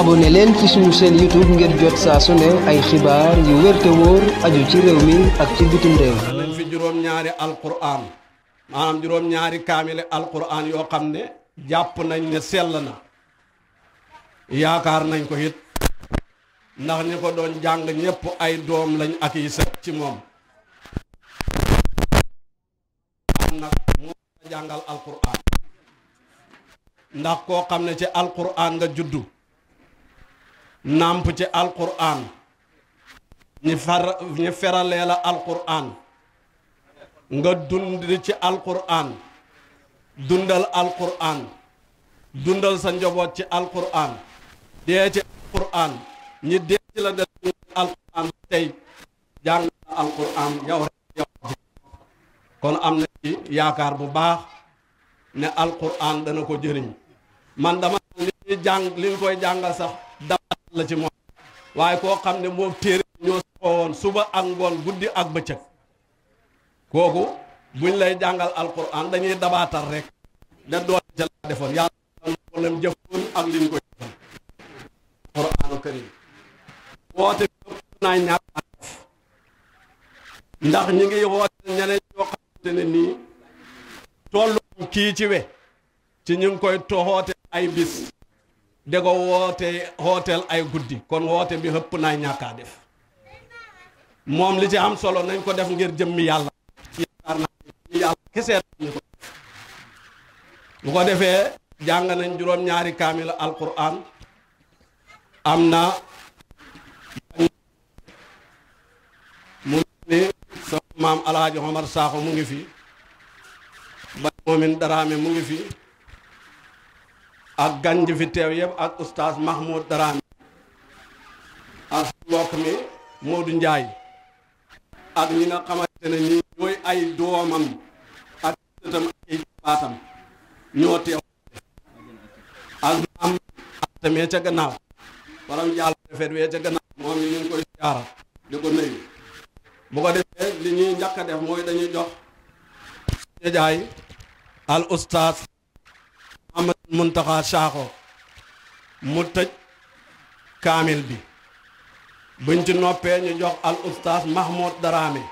abonné leen ci suñu chaîne YouTube ngir jot saa su ne ay xibaar yu wér wóor aju ci réew mi ak ci bitim réew. nañ fi juróom-ñaari alquran maanaam juróom-ñaari kaamile alquran yoo xam ne jàpp nañ ne sell na yaakaar nañ ko it ndax ñi ko doon jàng ñépp ay doom lañ ak yi set ci moom. nag moo jàngal alquran ndax koo xam ne ci alquran nga juddu. nàmp ci alquran ñi far ñi feralee la alquran nga dund ci alquran dundal alquran dundal sa njaboot ci alquran dee ci alquran ñi dee ci la del alquran tey jàng la alquran yow rek yow kon am na ci yaakaar bu baax ne alquran dana ko jëriñ man dama li ñu koy jàngal sax la waaye koo xam ne moom téere ñoo saxoo woon suba ak ngoon guddi ak bëccëg kooku buñ lay jàngal alquran dañuy dabaatal rek da doon ca la defoon yàlla problème jëfoon ko jëfoon alquranu ndax ñi ngi woote ñeneen ñoo xamante ne nii tollu kii ci we ci ñu ngi koy toxoote ay bis dego woote hotel ay guddi kon woote bi hëpp naa ñàkkaa def moom li ci am solo nañ ko def ngir jëmm yàlla yaakaar naa ko bu ko defee jàng nañ juróom-ñaari kaamil alquran am na mu ni sama maam alaaji Omar Sakho mu ngi fi ba moomin daraame mu ngi fi ak gan fi teew yëpp ak oustaz Mahmoud Darame ak mbokk mi Modou Ndiaye ak ñi nga xamante ne nii ñooy ay doomam ak sëtam ay baatam ñoo teew ak maam tamee ca gannaaw waram jàll defet wee ca gannaaw moom ñu ngi koy jaaral di ko nuyu bu ko defee li ñuy njëkk def mooy dañuy jox ña jaay al oustaz Muntaxa Saaxo mu tëj kaamil bi buñ ci noppee ñu jox al ustaas Mahmoud Daraame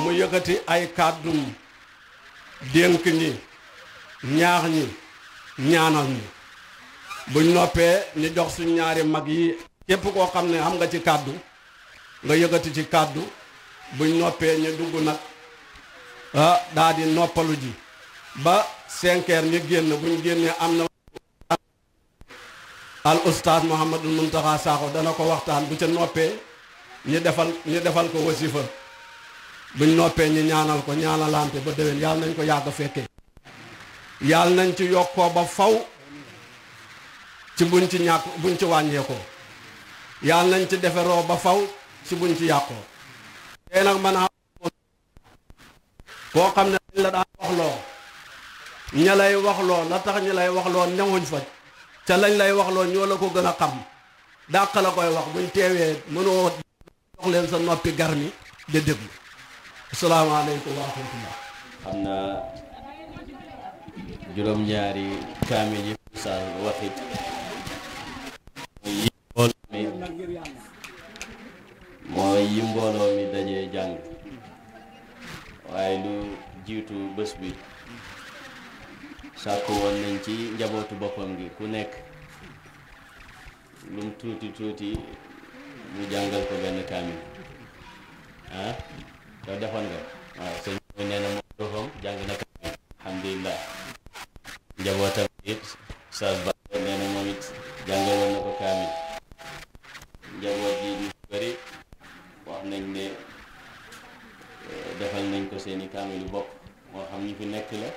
mu yëkkati ay kàddum dénk ñi ñaax ñi ñaanal ñi buñ noppee ñu jox suñ ñaari mag yi képp koo xam ne xam nga ci kàddu nga yëkkati ci kàddu buñ noppee ñu dugg nag ah daa noppalu ji ba cinq heures génn bu ñu génnee am na al ustaas Mouhamadul Muntaxa Sakho dana ko waxtaan bu ca noppee ñu defal ñu defal ko wasifa buñ noppee ñu ñaanal ko ñaanalante ba déwén yàlla nañ ko yàgg fekkee yàlla nañ ci yokkoo ba faw ci buñ ci ñàkk buñ ci wàññeekoo yàlla nañ ci deferoo ba faw ci buñ ci yàqoo tey nag manaa naa koo xam ne dañ la daan waxloo ña lay wax loo la tax ña lay wax loo newuñ fa ca lañ lay wax loo ñoo la ko gën a xam dàq la koy wax buñ teewee mënoo jox leen sa noppi garmi de déglu asalaamaaleykum wa waxit yi mbooloo mi mooy jàng waaye lu jiitu bés bi sàkku woon nañ ci njabootu boppam gi ku nekk lum tuuti tuuti mu jàngal ko benn kaamil ah yow defoon nga waaw sëñ bi nee moom it jàngaloon na ko kaamil njaboot yi ñu bëri wax nañ ne eh, defal nañ ko seeni kaamilu bopp moo xam ñi fi nekk la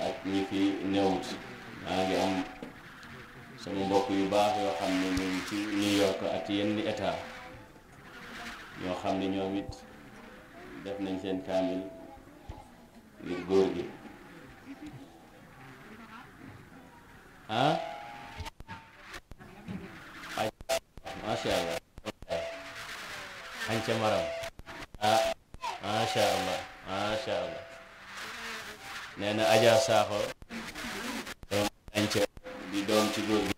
ak ñi fi néewut maa ngi am sama mbokk yu baax yoo xam ne ñu ci New York ak yenn état ñoo xam ne ñoom it def nañ seen kaamil ngir góor gi ah macha allah xanca maram ah macha allah macha allah nee na Adja Sakho doom añca di doom ci góor gi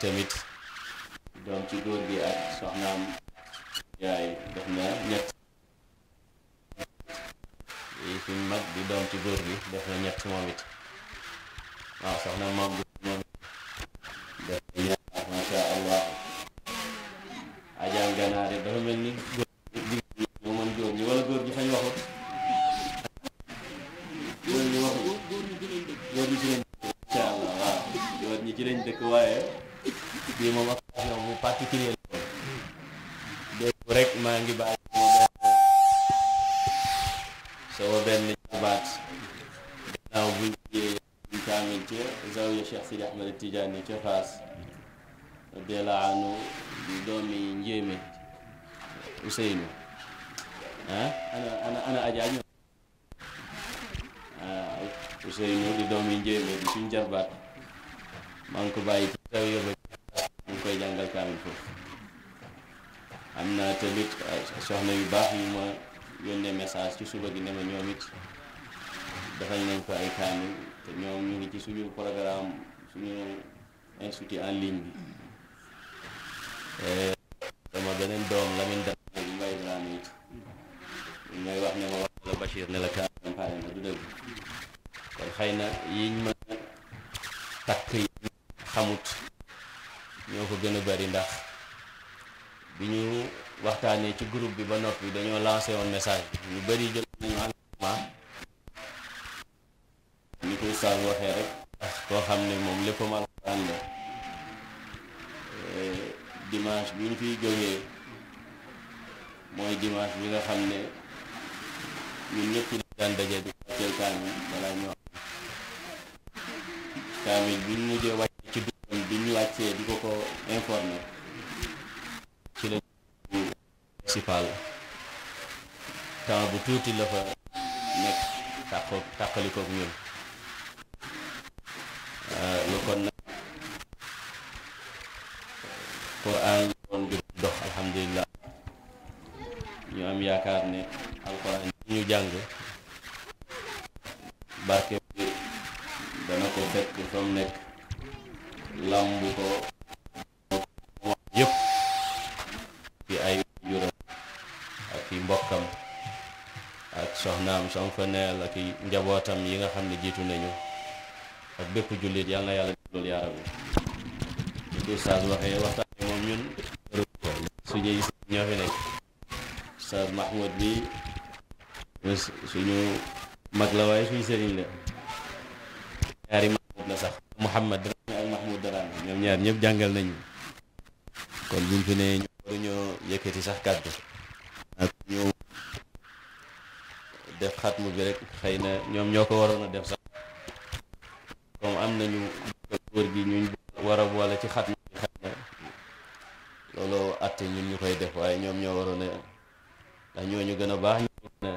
tamit doom góor gi ak soxnaam yaay def na ñett yi suñ mag di doom ci góor gi def na ñett moom it waaw soxna moom def na ñaar macha allah ajaam ganaar yi dafa mel ni góor radiyallahu anhu di doomi njéemé Ousseynou ah ana ana ana njéemé di suñ jarbaat maa ko bàyyi ci taw yóbba mu koy jàngal kaamil foofu am na tamit soxna yu baax yu ma yónnee message ci suba gi ne ma ñoom it defal nañ ko ay kaamil te ñoom ñu ngi ci suñu programme suñu institut en ligne bi sama beneen doom Lamine Dramé bu wax ne ma wax la Bachir ne la kaaraan pare na du dëgg kon xëy na yiñ ma takk yi xamut ñoo ko gën a bari ndax bi ñu waxtaanee ci groupe bi ba noppi dañoo lancé woon message ñu bari jël nañu engagement ni ko Oustaz waxee rek koo xam ne moom léppam alxuraan la dimanche bi ñu fiy jógee mooy dimanche bi nga xam ne ñun ñëpp ñu daan daje di wàccee kaamil balaa ñoo kaamil bi ñu mujjee wàccee ci dugam bi ñu wàccee di ko ko informé ci la municipal temps bu tuuti la fa nekk tàqo tàqalikook ñun euh, lu kon alquran doon dox alhamdulilah ñu am yaakaar ne alquran ñu jàng barke bi dana ko fekk fa mu nekk làmb ko moom yëpp ci ay ak i mbokkam ak soxnaam fa neel ak i njabootam yi nga xam ne jiitu nañu ak bépp jullit yàlla na yàlla loolu yaara bi ci ustaas waxee waxtaan suñu mag la waaye suñu sëriñ la ñaari mahmoud la sax Mouhamad Dramé ak Mahmoud Dramé ñoom ñaar ñëpp jàngal nañu kon buñ fi ne ñu waruñoo yëkkati sax kàddu ak ñu def xatmu bi rek xëy na ñoom ñoo ko waroon a def sax comme am nañu góor gi ñu war ci xatmu bi xëy na looloo ñu koy def waaye ñoom ñoo waroon a ndax ñooñu gën a baax ñu gën a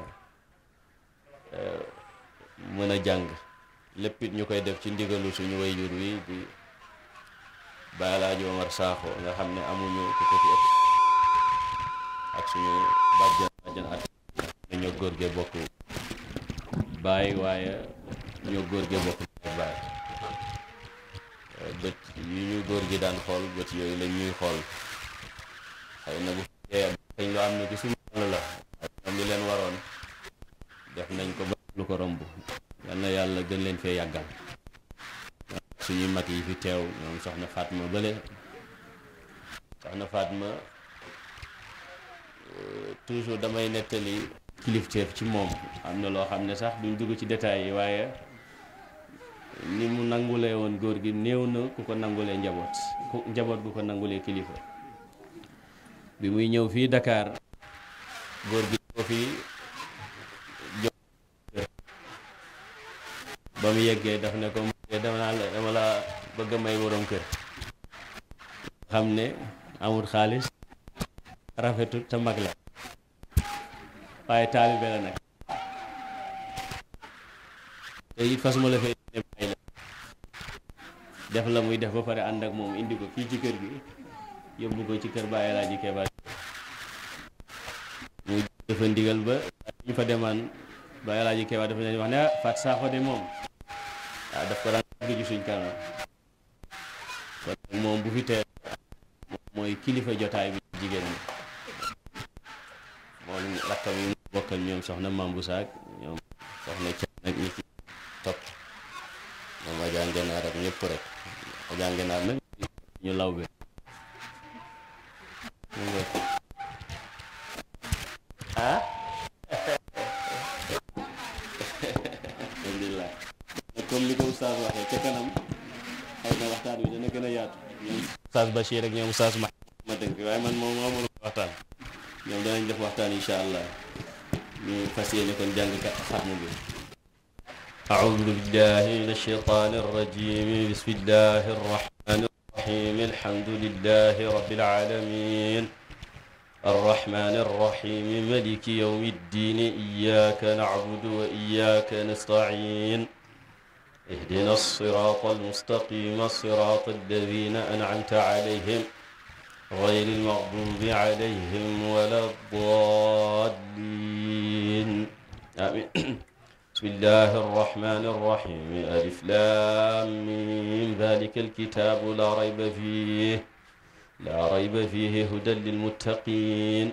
mën a jàng lépp it ñu koy def ci ndigalu suñu wayjur wi di Baalaji Omar Sakho nga xam ne amuñu ku ko fi ëpp ak suñu bàjjan bàjjan at góor gee bokk baay waaye ñoo góor gee bokk bët yi ñu góor gi daan xool bët yooyu lañ ñuy xool xëy na bu fekkee lu am na ci waroon def nañ ko ba lu ko romb yal na yàlla gën leen fee yàggal suñuy mag yi fi teew ñoom soxna Fatma bële soxna ma euh, toujours damay nettali kilifteef ci moom am na loo xam ne sax duñ dugg ci détails yi waaye ni mu nangulee woon góor gi néew na ku ko nangule njaboot ku njaboot gu ko nangulee kilifa bi muy ñëw fii Dakar góor gi ko fii ba mu yeggee daf ne ko mu dama naa la dama la bëgg may borom kër xam ne amul xaalis rafetut te mag la waaye taalibe la nag te it fas ma la fee bàyyi la def la muy def ba pare ànd ak moom indi ko fii ci kër gi yóbbu ci kër bàyyi laa ji kebaat mu jëfa ndigal ba ñu fa demaan bàyyi laa ji kebaat wax ne ah de moom waaw daf ko daan moom bu fi teer mooy kilifa jotaay bi jigéen ñi moom rakkam yi bokkal ñoom soxna Mambu Saak ñoom soxna Thiam nag ñi ci topp moom Adja Ngenaar ak ñëpp rek Adja Ngenaar nag ñu law bi ah alhamdulilah comme li ko oustaz waxee ca kanam xëy na waxtaan wi dana gën a yaatu ñoom oustaz Bachir ak ñoom oustaz ma ma dënk waaye man moom amul waxtaan ñoom danañ def waxtaan insha allah ñu fas yéene kon jàng xatmu bi أعوذ بالله من الشيطان الرجيم بسم الله الرحمن الرحيم الحمد لله رب العالمين الرحمن الرحيم ملك يوم الدين إياك نعبد وإياك نستعين اهدنا الصراط المستقيم الصراط الذين أنعمت عليهم غير المغضوب عليهم ولا الضالين آمين بسم الله الرحمن الرحيم ألف لام ميم ذلك الكتاب لا ريب فيه لا ريب فيه هدى للمتقين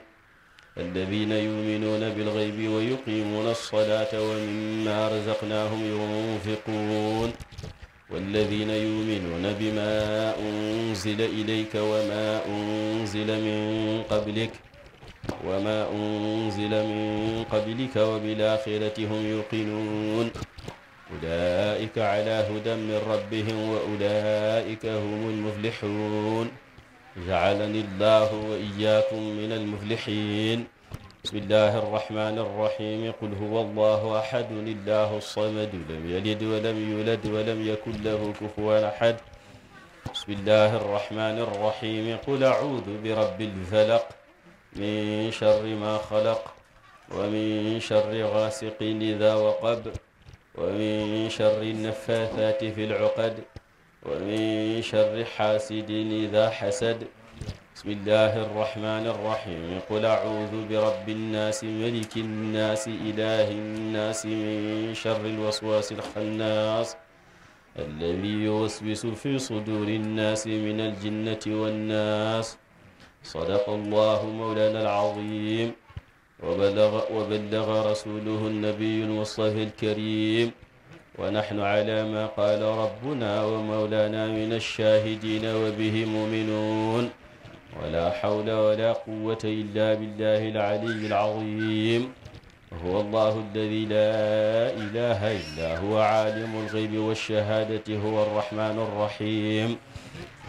alladina yuminuuna bilxaybi wa yuqimuuna alsalaata wa mimma razaqnaahum yunfiquun walladina yuminuuna bima unzila ilayka wa ma unzila min qablik wa ma unzila min qablika wa bilaaxirati hum yuqinuun ulaa'ika alaa hudan min rabbihim wa ulaa'ika humul muflixuun jacalani allahu wa iyaakum min almuflixin bismillahi arrahmani arrahim qul huwa allahu ahadun illahu samadu lam yalid wa lam yulad wa lam yakun lahu kufuwan ahad bismillahi arrahmani arrahim qul acuudu birabbil falaq min sharri ma xalaq wa min sharri gaasiqin idaa waqab wa min sharri naffaathaati fil cuqad ومن شر حاسد إذا حسد بسم الله الرحمن الرحيم قل أعوذ برب الناس ملك الناس إله الناس من شر الوسواس الخناس الذي يوسوس في صدور الناس من الجنة والناس صدق الله مولانا العظيم وبلغ, وبلغ رسوله النبي المصطفى الكريم ونحن على ما قال ربنا ومولانا من الشاهدين وبه مؤمنون ولا حول ولا قوة إلا بالله العلي العظيم هو الله الذي لا إله إلا هو عالم الغيب والشهادة هو الرحمن الرحيم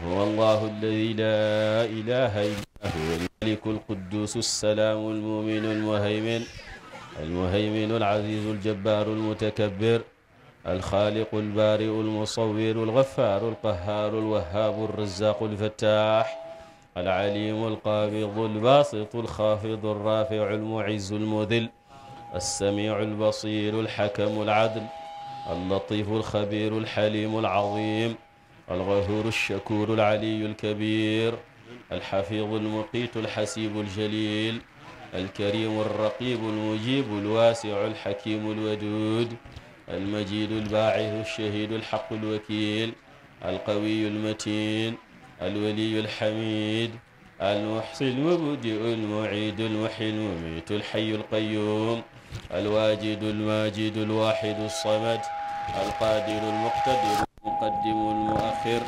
هو الله الذي لا إله إلا هو الملك القدوس السلام المؤمن المهيمن المهيمن العزيز الجبار المتكبر alxaaliqu albaariu almusawiru algafaaru alqahaaru alwahaabu alrazaqu alfattaax alcalimu alqaabidu albasitu alxaafidu alraaficu almucizu almudil alsamicu albasiru alxakamu alcadl allatifu alxabiru alxalimu alcazim algafuuru alshakuru alcaliyu alkabir alxafidu almuqitu alxasibu aljalil alkarimu alraqibu almujibu alwaasicu alxakimu alwaduud almajidu albaaxisu alshahidu alxaqu alwakiil alqawiyu almatin alwaliyu alxamid almuxsi almubdiu almuciidu almuxyi almumiitu alxayu alqayuum alwaajidu almaajidu alwaaxidu alsamad alqaadiru almuqtadiru almuqaddimu almuaxir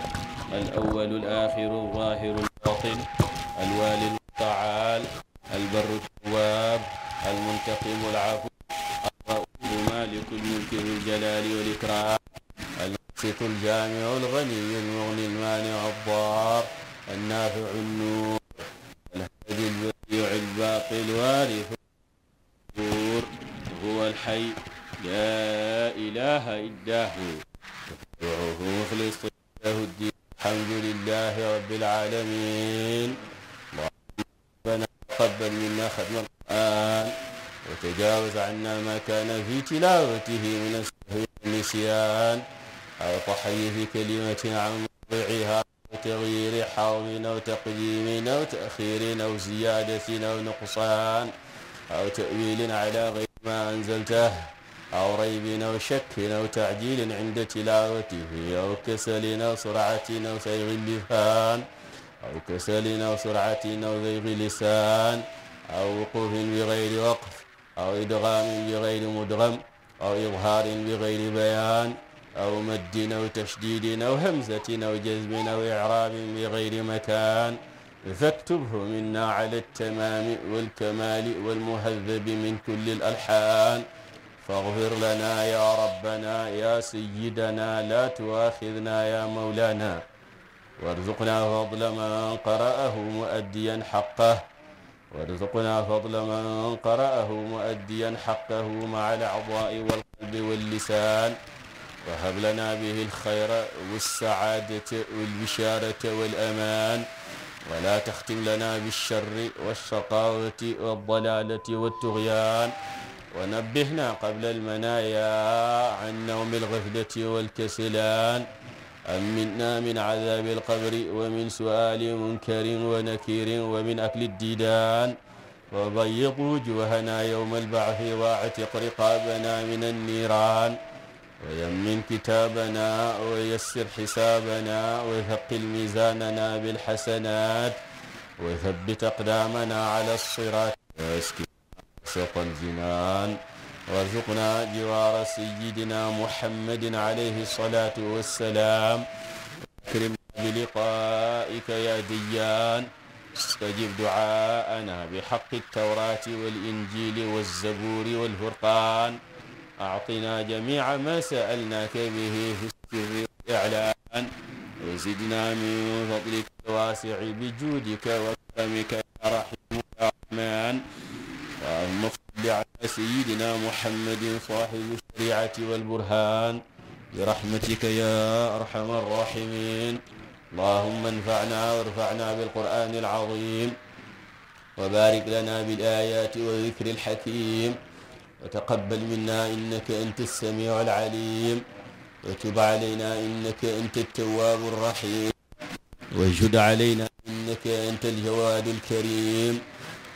الأول الآخر الظاهر الباطن الوالي المتعال البر التواب المنتقم العفو الملك الملك ذو الجلال والإكرام الممسك الجامع الغني المغني المانع الضار النافع النور الهادي البديع الباقي الوارث النور هو الحي لا إله إلا هو ادعوه مخلص له الدين الحمد لله رب العالمين اللهم ربنا تقبل منا ختم القرآن وتجاوز عنا ما كان في تلاوته من السهو والنسيان أو التحيي في كلمة عن موضعها وتغيير حرف أو تقديم أو تأخير أو زيادة أو نقصان أو تأويل على غير ما أنزلته أو ريب أو شك أو تعديل عند تلاوته أو كسل أو سرعة أو سيغ اللسان أو كسل أو سرعة أو زيغ لسان أو وقوف بغير وقف أو إدغام بغير مدغم أو إظهار بغير بيان أو مد أو تشديد أو همزة أو جزم أو إعراب بغير مكان فاكتبه منا على التمام والكمال والمهذب من كل الألحان فاغفر لنا يا ربنا يا سيدنا لا تؤاخذنا يا مولانا وارزقنا فضل من قرأه مؤديا حقه وارزقنا فضل من قرأه مؤديا حقه مع الأعضاء والقلب واللسان وهب لنا به الخير والسعادة والبشارة والأمان ولا تختم لنا بالشر والشقاوة والضلالة والطغيان ونبهنا قبل المنايا عن نوم الغفلة والكسلان أمنا من عذاب القبر ومن سؤال منكر ونكير ومن أكل الديدان وضيق وجوهنا يوم البعث واعتق رقابنا من النيران ويمن كتابنا ويسر حسابنا وثقل ميزاننا بالحسنات وثبت أقدامنا على الصراط واسكن سوق الجنان warzuqnaa jiwaara sayidina muhammadin alayhi salaatu wassalaam akrimnaa biliqaaika ya diyaan istajib ducaa'anaa bixaqi altawraati walinjili walzabuuri walfurqaan actinaa jamiica maa sa'alnaaka bihi fi sirri waliclaan وزدنا من فضلك الواسع بجودك وكرمك يا رحيم يا رحمن بعلى سيدنا محمد صاحب الشريعة والبرهان برحمتك يا أرحم الراحمين اللهم انفعنا وارفعنا بالقرآن العظيم وبارك لنا بالآيات والذكر الحكيم وتقبل منا إنك أنت السميع العليم وتب علينا إنك أنت التواب الرحيم وجد علينا إنك أنت الجواد الكريم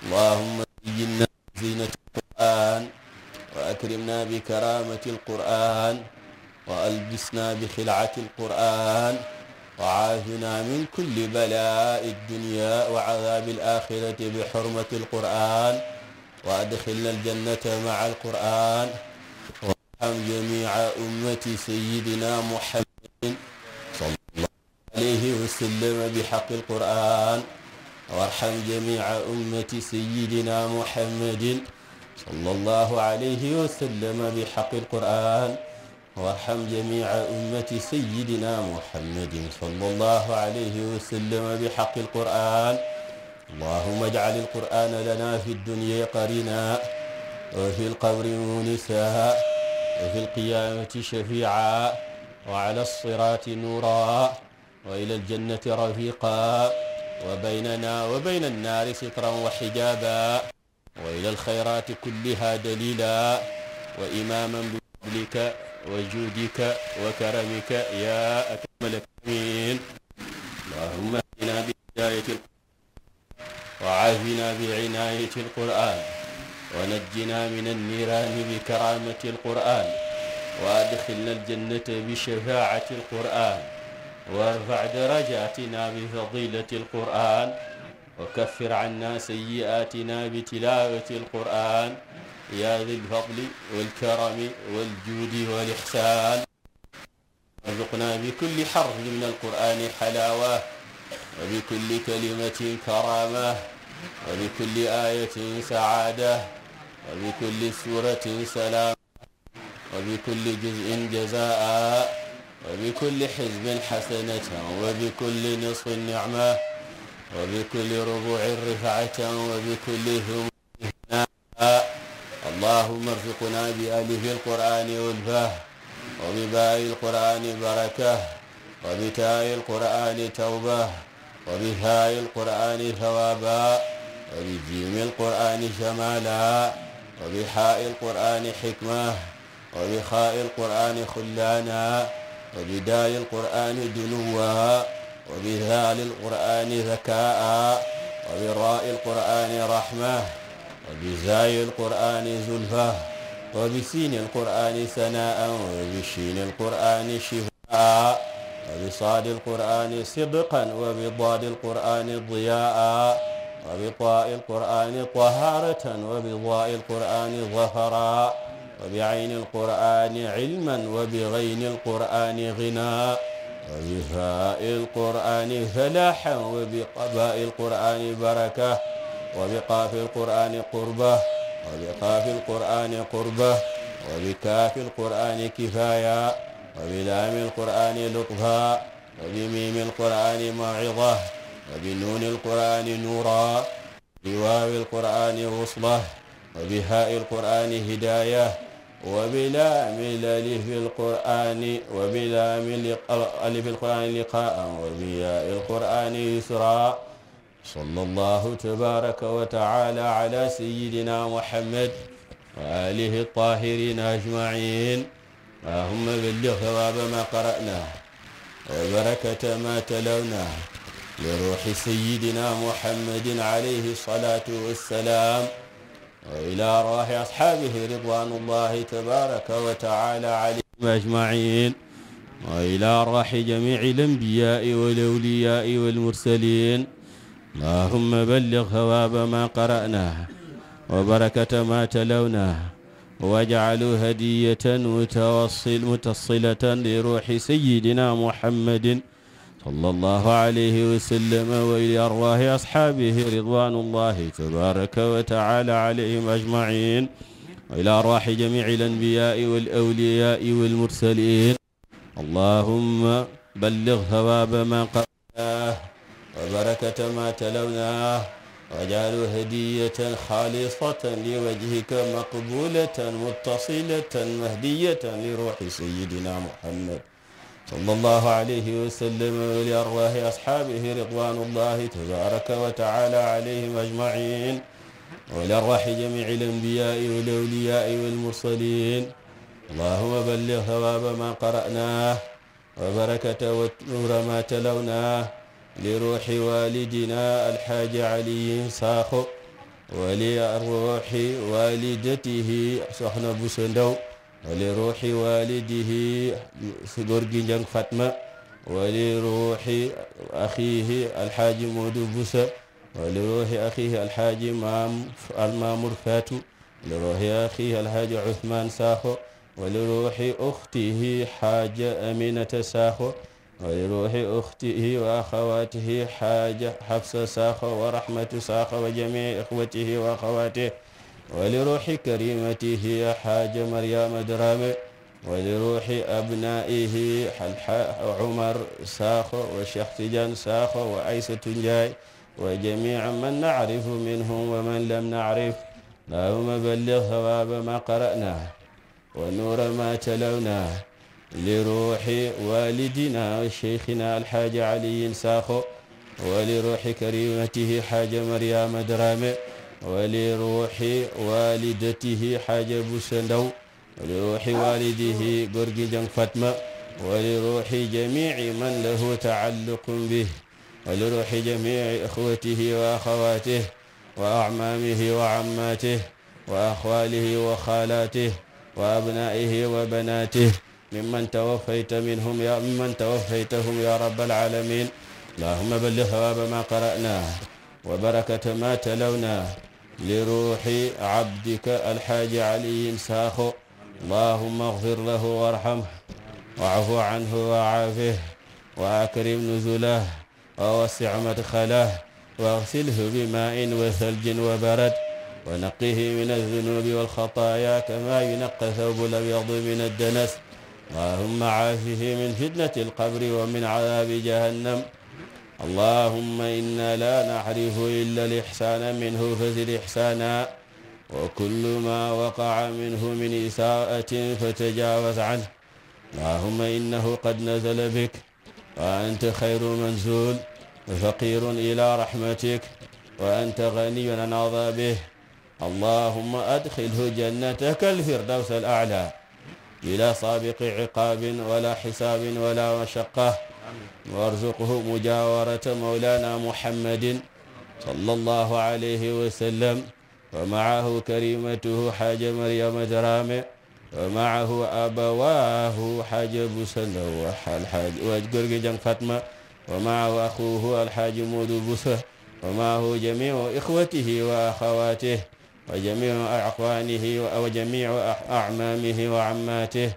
اللهم زينا زينة القرآن وأكرمنا بكرامة القرآن وألبسنا بخلعة القرآن وعافنا من كل بلاء الدنيا وعذاب الآخرة بحرمة القرآن وأدخلنا الجنة مع القرآن وارحم جميع أمة سيدنا محمد صلى الله عليه وسلم بحق القرآن وارحم جميع أمة سيدنا محمد صلى الله عليه وسلم بحق القرآن وارحم جميع أمة سيدنا محمد صلى الله عليه وسلم بحق القرآن اللهم اجعل القرآن لنا في الدنيا قرينا وفي القبر مونسا وفي القيامة شفيعا وعلى الصراط نورا وإلى الجنة رفيقا wa baynana wa bayna annaari sitran wa xijaaba wa ila alxayraati kulliha dalila wa imaman biadlika wa juudika wa karamika ya akmal akramin allahumma ahdina bihidayati wa aafina bicinayati alquran wa najjina min anniirani bikaramati alquran wa adxilna aljannata bishafaacati alquran warfa darajatina bi fadilati alquran wa kaffir anna sayyi'atina bi tilawati alquran ya dhi alfadli walkarami waljudi walihsan warzuqna bi kulli harfin min alqurani halawa wa bi kulli kalimatin karama wa bi kulli ayatin saada wa bi kulli suratin salama wa bi kulli juz'in jazaa وبكل حزب حسنة وبكل نصف نعمة وبكل ربوع رفعة وبكل همة اللهم ارزقنا بألف القرآن ألفة وبباء القرآن بركة وبتاء القرآن توبة وبهاء القرآن ثوابا وبجيم القرآن شمالا وبحاء القرآن حكمة وبخاء القرآن خلانا وبدال القرآن دنوا وبذال القرآن ذكاء وبراء القرآن رحمة وبزاي القرآن زلفة وبسين القرآن ثناء وبشين القرآن شفاء وبصاد القرآن صدقا وبضاد القرآن ضياء وبطاء القرآن طهارة وبضاء القرآن ظهرا وبعين القرآن علما وبغين القرآن غنى وبفاء القرآن فلاحا وبقباء القرآن بركة وبقاف القرآن قربة وبقاف القرآن قربة وبكاف القرآن كفاية وبلام القرآن لطفا وبميم القرآن موعظة وبنون القرآن نورا بواو القرآن وصلة وبهاء القرآن هداية وبلا ملل في القرآن وبلا ملل في القرآن لقاء وبياء القرآن يسرا صلى الله تبارك وتعالى على سيدنا محمد وآله الطاهرين أجمعين اللهم بلغ ثواب ما قرأناه وبركة ما تلوناه لروح سيدنا محمد عليه الصلاة والسلام وإلى أرواح أصحابه رضوان الله تبارك وتعالى عليهم أجمعين وإلى أرواح جميع الأنبياء والأولياء والمرسلين اللهم بلغ ثواب ما قرأناه وبركة ما تلوناه واجعله هدية متوصل متصلة لروح سيدنا محمد sallallahu alayhi wa sallam wa ila arwaahi ashaabihi ridwaanullahi tabaaraka wa ta'aala alayhim ajma'iin wa ila arwaahi jamii'il anbiyaa'i wal awliyaa'i wal mursaliin allahumma balligh sawaaba maa qara'naahu wa barakata maa talawnaahu waj'alhu hadiyatan xaalisatan li wajhika maqbuulatan muttasilatan mahdiyatan li ruuhi sayyidinaa Muhammad sallallahu alayhi wa sallam wa li arwaahi ashaabihi ridwaanullahi tabaaraka wa taala alayhim ajmaciin wa li arwaahi jamiici al-anbiyaa'i wal awliyaa'i wal mursaliin allahumma balligh sawaaba maa qara'naa wa barakata wa nuura maa talawnaa li ruuxi waalidinaa alxaaji Cali Sakho wa li ruuxi waalidatihi soxna Bousso Ndaw wali ruuxi waalidihi góor gi njang Fatma wali ruuxi axiihi alxaaji Moodu Busa wali ruuxi axiihi alxaaji maam almaamur Faatu wali ruuxi axiihi alxaaji Ousmane Sakho wali ruuxi uxtihi xaaja Aminata Sakho wali ruuxi uxtihi wa axawaatihi xaaja Xafsa Sakho wa rahmatu Sakho wa jamii ixwatihi wa axawaatihi ولروح كريمته حاج مريم درامي ولروح أبنائه عمر ساخو وشيخ تجان ساخو وعيسة جاي وجميع من نعرف منهم ومن لم نعرف اللهم بلغ ثواب ما قرأناه ونور ما تلوناه لروح والدنا وشيخنا الحاج علي ساخو ولروح كريمته حاج مريم درامي wali ruuxi walidatihi xaaja busa ndaw wali ruuxi walidihi góor gi jang fatma wali ruuxi jamici man lahu tacalluqun bih wali ruuxi jamici ixwatihi wa axawaatih wa acmaamihi wa cammaatih wa axwaalihi wa xaalaatih wa abnaa'ihi wa banaatih mimman tawafayta minhum ya mimman tawafaytahum ya rabbal caalamiin allahumma ballig sawaaba maa qara'naa wa barakata maa talawnaa li ruuxi abdika alxaaji aliyin saaxo allahuma axfir lahu warxamh waafu anhu wa aafih wa akrim nuzulah wa wassi madxalah waxsilhu bimaa'in wa saljin wa barad wa naqihi min alzunubi walxataaya kama yunaqa thawbu labyadu min addanas allahuma aafihi min fitnati alqabri wa min cadaabi jahannam allahumma inna la nacrifu illa lixsaana minhu fasil ixsaana wa kullu ma waqaca minhu min isaatin fatajaawaz canhu allahumma innahu qad nazala bik wa anta xayru manzuul faqiirun ila raxmatik wa anta ganiyun an cadaabih allahumma adxilhu jannataka alfirdaws alaclaa bila saabiqi ciqaabin wala xisaabin wala mashaqqa وارزقه مجاورة مولانا محمد صلى الله عليه وسلم ومعه كريمته حاج مريم درامي ومعه أبواه حاج بوسنة والحاج وجرج جن فاطمة ومعه أخوه الحاج مودو بوسة ومعه جميع إخوته وأخواته وجميع أعوانه وجميع أعمامه وعماته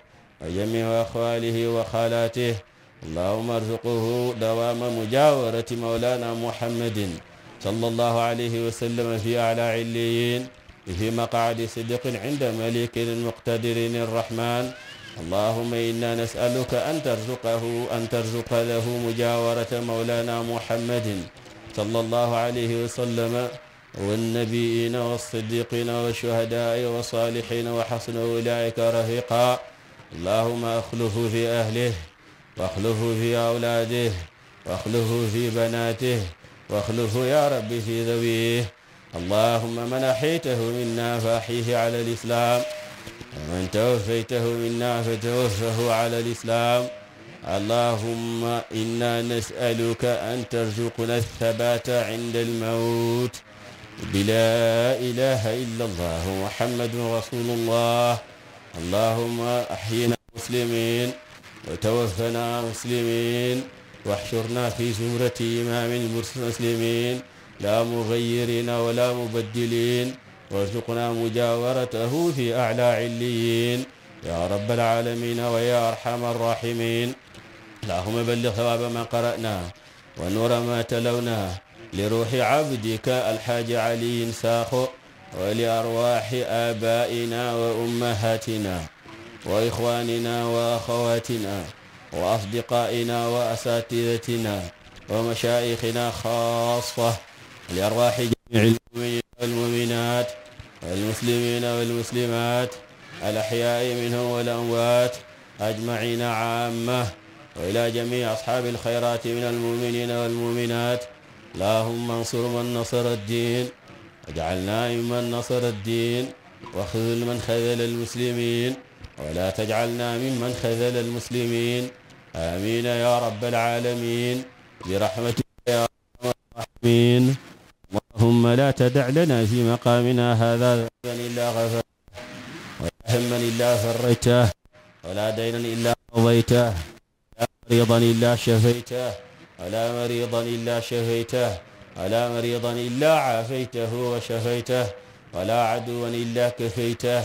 وجميع أخواله وخالاته allahuma arzuquhu dawama mujawarati maulana muhammadin sallallahu alayhi wa sallam fi ala illiyin fi maqaadi sidqin inda malikin muqtadirin arrahman allahuma inna nasaluka an tarzuqahu an tarzuqa lahu mujawarata maulana muhammadin sallallahu alayhi wa sallam والنبيين والصديقين والشهداء والصالحين وحسن أولئك رفيقا اللهم أخلفه في أهله واخلفه في أولاده واخلفه في بناته واخلفه يا رب في ذويه اللهم من أحيته منا فأحيه على الإسلام ومن توفيته منا فتوفه على الإسلام اللهم إنا نسألك أن ترزقنا الثبات عند الموت بلا إله إلا الله محمد رسول الله اللهم أحينا مسلمين وتوفنا مسلمين واحشرنا في زمرة إمام المسلمين لا مغيرين ولا مبدلين وارزقنا مجاورته في أعلى عليين يا رب العالمين ويا أرحم الراحمين اللهم بلغ ثواب ما قرأنا ونور ما تلونا لروح عبدك الحاج علي ساخو ولأرواح آبائنا وأمهاتنا وإخواننا وأخواتنا وأصدقائنا وأساتذتنا ومشايخنا خاصة لأرواح جميع المؤمنين والمؤمنات والمسلمين والمسلمات الأحياء منهم والأموات أجمعين عامة وإلى جميع أصحاب الخيرات من المؤمنين والمؤمنات اللهم انصر من نصر الدين واجعلنا ممن نصر الدين وخذل من خذل المسلمين ولا تجعلنا ممن خذل المسلمين آمين يا رب العالمين برحمتك يا أرحم الراحمين اللهم لا تدع لنا في مقامنا هذا ذنبا إلا غفرته ولا هما إلا فرجته ولا دينا إلا قضيته ولا مريضا إلا شفيته ولا مريضا إلا شفيته ولا مريضا إلا عافيته وشفيته ولا عدوا إلا كفيته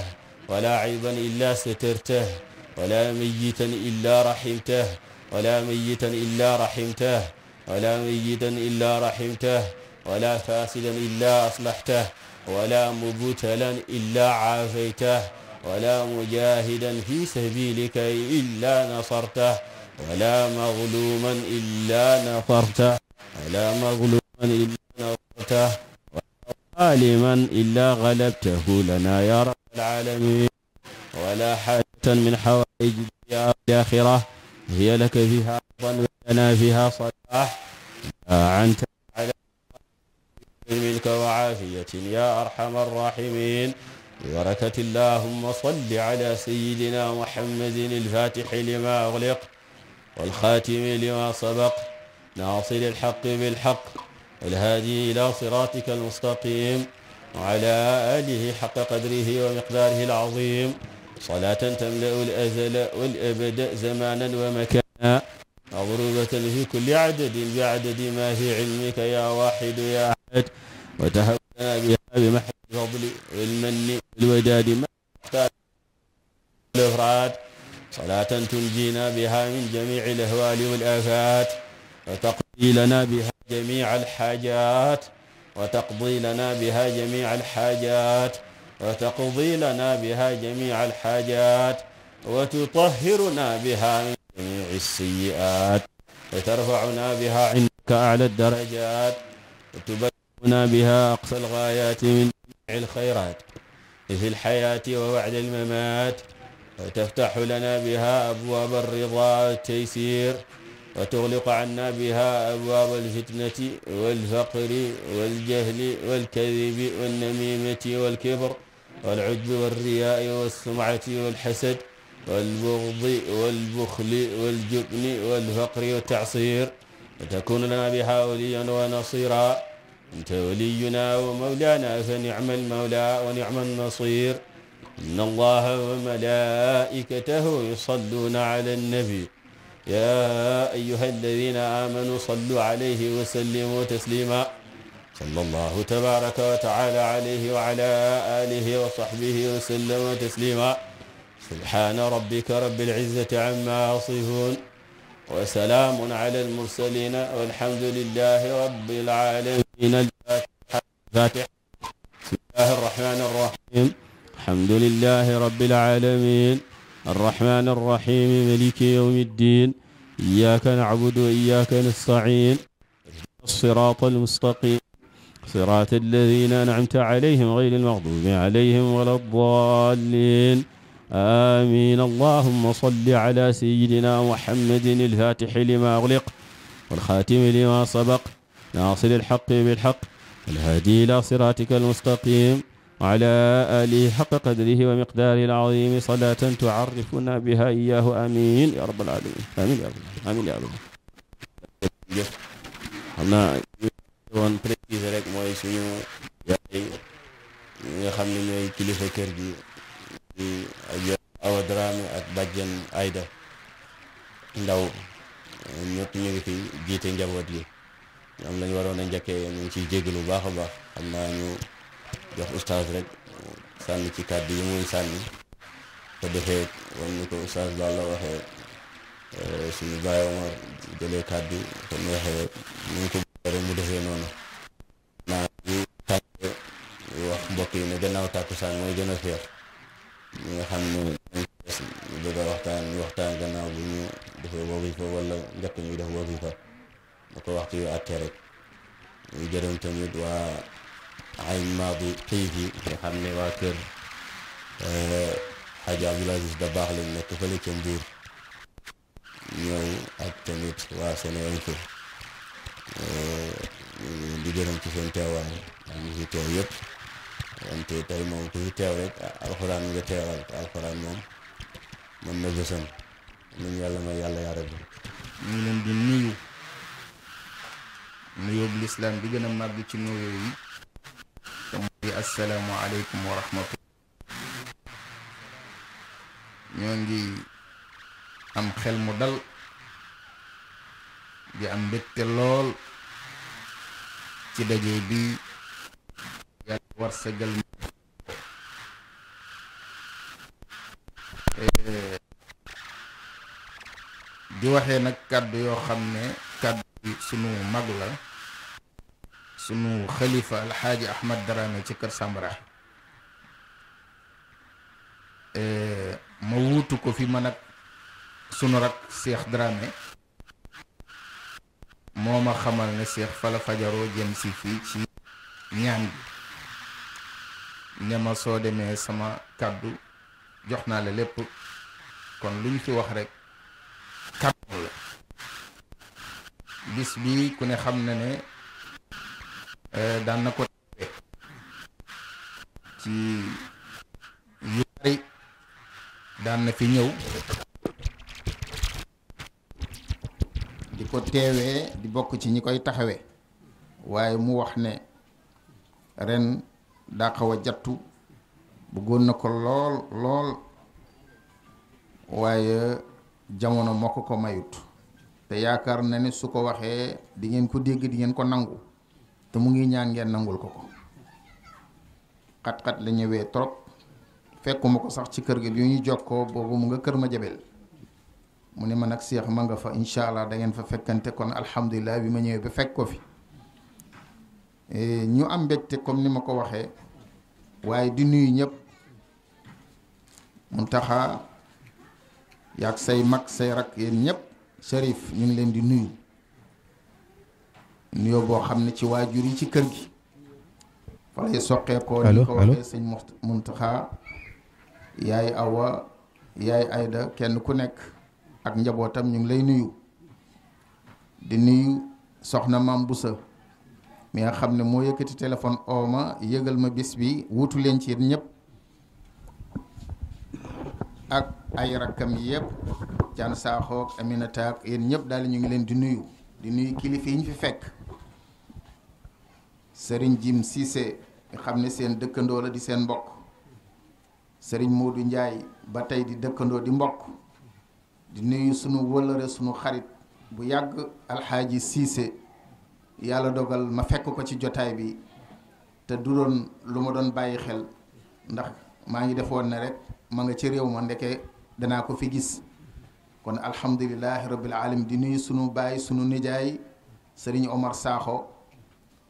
ولا عيضا إلا سترته ولا ميتا إلا رحمته ولا ميتا إلا رحمته ولا ميتا إلا رحمته ولا فاسدا إلا أصلحته ولا مبتلا إلا عافيته ولا مجاهدا في سبيلك إلا نصرته ولا مظلوما إلا نصرته ولا مظلوما إلا نصرته عالما إلا غلبته لنا يا رب العالمين ولا حاجة من حوائج الدنيا والآخرة هي لك فيها أرضا ولنا فيها صلاح أعنت على علمك وعافية يا أرحم الراحمين ببركة اللهم صل على سيدنا محمد الفاتح لما أغلق والخاتم لما سبق ناصر الحق بالحق الهادي إلى صراطك المستقيم وعلى آله حق قدره ومقداره العظيم صلاة تملأ الأزل والأبد زمانا ومكانا مضروبة في كل عدد بعدد ما في علمك يا واحد يا أحد وتهب بها بمحل الفضل والمن والوداد ما الإفراد صلاة تنجينا بها من جميع الأهوال والآفات وتقضي لنا بها جميع الحاجات وتقضي لنا بها جميع الحاجات وتقضي لنا بها جميع الحاجات وتطهرنا بها من جميع السيئات وترفعنا بها عندك أعلى الدرجات وتبلغنا بها أقصى الغايات من جميع الخيرات في الحياة وبعد الممات وتفتح لنا بها أبواب الرضا والتيسير wa tuxliqu anna biha abwaab alfitnati walfaqri waljahli walkadibi wannamimati walkibr walujbi walriyaai walsumcati walxasad walbugdi walbuxli waljubni walfaqri waltacsir وتكون لنا بها وليا ونصيرا أنت ولينا ومولانا فنعم المولى ونعم النصير إن الله وملائكته يصلون على النبي yaa ayyuha alladina amanu sallu alayhi wa sallimu taslima sallallahu tabaraka wa taala alayhi wa ala alihi wa sahbihi wa sallama taslima subhana rabbika rabbil izzati amma yasifun wa salaamun ala almursalin walhamdulillahi rabbil alamin الفاتح بسم الله الرحمن الرحيم الحمد لله رب العالمين الرحمن الرحيم ملك يوم الدين إياك نعبد وإياك نستعين الصراط المستقيم صراط الذين أنعمت عليهم غير المغضوب عليهم ولا الضالين آمين اللهم صل على سيدنا محمد الفاتح لما أغلق والخاتم لما سبق ناصر الحق بالحق الهادي إلى صراطك المستقيم وعلى آله حق قدره ومقداره العظيم صلاة تعرفنا بها إياه آمين يا رب العالمين آمين يا رب آمين يا رب jëf xam naa woon préciser rek mooy suñu yaay ñi nga xam ne ñooy kilifa kër gi di Awa Dramé ak bàjjen Ayda Ndaw ñëpp ñu ngi fi jiite njaboot yi am lañu waroon a njëkkee ñu ngi ciy jégalu bu baax a baax xam naa ñu jox ustaas rek sànni ci kàddu yi muy sànni te defee wam ni ko ustaas daal la waxee eh, suñu baay kàddu te mu waxee defee noonu naa ñu wax mbokk yi ne gannaaw tàkkusaan mooy gën a feex ñi nga xam ne ñu bëgg waxtaan ñu waxtaan gannaaw bu ñu defee wazifa wala njëkk ñuy def wazifa da ko waxtu yu àtte rek ñu gërëm tamit waa Ayn Maadi Xiifi nga xam ne waa kër Xaaji eh, Abdul Aziz Dabaax lañ nekk fële ca Mbuur ñëw ak tamit waa Seneweb eh, di gërëm ci seen teewaay ñu fi teew yëpp wante tey moom ku fi teew rek alxuraan nga teewal te alxuraan moom mën na bësam nañ yàlla may yàlla yaa rabbi ñu ngi leen di nuyu nuyoo bu lislaam bi gën a màgg ci nuyoo yi yi asalaamualeykum wa rahmatullah ngi am xel mu dal di am mbégte lool ci daje bi yàlla eh, di waxee nag kàddu yoo xam ne kàddu sunu mag la sunu xalifa alxaaji ahmad Darame ci kër Sambara e, ma wuutu ko fi man ak sunu rak Cheikh Darame moo ma xamal ne Cheikh fala fajaroo jëm si fii ci ñaan bi ne ma soo demee sama kàddu jox naa la lépp kon lu ñu fi wax rekk kàddu la bis bi ku ne xam na ne Eh, daan na ko ci yu bari daan na fi ñëw di ko teewee di bokk ci ñi koy taxawee waaye mu wax ne ren daa xaw a jattu bëggoon na ko lool lool waaye jamono moo ko ko mayut te yaakaar na ne su ko waxee di ngeen ko dégg di ngeen ko nangu te mu ngi ñaan ngeen nangul ko ko xat-xat la ñëwee trop fekkuma ko sax ci kër gi yu ñu jokkoo boobu mu nga kër ma jabel mu ne ma nag seex ma nga fa incha allah da ngeen fa fekkante kon alhamdulilah bi ma ñëwee ba fekk ko fi e, ñu am mbégte comme ni ma ko waxee waaye di nuyu ñëpp mu taxa yaag say mag say rak yéen ñëpp Cherif ñu ngi leen di nuyu. nuyoo boo xam ne ci waajur yi ci kër gi fa lay soqeekoo ni ko waxee sëñ Muntaxa yaay Awa yaay Ayda kenn ku nekk ak njabootam ñu ngi lay nuyu di nuyu soxna Maam Busa mi nga xam ne moo yëkkati téléphone ooma yëgal ma bis bi wutu leen ci ñëpp ak ay rakkam yëpp can saaxoog Aminata ak yéen ñëpp daal ñu ngi leen di nuyu di nuyu kilifa yi ñu fi fekk Serigne Jim Cissé xam ne seen dëkkandoo la di seen mbokk Serigne du njaay ba tey di dëkkandoo di mbokk di nuyu sunu wëlëre sunu xarit bu yàgg alxaaji Cissé yàlla dogal ma fekk ko ci jotaay bi te du doon lu ma doon bàyyi xel ndax maa ngi defoon ne rek ma nga ci réew ma ndeke danaa ko fi gis kon alhamdulilahi rabbil alamin di nuyu sunu baay sunu nijaay Serigne Omar Sakho.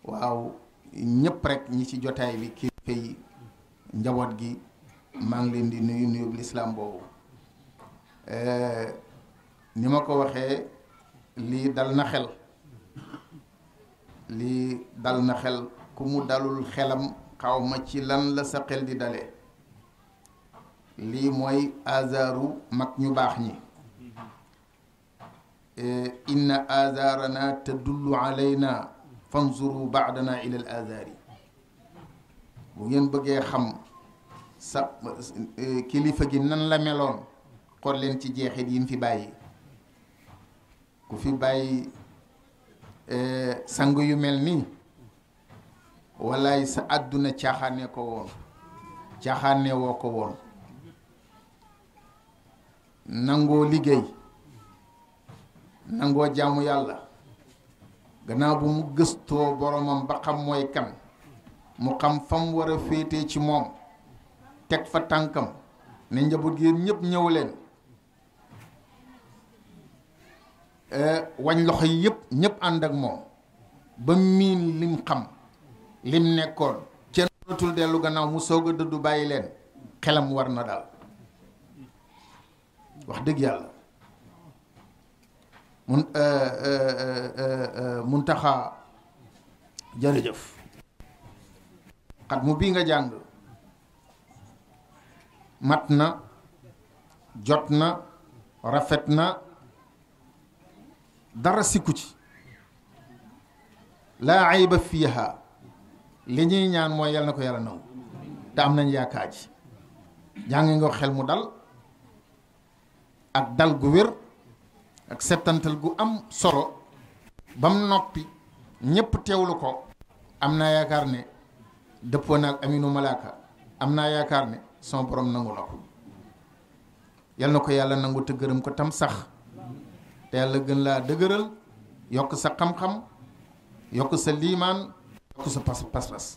waaw ñépp rek ñi ci jotaay bi kii fay njaboot gi maa ngi leen di nuyu nuyub lislaam boobu eh, ni ma ko waxee lii dal na xel lii dal na xel ku mu dalul xelam xaw ma ci lan la sa xel di dale lii mooy azaaru mag ñu baax ñi eh, inna azaarana tadullu alayna fanzuru baadana ila al azari bu ngeen bëggee xam sa eh, kilifa gi nan la meloon xool leen ci jeexit yi mu fi bàyyi ku fi bàyyi eh, sang yu mel nii walaay sa àdduna caaxaane ko woon caaxaane woo ko woon nangoo liggéey nangoo jaamu yàlla gannaaw bu mu gëstoo boromam ba xam mooy kan mu xam fam war a féetee ci moom teg fa tànkam ne njaboot gi ñépp ñëw leen e, wañ loxo yi yëpp ñëpp ànd ak moom ba miin lim xam lim nekkoon kenn dootul dellu gannaaw mu soog a dëddu bàyyi leen xelam war na daal wax dëgg yàlla mun eh, eh, eh, muntaxa jërëjëf xat mu bii nga jàng mat na jot na rafet na dara sikku ci laa ayba fiiha li ñuy ñaan mooy yal na ko yàlla nangu te am nañ yaakaar ji jàng nga xel mu dal ak dal gu wér ak settantal gu am solo bam noppi ñëpp teewlu ko am naa yaakaar ne dëppoo naag aminu malaaka am naa yaakaar ne sama borom nangu na ko yal na ko yàlla nangu te gërëm ko tam sax te yàlla gën laa dëgëral yokk sa xam-xam yokk sa liimaan yokk sa pas pas-pas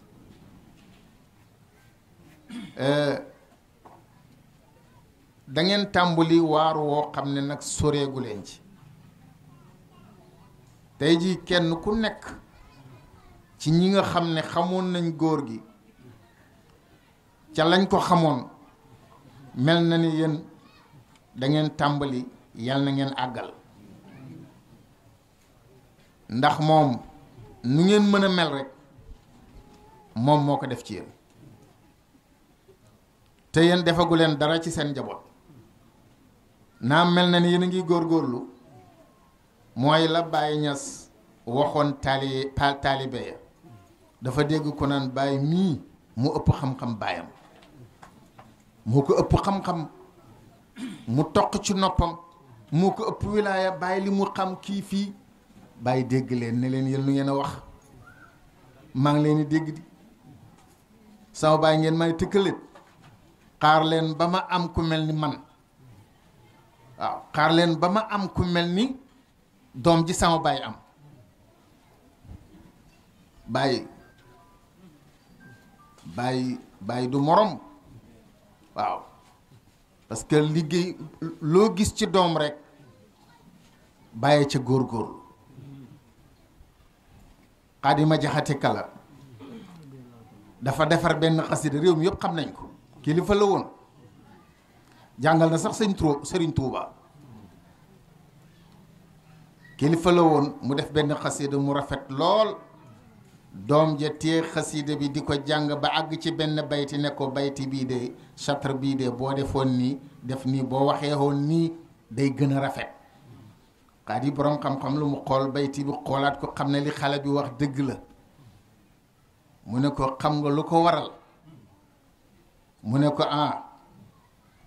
euh, da ngeen tàmbali waaru woo xam ne nag soreegu leen ci tey jii kenn ku nekk ci ñi nga xam ne xamoon nañ góor gi ca lañ ko xamoon mel na ni yéen da ngeen tàmbali yal na ngeen àggal ndax moom nu ngeen mën a mel rekk moom moo ko def ci yéen te yéen defagu leen dara ci seen njaboot naa mel na ni yéen a ngi góorlu mooy la bàyyi ñas waxoon taali taalibe ya dafa dégg ku naan Baye mii mu ëpp xam-xam baayam moo ko ëpp xam-xam mu toq ci noppam moo ko ëpp wilaaya Baye li mu xam kii fii bàyyi dégg leen ne leen yéen lu ngeen a wax maa ngi leen dégg di sama baay ngeen may tëkkalit xaar leen ba ma am ku mel ni man waaw xaar ba ma am ku mel ni doom ji sama baay am baay baay bàyyi du moroom waaw parce que liggéey loo gis ci doom rek bàyyi ca góorgóorlu xaadima jaxate kala dafa defar benn xasida réew mi yëpp xam nañ ko kilifa la woon jàngal na sax sëñ Tuuba sëriñ Tuuba kilifa la mu def benn xasida mu rafet lool doom ja tée xasida bi di ko jàng ba àgg ci benn bayti ne ko bayti bii de chatre bii de boo defoon nii def nii boo waxee woon nii day gën a rafet xaadi boroom xam-xam lu mu xool bayti bi xoolaat ko xam ne li xale bi wax dëgg la mu ne ko xam nga lu ko waral mu ne ko ah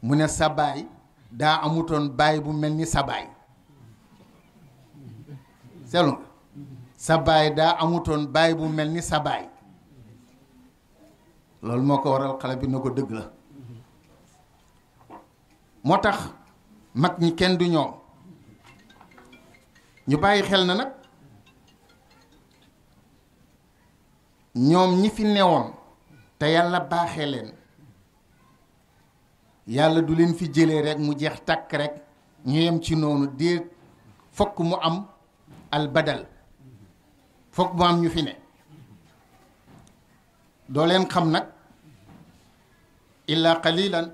mu ne sa baay daa amutoon baay bu mel ni sa baay seetlu nga sa baay daa amutoon baay bu mel ni sa baay loolu moo ko waral xale bi na ko dëgg la moo tax mag ñi kenn du ñoom ñu bàyyi xel na nag ñoom ñi fi newoon te yàlla baaxee leen yàlla du leen fi jëlee rekk mu jeex tàkk rek ñu yem ci noonu déet fokk mu am albadal foog mu am ñu fi ne doo leen xam nag illaa qalilan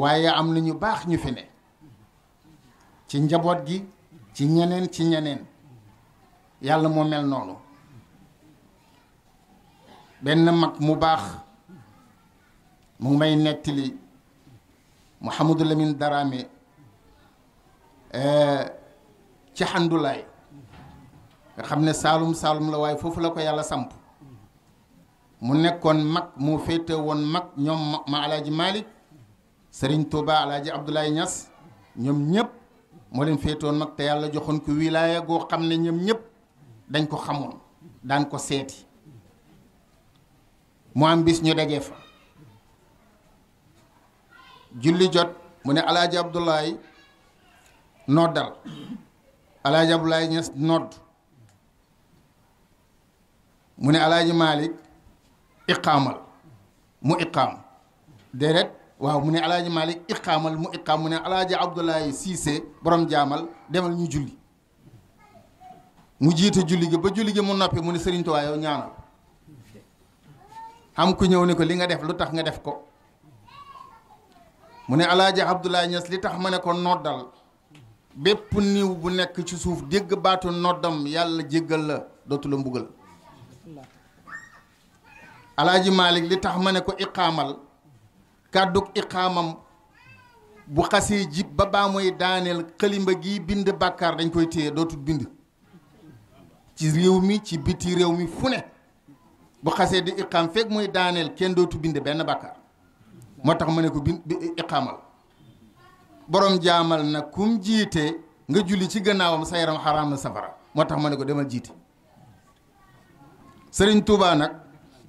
waaye am na ñu baax ñu fi ne ci njaboot gi ci ñeneen ci ñeneen yàlla moo mel noonu benn mag mu baax mu ngi may nettali Mouhamadou Lamine Darame euh, ci xandulaay nga xam ne saalum saalum la waaye foofu la ko yàlla samp mu nekkoon mag mu féete woon mag ñoom ma alaaji Malick Serigne Touba alaaji Abdoulaye Niass ñoom ñëpp moo leen féetoon mag te yàlla joxoon ko wilaaya goo xam ne ñoom ñëpp dañ ko xamoon daan ko seeti mu am bis ñu dajee fa julli jot mu ne alaaji Abdoulaye noddal alaaji Abdoulaye Niass nodd mu ne alaaji Malick iqaamal mu iqaam déedéet waaw mu ne alaaji Malick iqaamal mu iqaam mu ne alaaji Abdoulaye Cissé borom jaamal demal ñu julli mu jiite julli ba julli gi mu noppi mu ne Sëriñ Tuubaa yow ñaanal am ku ñëw ne ko li nga def lu tax nga def ko mu ne alaaji Abdoulaye Niass li tax ma ne ko noddal bépp niiw bu nekk ci suuf dégg baatu noddam yàlla jéggal la dootu la mbugal alaaji Malick li tax ma ne ko iqaamal kàdduk iqaamam bu xasee jib ba baa mooy daaneel xëlimba gi bind bàkkaar dañ koy téye dootul bind ci réew mi ci biti réew mi fu ne bu xasee di iqaam fekk mooy daaneel kenn dootu bind benn bàkkaar moo tax ma ne ko bind iqaamal borom jaamal na kum jiite nga julli ci gannaawam sa yaram xaraam safara moo tax ma ne ko demal jiite sëriñ tuubaa nag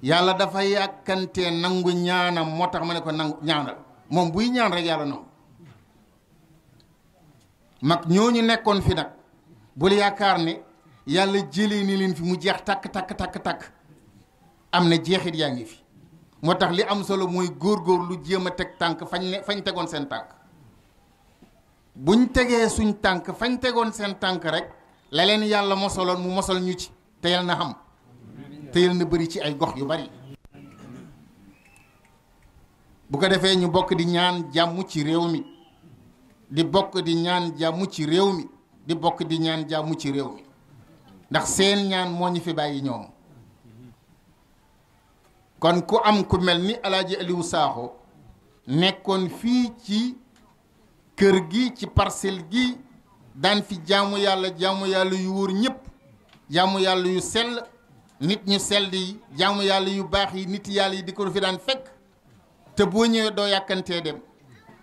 yàlla dafa yàkkantee nangu ñaanam moo tax ma ne ko nangu ñaanal moom buy ñaan rek yàlla nangu mag ñoo ñu nekkoon fi nag bul yaakaar ne yàlla jëlee ni fi mu jeex takk takk takk takk am na jeexit yaa ngi fi moo tax li am solo mooy góorgóorlu jéem a teg tànk fañ ne fañ tegoon seen tànk bu ñu tegee suñ tànk fañ tegoon seen tànk rek la yàlla mosaloon mu mosal ñu ci te na xam te na bari ci ay gox yu bari bu ko defee ñu bokk di ñaan jàmm ci réew mi di bokk di ñaan jàmm ci réew mi di bokk di ñaan jàmm ci réew ndax seen ñaan moo ñu fi bàyyi ñoom kon ku am ku mel ni Alaaji Aliou Saaxo nekkoon fii ci kër gi ci parcelle gi daan fi jaamu yàlla jaamu yàlla yu wóor ñëpp jaamu yàlla yu sell nit ñu sell yi jaamu yàlla yu baax yi nit yàlla yi di ko fi daan fekk te boo ñëwee doo yàkkantee dem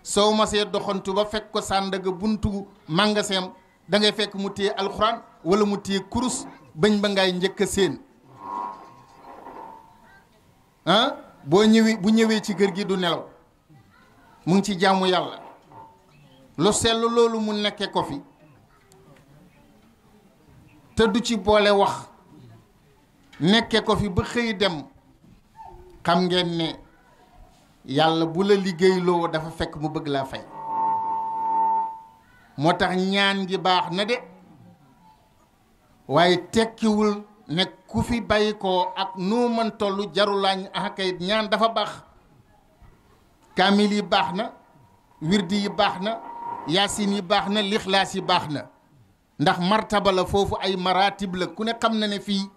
soo masee doxantu ba fekk ko sàndaga buntu màngaseem dangay fekk mu téye alxuraan wala mu téye kurus bañ ba ngay njëkk a séen ah, boo ñëwee bu ñëwee ci kër gi du nelaw mu ngi ci jaamu yàlla lu sell loolu mu nekke ko fi te du ci boole wax nekke ko fi ba xëy dem xam ngeen ne yàlla bu la liggéeyloo dafa fekk mu bëgg laa fay moo tax ñaan gi baax na de waaye tekkiwul ne ku fi bàyyi koo ak noo mën tollu jarulaañ akay ah ñaan dafa baax kaamil yi baax na wirdi yi baax na yaasin yi baax na lixlaas yi baax na ndax martaba la foofu ay maratib la ku ne xam na ne fii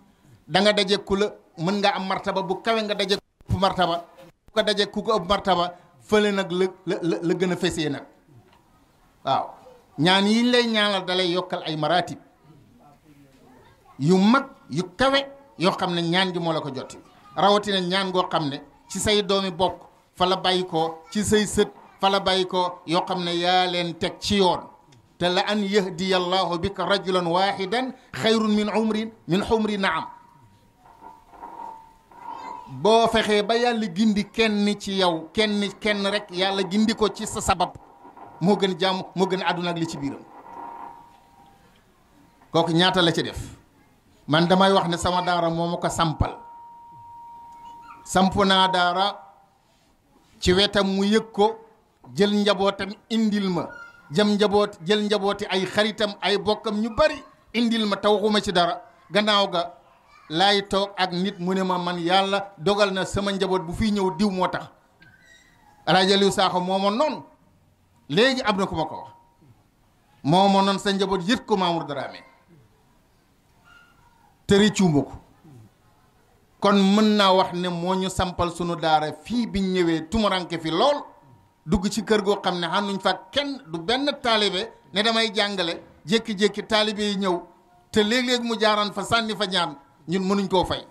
da nga daje ku la mën nga am martaba bu kawe nga daje ku ëpp martaba ko daje ku ko ëpp martaba fële nag la la gën a fesee nag waaw ñaan yi lay ñaanal dalay yokkal ay maratib yu mag yu kawe yoo xam ne ñaan gi moo la ko jotti rawatina ñaan goo xam ne ci say doomi bokk fa la bàyyi ko ci say sët fala bay ko yoo xam ne yaa leen teg ci yoon te la an yahdiya allahu bika rajulan wahidan xayrun min umrin min xumri naam boo fexee ba yàlla gindi kenn ci yow kenn kenn rek yàlla gindi ko ci sa sabab moo gën jàmm moo gën àdduna ak li ci biiram kooku ñaata la ci def man damay wax ne sama daara moo ma ko sampal samp naa daara ci wetam mu yëg ko jël njabootam indil ma jëm njaboot jël njabooti ay xaritam ay bokkam ñu bari indil ma taw xuma ci dara gannaaw ga laay toog ak nit mu ne ma man yàlla dogal na sama njaboot bu fi ñëw diw moo tax Alaaji Aliou Sakho moomoon noonu léegi am na ku ma ko wax moomoon noonu sa njaboot yët ko Mamour Dramé te rëccuuma ko kon mën naa wax ne moo ñu sampal sunu daara fii biñ ñëwee tumuraanke fi lool dugg ci kër goo xam ne xamuñ fa kenn du benn taalibe ne damay jàngale jékki-jékki taalibe yi ñëw te léeg-léeg mu jaaraan fa sànni fa ñaan ñun mënuñ koo fay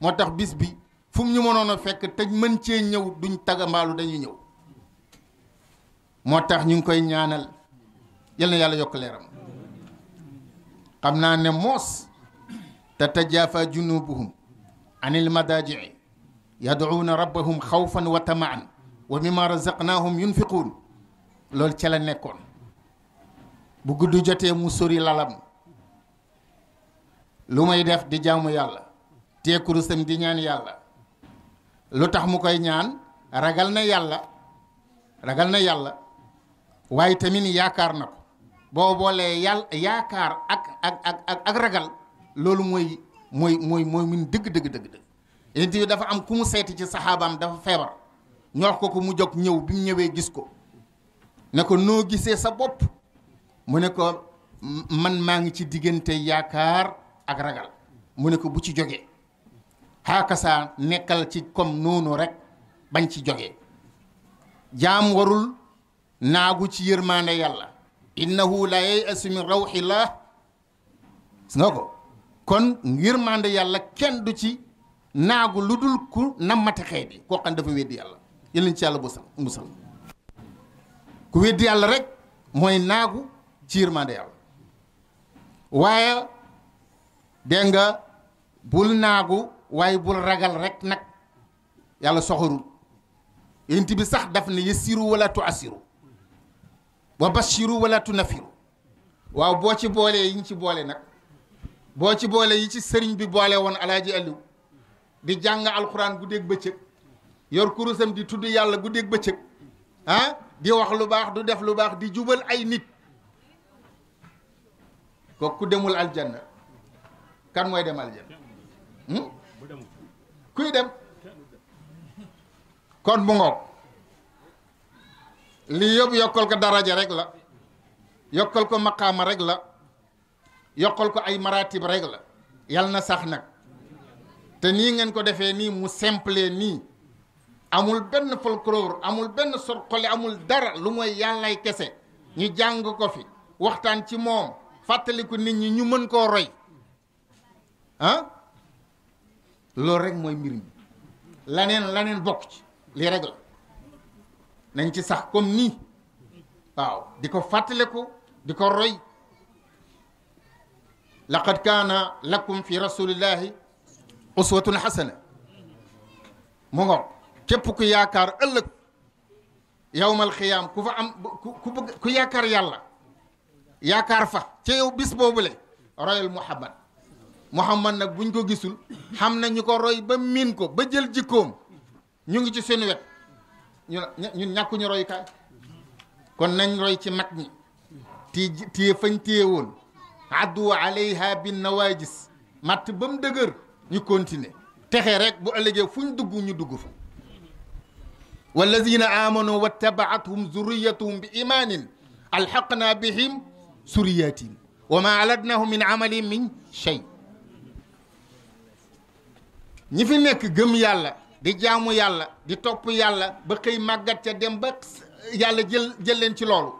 moo tax bis bi fu ñu mënoon a fekk te mën cee ñëw duñ tagambaalu dañuy ñëw moo tax ñu ngi koy ñaanal yal na yàlla yokk leeram xam naa ne moos te te tatajafa junubuhum anil madaaji'i yad'uuna rabbahum xawfan wa tamaan wa naa mimma razaqnaahum yunfiquun loolu ca la nekkoon bu gudd jotee mu sori lalam lu may def di jaamu yàlla te kurusam di ñaan yàlla lu tax mu koy ñaan ragal na yàlla ragal na yàlla waaye tamit yaakaar na ko boo boolee yàlla yaakaar ak ak ak ak ragal loolu mooy mooy mooy mooy mun dëgg dëgg dëgg dëgg dafa am ku mu seeti ci saxaabaam dafa feebar ñu ko ko mu jóg ñëw bi mu ñëwee gis ko ne ko noo gisee sa bopp mu ne ko man maa ngi ci diggante yaakaar ak ragal mu ne ko bu ci jógee xaakasaa nekkal ci comme noonu rek bañ ci jógee jaam warul naagu ci yërmaande yàlla innahu la yayasu min rawxillah su nga ko kon yërmaande yàlla kenn du ci naagu lu dul ku nammate xee bi koo xam dafa weddi yàlla yal ci yàlla bu sax musal ku weddi yàlla rek mooy naagu ci yërmande yàlla waaye dégg bul naagu waaye bul ragal rek nag yàlla soxorul yént bi sax daf ne yasiru wala tu asiru wa bashiru wala tu nafiru waaw boo ci boolee yi ñu ci boole nag boo ci boole yi ci sëriñ bi boole woon alaaji Aliou di jàng alxuraan guddeeg bëccëg yor kurusam di tudd yàlla guddeeg bëccëg ah di wax lu baax du def lu baax di jubal ay nit kooku ku demul aljanna kan mooy dem aljanna hmm? kuy dem kon mu ngoog lii yëpp yokkal ko daraja rek la yokkal ko maqaama rek la yokkal ko ay maratib rek la yal na sax nag te nii ngeen ko defee nii mu simple nii amul benn folklore amul benn sorxole amul dara lu mooy yàllay kese ñu jàng ko fi waxtaan ci moom fàttaliku nit ñi ñu mën koo roy ah loolu rek mooy mbir mi laneen laneen bokk ci lii rek nañ ci sax comme nii waaw di ko fàttaliku di ko roy laqad kaana lakum fi rasulillahi uswatun xasana mu ngoog cépp ku yaakaar ëllëg yawmal xiyaam ku fa am ku ku yaakaar yàlla yaakaar fa ca yow bis boobule royal muhammad muhammad nag buñ ko gisul xam na ñu ko roy ba miin ko ba jël jikkoom ñu ngi ci seen wet ñun ñàkkuñu roy kon nañ roy ci mag ñi ti téye fañ tiye woon addu alayha bin nawaajis matt ba mu dëgër ñu continuer texe rek bu ëllëgee fu ñu dugg ñu dugg fa walladina amanu wattabaathum zurriyatuhum bi imaanin alxaqna bihim suriyatihim wa ma alatnahu min amali min shay ñi fi nekk gëm yàlla di jaamu yàlla di topp yàlla ba xëy màggat ca dem ba yàlla jël jël leen ci loolu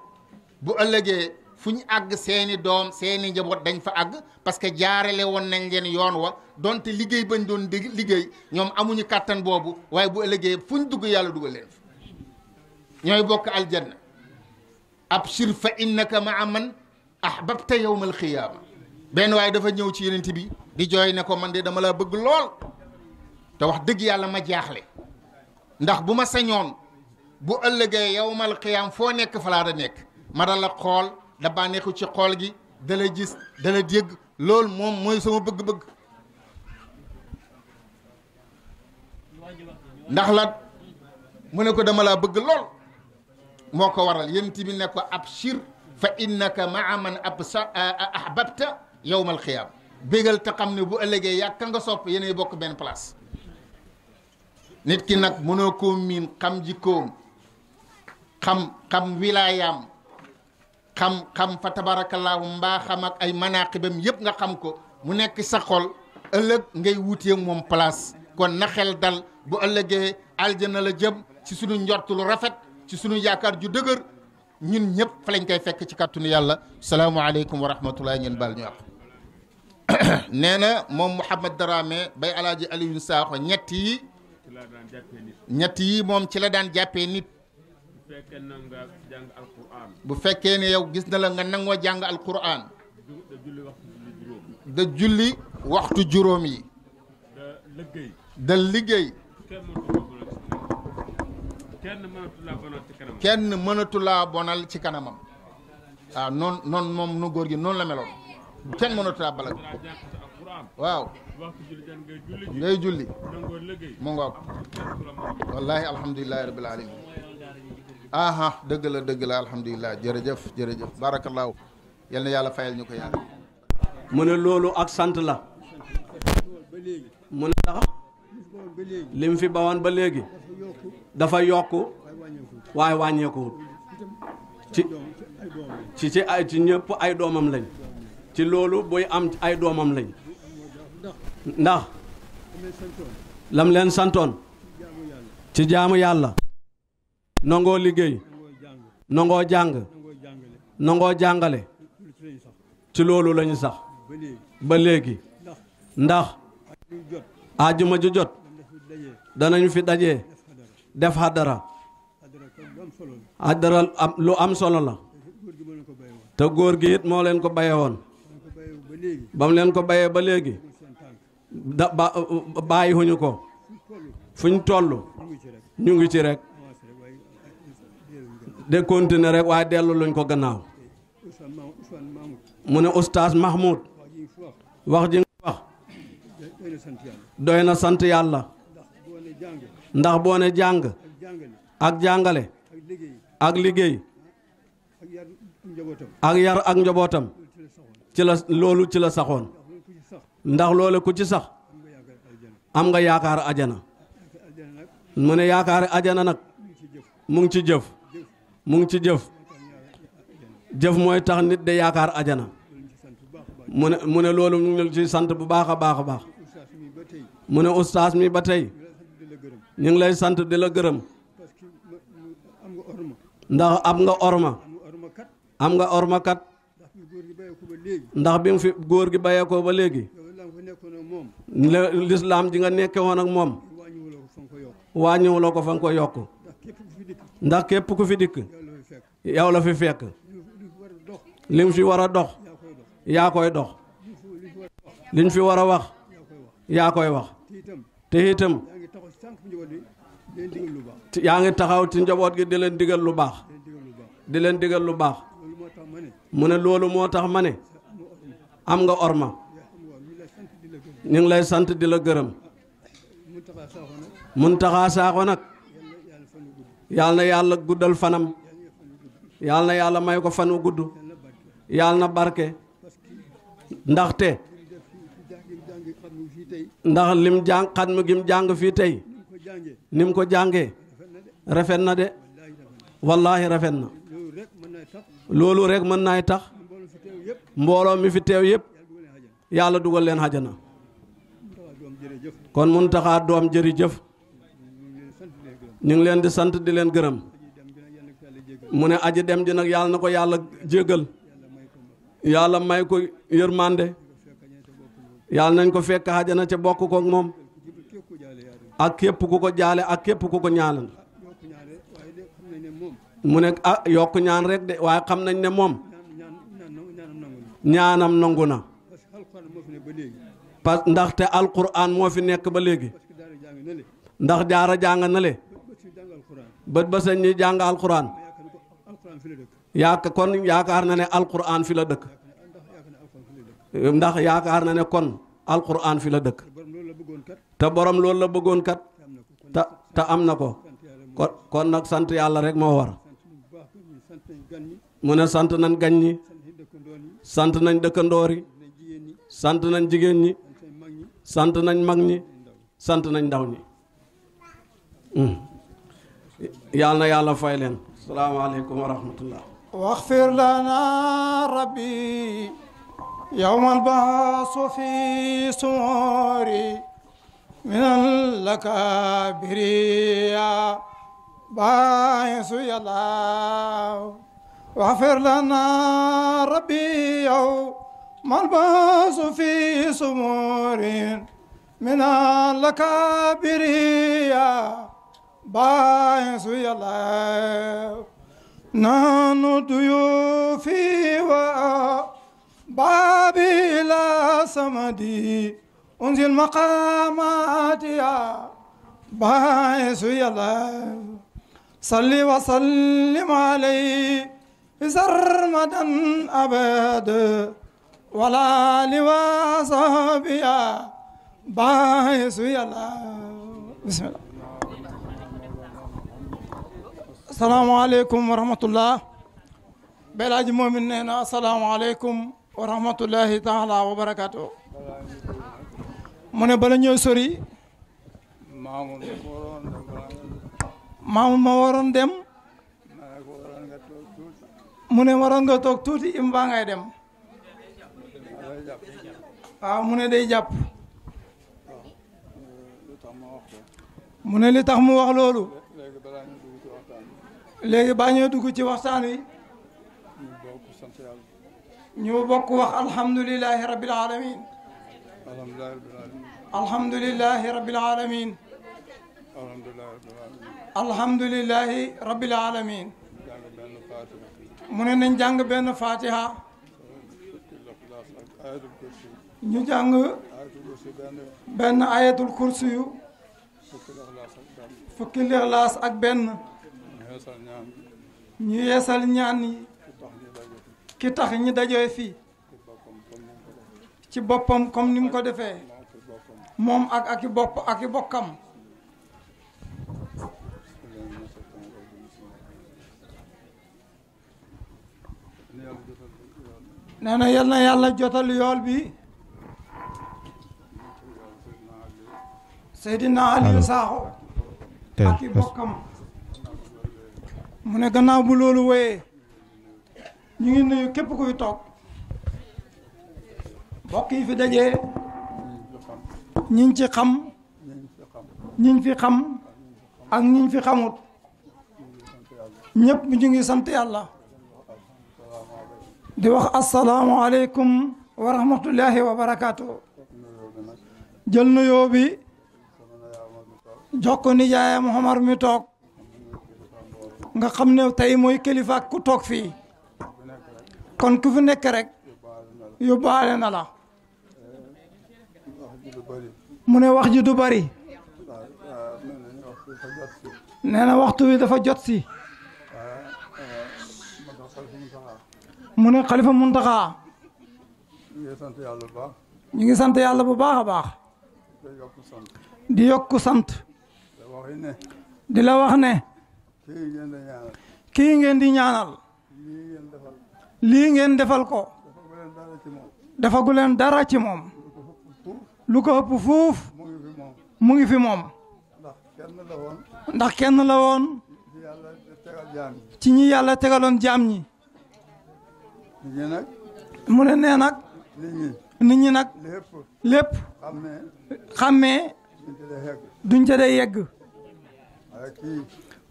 bu ëllëgee fu ñu àgg seeni doom seeni njaboot dañ fa àgg parce que jaarale woon nañ leen yoon wa donte liggéey bañ doon digg liggéey ñoom amuñu kàttan boobu waaye bu ëllëgee fu ñu dugg yàlla dugal leen fa ñooy bokk aljanna abshir fa innaka maa te ahbabta yawmal xiyaama benn waaye dafa ñëw ci yonent bi di jooy ne ko man de dama laa bëgg lool te wax dëgg yàlla ma jaaxle ndax bu ma sañoon bu ëllëgee yawmal xiyaam foo nekk fa laa nekk ma dala xool da bànneexu ci xool gi da la gis da lool moom mooy sama bëgg-bëgg ndax la mu ne ko dama laa bëgg lool moo ko waral yent bi ne ko ab abshir fa innaka maa man ab sa ahbabta yowmal xiyaam bégal te xam ne bu ëllëgee yàgg nga sopp yéenay bokk benn place nit ki nag mënoo koo miin xam jikkoom xam xam wilaayaam xam xam fa tabarakallaahu mbaa ak ay manaqibam yëpp nga xam ko mu nekk sa xol ëllëg ngay wuteeg moom place kon na xel dal bu ëllëgee aljana la jëm ci suñu njort lu rafet ci sunu yaakaar ju dëgër ñun ñëpp fa lañ koy fekk ci kàttanu yàlla salaamualeykum wa rahmatulah ngeen baal ñu àq nee na moom Mouhamed Darame bay alaaji Alioune Sakho ñett yi ñett yi moom ci la daan jàppee nit. bu fekkee ne yow gis na la nga nangoo jàng alquran da julli waxtu juróom yi da liggéey kenn mënatu bonal ci kanamam waaw noonu noonu moom nu góor gi noonu la meloon kenn mënatu laa balag waaw ngay julli mu ngoog wallaahi alhamdulilahi rabbil alamin aha dëgg la dëgg la alhamdulilah jërëjëf jërëjëf barakallaahu yal na yàlla fayal ñu ko yàlla mu ne loolu ak sant la mu ne ndax lim fi bawaan ba léegi dafa yokk waaye wàññeekuwut ci ci ci ay ci ñëpp ay doomam lañ ci loolu buy am ay doomam lañ ndax lam leen santoon ci jaamu yàlla nangoo liggéey nangoo jàng nangoo jàngale ci loolu lañu sax ba léegi ndax ajuma ju jot danañu fi dajee def xadara xadara lu am solo la te góor gi it moo leen ko baye woon ba mu leen ko bayee ba léegi da bàyyi huñu ko fu ñu toll ñu ngi ci rek de continuer rek waaye dellu luñ ko gannaaw mu ne oustaz Mahmoud wax ji nga wax doy na sant yàlla ndax boo ne jàng ak jàngale ak liggéey ak yar ak njabootam ci la loolu ci la saxoon ndax loole ku ci sax am nga yaakaar ajana mu ne yaakaar ajana nag mu ngi ci jëf mu ngi ci jëf jëf mooy tax nit de yaakaar ajana mu ne mu ne loolu mu ngi ci sant bu baax a baax a baax mu ne ustaas mi ba tey ñu ngi lay sant di la gërëm ndax am nga orma am nga orma kat ndax bi fi góor gi bayee ba léegi lislaam ji nga nekke woon ak moom wàññiwuloo ko fa nga ko yokk ndax képp ku fi dikk yow la fi fekk li mu fi war a dox yaa koy dox liñ fi war a wax yaa koy wax te itam yaa ngi taxaw ci njaboot gi di leen digal lu baax di leen digal lu baax mu ne loolu moo tax ma ne am nga orma ñu ngi lay sant di la gërëm mun taxaa saaxo nag yàlla na yàlla guddal fanam yàlla na yàlla may ko fan wu gudd yàlla na barke ndaxte ndax lim jàng xatmu gim jàng fii tey ni mu ko jàngee rafet na de wallaahi rafet na loolu rek mën naay tax mbooloo mi fi teew yëpp yàlla dugal leen xajana kon mun taxaa doom jëri jëf ñu ngi leen di sant di leen gërëm mu ne aji dem ji nag na ko yàlla jéggal yàlla may ko yërmande yàlla nañ ko fekk na ca bokk ko moom ak képp ku ko jaale ak képp ku ko ñaanal mu nekk ah yokk ñaan rek de waaye xam nañ ne moom ñaanam nangu na parce ndaxte alquran moo fi nekk ba léegi ndax jaara jàng na le bët ba sëñ ñi jàng alquran yaaka kon yaakaar na ne alquran fi la dëkk ndax yaakaar na ne kon alquran fi la dëkk te borom loolu la bëggoon kat te te am na ko kon kon nag sant yàlla rek moo war mu ne sant nañ gañ ñi sant nañ dëkkandoor yi sant nañ jigéen ñi sant nañ mag ñi sant nañ ndaw ñi hmm. yàlla na yàlla fay leen salaamaaleykum wa rahmatullah waxfir lana rabbi yowma albaasu fi sumori min allakabiriya baayisu yàlla waxfir lana rabbi yowma albaasu fi sumori min allakabiriya باعث يلا نحن ضيوفي وأحبابي لا صمدي أنزل مقامات يا باعث يلا صل وسلم عليه سرمدا أبدا ولا لواصحبيا باعث يلا بسم الله salaamaaleykum wa rahmatullah belaaji moomin nee na asalaamaaleykum wa rahmatullahi taala wa mu ne bala ñëw sori maamu ma waroon dem mu ne waroon nga toog tuuti im baa ngay dem waaw mu ne day jàpp mu ne li tax mu wax loolu léegi baa ñoo dugg ci waxtaan wi ñu bokk wax alhamdulilahi rabil alamin alhamdulilahi rabil alamin alhamdulilahi rabil alamin mu ne nañ jàng benn fatiha ñu jàng benn ayatul kursi yu fukki lixlaas ak benn ñu yeesal ñaan yi ki tax ñi dajoo fii ci boppam comme ni mu ko defee moom ak aki bopp aki bokkam nee na yal yàlla jotal yool bi Seydina Aliou Sakho aki bokkam mu ne gannaaw bu loolu woyee ñu ngi nuyu képp kuy toog bokk yi fi dajee ñiñ ci xam ñiñ fi xam ak ñiñ fi xamut ñëpp ñu ngi sant yàlla di wax asalaamualeykum wa rahmatullahi wa barakaatu jël nuyoo bi jokk nijaayam Omar mi toog nga xam ne tey mooy kilifa ku toog fii kon ku fi nekk rek yóbbaale na la mu ne wax ji du bari nee na waxtu wi dafa jot si mu ne xalifa muntaxaa ñu ngi sant yàlla bu baax a baax di yokku sant di la wax ne kii ngeen di ñaanal. lii ngeen defal ko. dafagu leen dara ci moom. lu ko ëpp fuuf. mu ngi fi moom. ndax kenn la woon. ci ñi yàlla tegaloon jaam ñi. mu ne nee nag. nit ñi nag. lépp. xàmmee. duñ ca day yegg.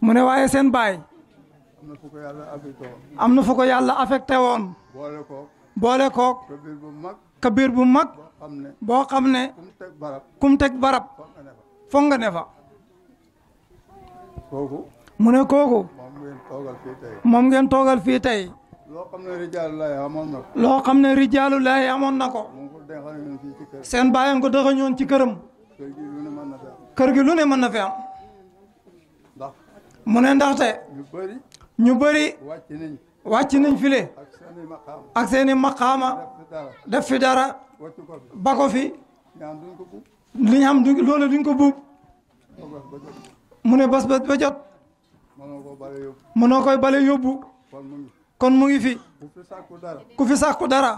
mu ne waaye seen baay am na fu ko yàlla affecté woon boole kook boole kook kabiir bu mag kabiir bu mag boo xam ne kum teg barab foog nga ne fa kooku mu ne kooku moom ngeen toogal fii tey loo xam ne rijaalu laay amoon na ko xam ne rijaalu laay amoon na ko seen baayam ko dëxañoon ci këram kër gi lu ne mën na fi am mu ne ndaxte. ñu bëri. ñu bëri. wàcc nañ. wàcc nañ file. ak seen i maqaama. def fi dara. ba ko fi. li ñu am du loolu duñ ko buub. mu ne bas ba ba jot. noo koy bale yóbbu. kon mu ngi fi. ku fi sàkku dara.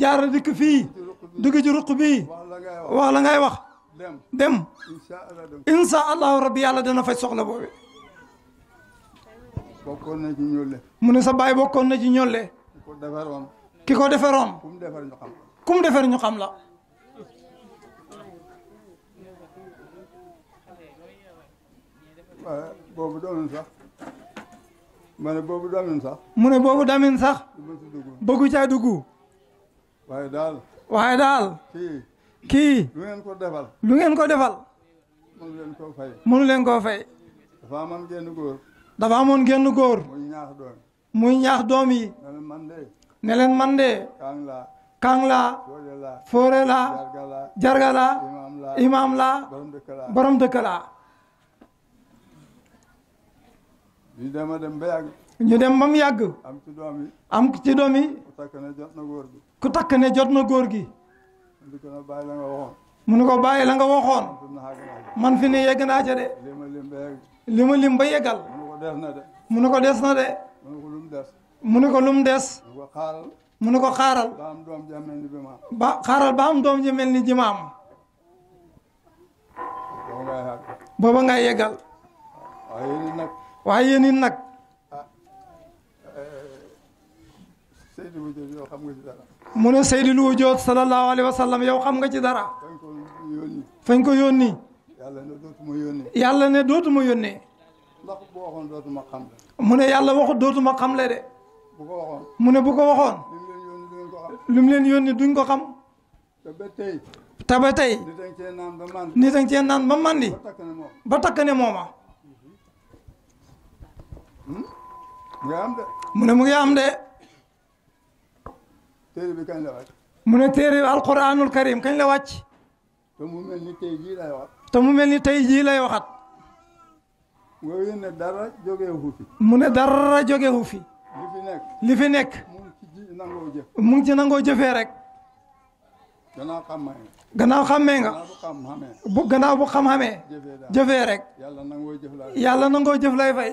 jaara dikk fii. dugg ci ruq bii. wax la ngay wax. dem. incha allahu rabbi yàlla dana fay soxla boobu. bokkoon na ci mu ne sa baay bokkoon na ji ñolle. ki ko defaroon. ki ko defaroon. kum defar ñu xam. kum defar ñu xam la. waaye boobu sax. ma ne boobu doomin sax. mu ne boobu doomin sax. bëggu caa dugg. waaye daal. waaye daal. kii. kii. lu ngeen ko defal. lu ngeen ko defal. mënu leen koo fay. mënu leen koo fay. dafa amoon ko góor. dafa amoon genn góor muy ñaax doom yi ne leen man de kaang laa foore laa jarga laa imaam laa borom dëkk laa ñu dem a dem ba yàgg ñu dem ba yàgg am ci doom yi ci doom yi ku takk ne jot na góor gi ku takk ne jot na góor gi mu ne ko bàyyi la nga waxoon man fi ne yegg naa ca de li ma lim ba yeggal ko des na de. mu ne ko des na de. mu ne ko lum des. mu ne ko lum des. mu xaaral. mu ne doom ja mel ni ji maam. ba xaaral ba am mel ni ji maam. booba ngay yeggal. waaye yéen nag. waaye yéen nag. Ah, eh, mu ne Seydi Lu Wujood sallallahu alayhi wa sallam yow xam nga ci dara. fañ ko yónni. yàlla ne dootuma yónnee. yàlla ne dootuma yónnee. ndax bu waxoon dootuma xam le mu ne yàlla waxut dootuma le de bu ko waxoon mu ne bu ko waxoon lu mu leen yónni duñ ko xam ba tey te ba tey ni naan ba mandi ba takk ne mooma hmm? mu ne mu ngi de téere bi kañ la mu ne téere alquranul karim kañ la wàcc te mu mel ni tey jii lay waxat mu mel ni tey jii lay waxat yooyu ne dara jógewu fi. mu ne dara jógewu fi. li fi nekk li fi nekk. mu ngi ci nangoo jëfee rek. gannaaw xàmmee nga. gannaaw xàmmee nga. bu gannaaw bu xam-xamee. jëfee rek. yàlla nangoo jëf lay fay. yàlla nangoo jëf lay fay.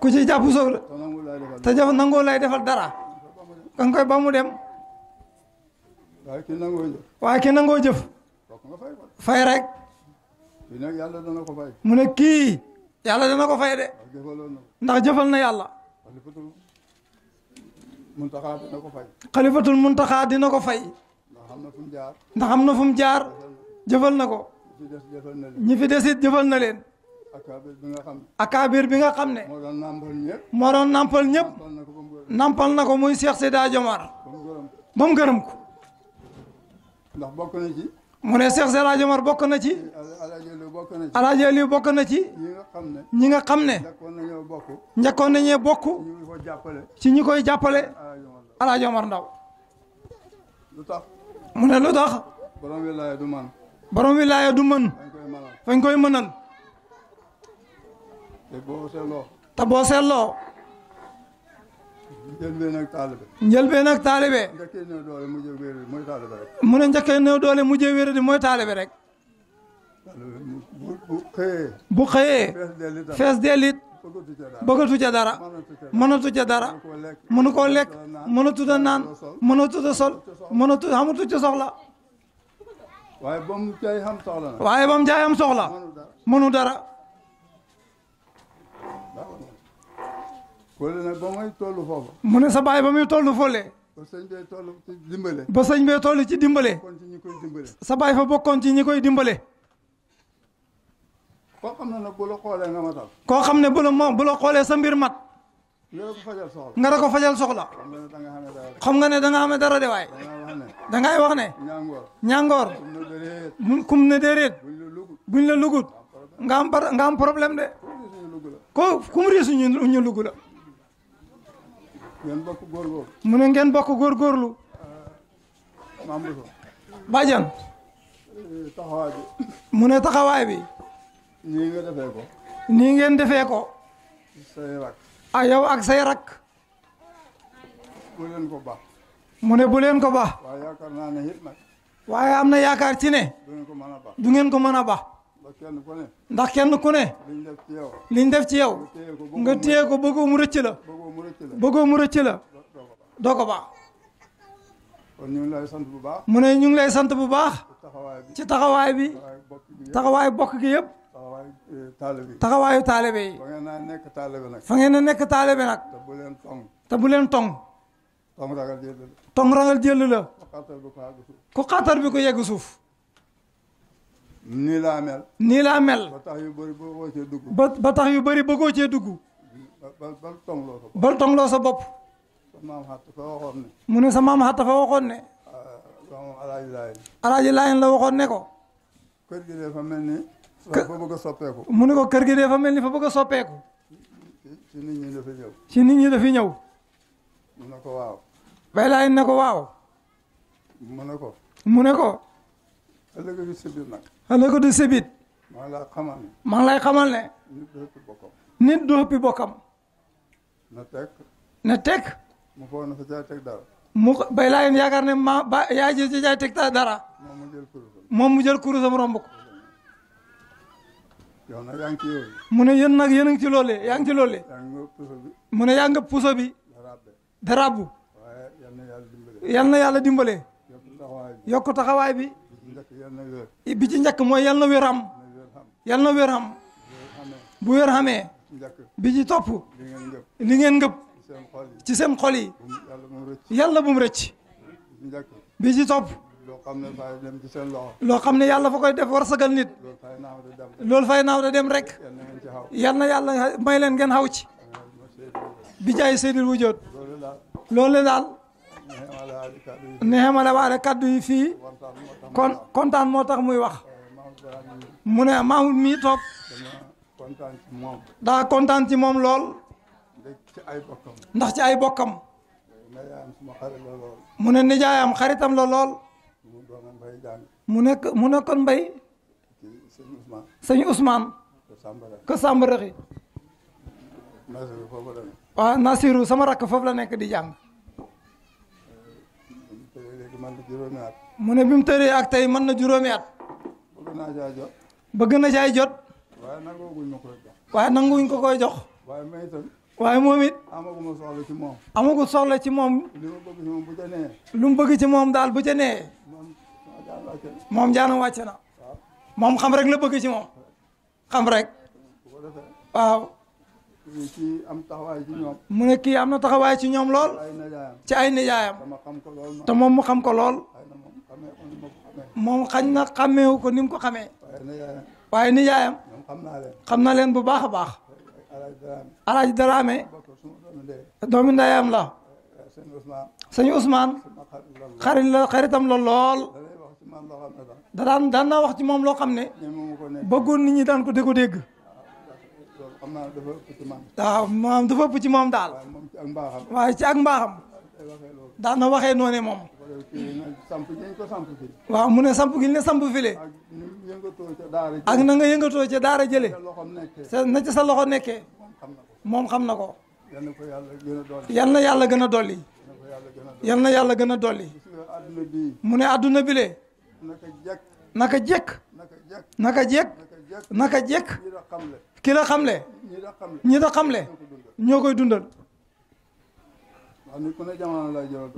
ku ci jàpp soow la. te jëf nangoo lay defal dara. nga koy ba mu dem. waaye ki nangoo jëf. waaye nangoo jëf. fay rek. kii nag yàlla dana ko fay. mu ne kii yàlla dana ko fay de. ndax jëfal na yàlla. xalifatul muntaxaa dina ko fay. xalifatul muntaxaa dina ko fay. ndax am na fu mu jaar. ndax am na fu mu jaar jëfal na ko. ñi fi desit jëfal na leen. akaabir bi nga xam ne. akaabir bi nga xam ne. moo doon nampal ñëpp. moo doon nampal ñëpp. nampal na ko muy Cheikh Sida Jomar. ba gërëm ko. ndax bokk na ci. mu ne Cheikh Jomar bokk ci. bokk na ci. alaaji bokk na ci. ñi nga xam ne. ñi nga xam ne. njëkkoon bokk. njëkkoon nañoo bokk. jàppale. ci ñi koy jàppale. alaaji Omar Ndaw. lu tax. mu ne lu tax. borom wilaaya du man. borom wilaaya du mën. koy mënal fañ koy mënal. te boo seetloo. te boo seetloo. njëlbeen ak taalibe. njëlbeen ak taalibe. njëkkee néew doole mujjee wéer mooy taalibe rek. mu ne njëkkee néew doole mujjee di mooy taalibe rek. bu xëyee. bu xëyee fees dellit bëggatu ca dara mënatu ca dara mënu koo lekk mënatu da naan mënatu da sol mënatu xamatu ca soxla. waaye ba mu jaay am soxla nag. waaye ba mu jaay am soxla mënu dara. Kole nag ba muy tollu foofu. mu ne sa baay ba muy tollu foolee. ba sëñ bee toll ci dimbale. ba sëñ bee ci dimbale. sa baay fa bokkoon ci ñi koy dimbale. koo xam ne nag bu la xoolee nga matal. koo xam ne bu moom bu la sa mbir mat. nga da fajal soxla. nga da ko fajal soxla. xam nga ne danga nga xam dara de waay. da ngay wax ne. ñàngoor ñàngoor. kum ne déedéet. buñ la lugut. nga am par de. ko kum riisu ñu ñu bokk góorgóorlu. mu ne ngeen bokk góorgóorlu. maam Badiane. Eh, mu ne taxawaay bi. nii nga ko. nii ngeen defee ko. say rak. ak say rak. bu leen ko baax. mu ne bu leen ko baax. waaye naa ne it nag. am na yaakaar ci ne. du ko mën a baax. du ngeen ko mën a baax. ndax kenn ndax kenn ku ne. liñ def ci yow. liñ def ci yow. nga téye ko bëggoo mu rëcc la. bëggoo mu rëcc la. bëggoo mu rëcc doo ko baax. ñu ngi lay sant bu baax. mu ne ñu ngi lay sant bu baax. ci taxawaay bi ci taxawaay bi. taxawaay bokk gi yëpp. taxawaayu taalibe yi. fa ngeen a nekk taalibe nag. fa ngeen a nekk taalibe nag. te bu leen tong. te bu leen tong. tong ragal jël la. tong ragal jël la. ku xatar bi ko yegg suuf. nii laa mel. nii laa mel. ba tax yu bëri bëggoo cee dugg. ba ba tax yu bëri bëggoo cee dugg. bal bal tongloo sa bopp. bal tongloo sa bopp. sa maam xat dafa waxoon ne. mu ne sa maam xat dafa waxoon ne. Ah, alaaji laayin. alaaji laayin la waxoon ne ko. kër gi dafa mel ni. fa bëgg a soppeeku. mu ne ko kër gi de fa mel ni fa bëgg a soppeeku. ci ni ñi dafa ñëw. ci nit ñi dafa ñëw. mu ne ko waaw. baylaay ne ko waaw. mu ne ko. mu ne ko. xale ko du sébit nag. xale ko du sébit. maa ngi lay ne. lay xamal ne. nit du ëppi bokkam. na teg. na teg. mu foog fa jaay teg dara. mu baylaay yaakaar ne ma ba yaa ji jaay teg dara. moom mu jël kurusam. moom mu jël kurusam romb ko. yow nag yaa mu ne yéen nag yéen ngi ci loole yaa ngi ci loole mu ne yaa nga puso bi darabbu yal na yàlla dimbale yokk taxawaay bi bi ci njëkk mooy yal na wér am yal na wér am bu wér xamee bi ci topp li ngeen ngëp ci seen xol yi yàlla bu mu rëcc bi ci topp xam ne fay dem seen loxo. loo xam ne yàlla fa koy def war sagal nit. loolu fay naaw da dem rek. yal na yàlla may leen ngeen xaw ci. bi jaay seydil wujoot. loolu daal. neexemale waale kàddu yi fii. kon kontaan moo tax muy wax. Eh, mu ne Mahmoud mii toog. daa kontaan ci moom lool. ndax ci ay bokkam. Eh, mu ne nijaayam xaritam la lool. mu nekk mu nekkoon mbay. sëñ Ousmane. kër Samba Raxi. waaw Nasiru sama rakk foofu la nekk di jàng. mu ne bi mu tëree ak tey mën na juróomi at. bëgg na jaay jot. bëgg na jaay jot. waaye nanguwuñ ko koy jox. waaye nanguwuñ ko koy jox. ci moom. amagul bëgg ci moom daal bu nee. moom jaanam wàcce na moom xam rek la bëgg ci moom xam rek waaw mu ne kii am na taxawaay ci ñoom lool ci ay nijaayam te moom mu xam ko lool moom xañ na xàmmeewu ko nim mu ko xamee waaye na nijaayam xam na leen bu baax a baax alaaji daraame doomi ndeyam la sëñ Ousmane xarit la xaritam la lool da daan daan naa wax ci moom loo xam ne. bëggoon nit ñi daan ko di ko dégg. waaw maanaam dafa ëpp ci moom daal. waaye ci ak mbaaxam. daan na waxee noonee moom. waaw mu ne samp gi ne samp file. ak na nga yëngatoo ca daara jële. sa na ca sa loxo nekkee. moom xam na ko. yal na yàlla gën a dolli. yal na yàlla gën a dolli. mu ne adduna bi le. naka jekk naka jekk naka jekk naka jekk ki la xamle ñi la xamle ñoo koy dundal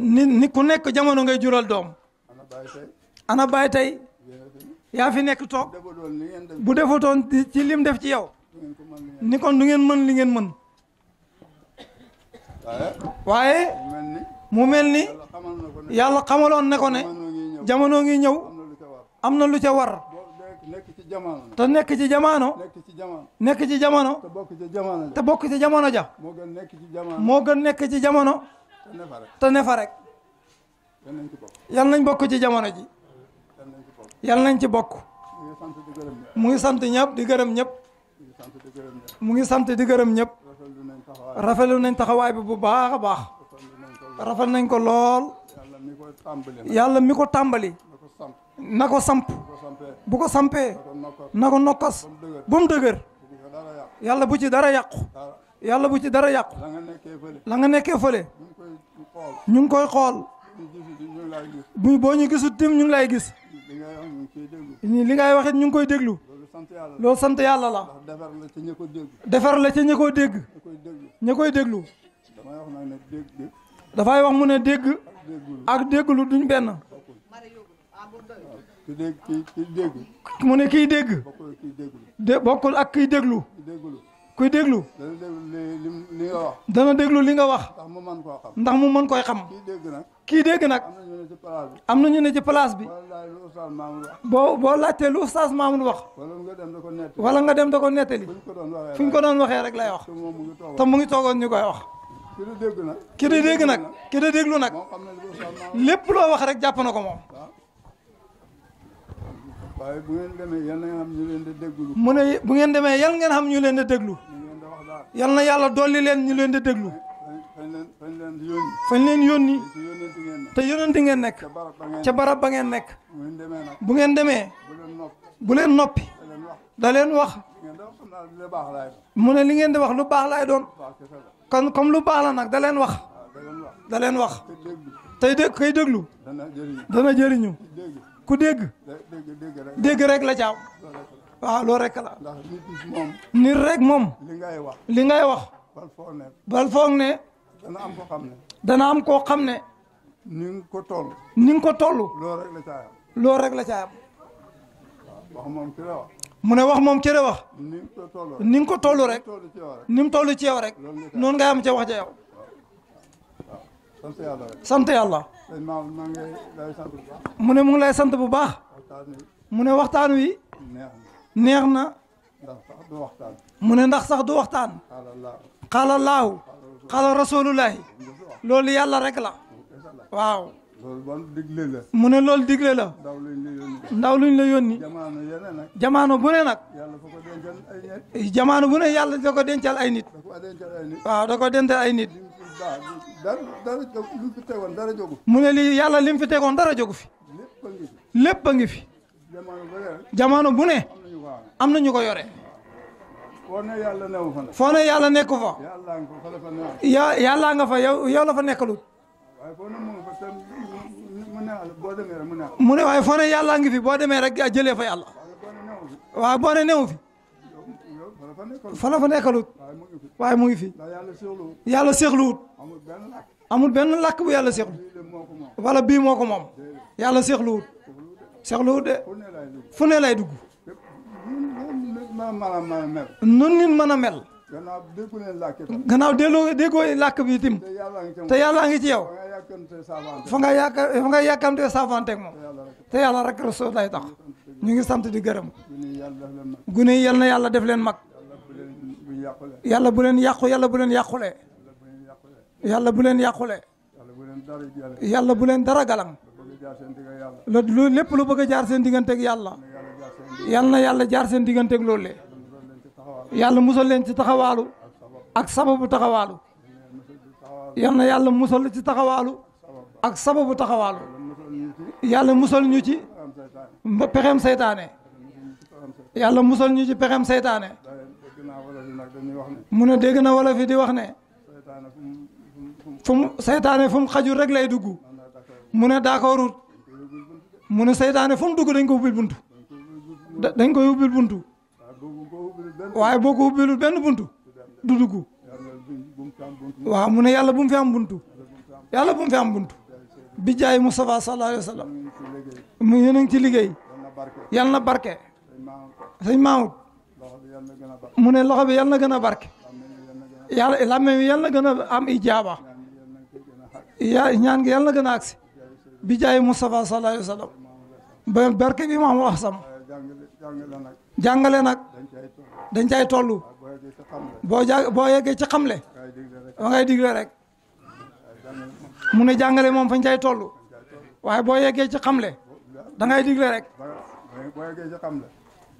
ni ku nekk jamono ngay jural doom ana bàyyi tey yaa fi nekk toog bu defatoon ci lim def ci yow ni kon du ngeen mën li ngeen mën waaye mu mel ni yàlla xamaloon ne ko jamono ngi ñëw am na lu ca war. nekk ci jamono. te nekk ci jamono. nekk ci jamono. nekk ci jamono. bokk ci jamono. te bokk ci jamono ja. moo gën nekk ci jamono. moo gën nekk ci jamono. te ne fa rek. te ne fa rek. yal nañ ci bokk. nañ ci jamono ji. yal nañ ci bokk. mu ngi sant di ñëpp di gërëm ñëpp. mu ngi sant di gërëm ñëpp. rafetlu nañ taxawaay bi bu baax a baax. rafet nañ ko lool. yàlla mi ko tàmbali. na ko samp bu ko sampee na ko nokkas bu mu dëgër yàlla bu ci dara yàqu yàlla bu ci dara yàqu la nga nekkee fële ñu ngi koy xool bu boo ñu gisul tim ñu ngi lay gis li ngay waxit ñu ngi koy déglu loolu sant yàlla la defar la ca ña ko dégg ña koy déglu dafay wax mu ne dégg ak dégglu ñu benn ki dégg ki dégg. mu ne kiy dégg. bokkul kiy déglu. de bokkul ak kiy déglu. kuy déglu. dana déglu li nga wax. dana li nga wax. ndax mu mën koo xam. ndax mu mën koy xam. kiy dégg nag. kiy dégg nag. am na ñu ne ci place bi. boo boo laajtee lu oustaz Mamoune wax. wala nga dem da ko nettali. wala nga dem da ko nettali. fu ñu ko doon waxee rek lay wax. te mu ngi toogoon ñu koy wax. ki di dégg nag. ki di dégg nag. ki di déglu lépp loo wax rek jàpp na ko moom. waaye bu ngeen demee yal na ngeen xam ñu leen di déglu. mu ne bu ngeen demee yal ngeen xam ñu leen di déglu. yal na yàlla dolli leen ñu leen di déglu. fañ leen fañ leen yónni. fañ leen yónni. te yónnante ngeen nekk. ca barab ba ngeen nekk. bu ngeen demee. bu leen noppi. da leen wax. mu ne li ngeen di wax lu baax laay doon. kan comme lu baax la nag da leen wax. da leen wax. tey dé kay déglu. dana jëriñu. ku dégg. dégg rek la ca am. waaw rek la. ndax nit moom. nit rek moom. li ngay wax. li ngay wax. bal foog ne. bal dana am koo xam ne. dana am koo xam ne. ni nga ko toll. ni nga ko toll. loo rek la ca loolu rek la ca am. wax moom ki la wax. mu ne wax moom ki la wax. ni nga ko toll rek. ni nga ko toll rek. ni mu toll ci yow rek. noonu ngay am ca wax ja yow. sant sant yàlla. mu ne mu ngi lay sant bu baax. mu ne waxtaan wi. neex na. mu ne ndax sax du waxtaan. xaala laahu. xaala rasulullahi. loolu yàlla rek la. waaw. mu ne loolu digle la. ndaw luñ la yónni. jamaano bu ne nag. jamaano bu ne yàlla da ko dencal ay nit. waaw da ko dencal ay nit. dara dara li fi tegoon dara jógu mu ne lii yàlla lim fi tegoon dara jógu fi. lépp a ngi fi. lépp mu ngi jamono bu ne. am na ñu ko yore. foo ne yàlla newu fa. foo ne yàlla nekku fa. yàlla yàlla nga fa yow yow la fa nekkalut. mu ne waaye foo ne yàlla ngi fi boo demee rek jëlee fa yàlla. waaw boo ne newu fi. fa la fa nekkalut waaye mu ngi fi yàlla seexluwut amul benn làkk bu yàlla seexlu wala bii moo ko moom yàlla seexluwut seexluwut de fu ne lay dugg nun nit mën a mel gannaaw dégloo déggoo làkk bi tim te yàlla ngi ci yow fa nga yàkk fa nga yàkkamtee saafanteeg moom te yàlla rek rasul lay tax ñu ngi sant di gërëm gune yi yal na yàlla def leen mag yàlla bu leen yàqu yàlla bu leen yàqule. yàlla bu leen yàqule. yàlla bu leen dara galang. la lu lépp lu bëgg a jaar seen digganteeg yàlla. yàlla na yàlla jaar seen digganteeg loolu le yàlla musal leen ci taxawaalu. ak sababu taxawaalu. yàlla na yàlla musal ci taxawaalu. ak sababu taxawaalu. yàlla musal ñu ci. pexem seytaane. yàlla musal ñu ci pexem seytaane. mu ne dégg na wala fi di wax ne fu mu seytaane fu mu xajul rek lay dugg mu ne d'accordut mu ne seytaane fu dugg dañ ko ubbil buntu dañ koy ubbil buntu waaye boo ko benn buntu du dugg waaw mu ne yàlla bu mu fi am buntu yàlla bu fi am buntu bi jaay Mustafa sallallahu alayhi wa sallam a ngi ci liggéey yal na barke mu ne loxo bi yal na gën a barke yàlla làmmiñ wi yàlla na gën a am ijaaba ya ñaan gi yàlla na gën a agsi bi jaay Mustafa sallallahu alayhi wa sallam ba barke bi maam wax sam jàngale nag dañ cay toll boo ja boo yeggee ci xamle wa ngay digle rek mu ne jàngale moom fañ cay toll waaye boo yeggee ci xamle da ngay digle rek boo yeggee ci xamle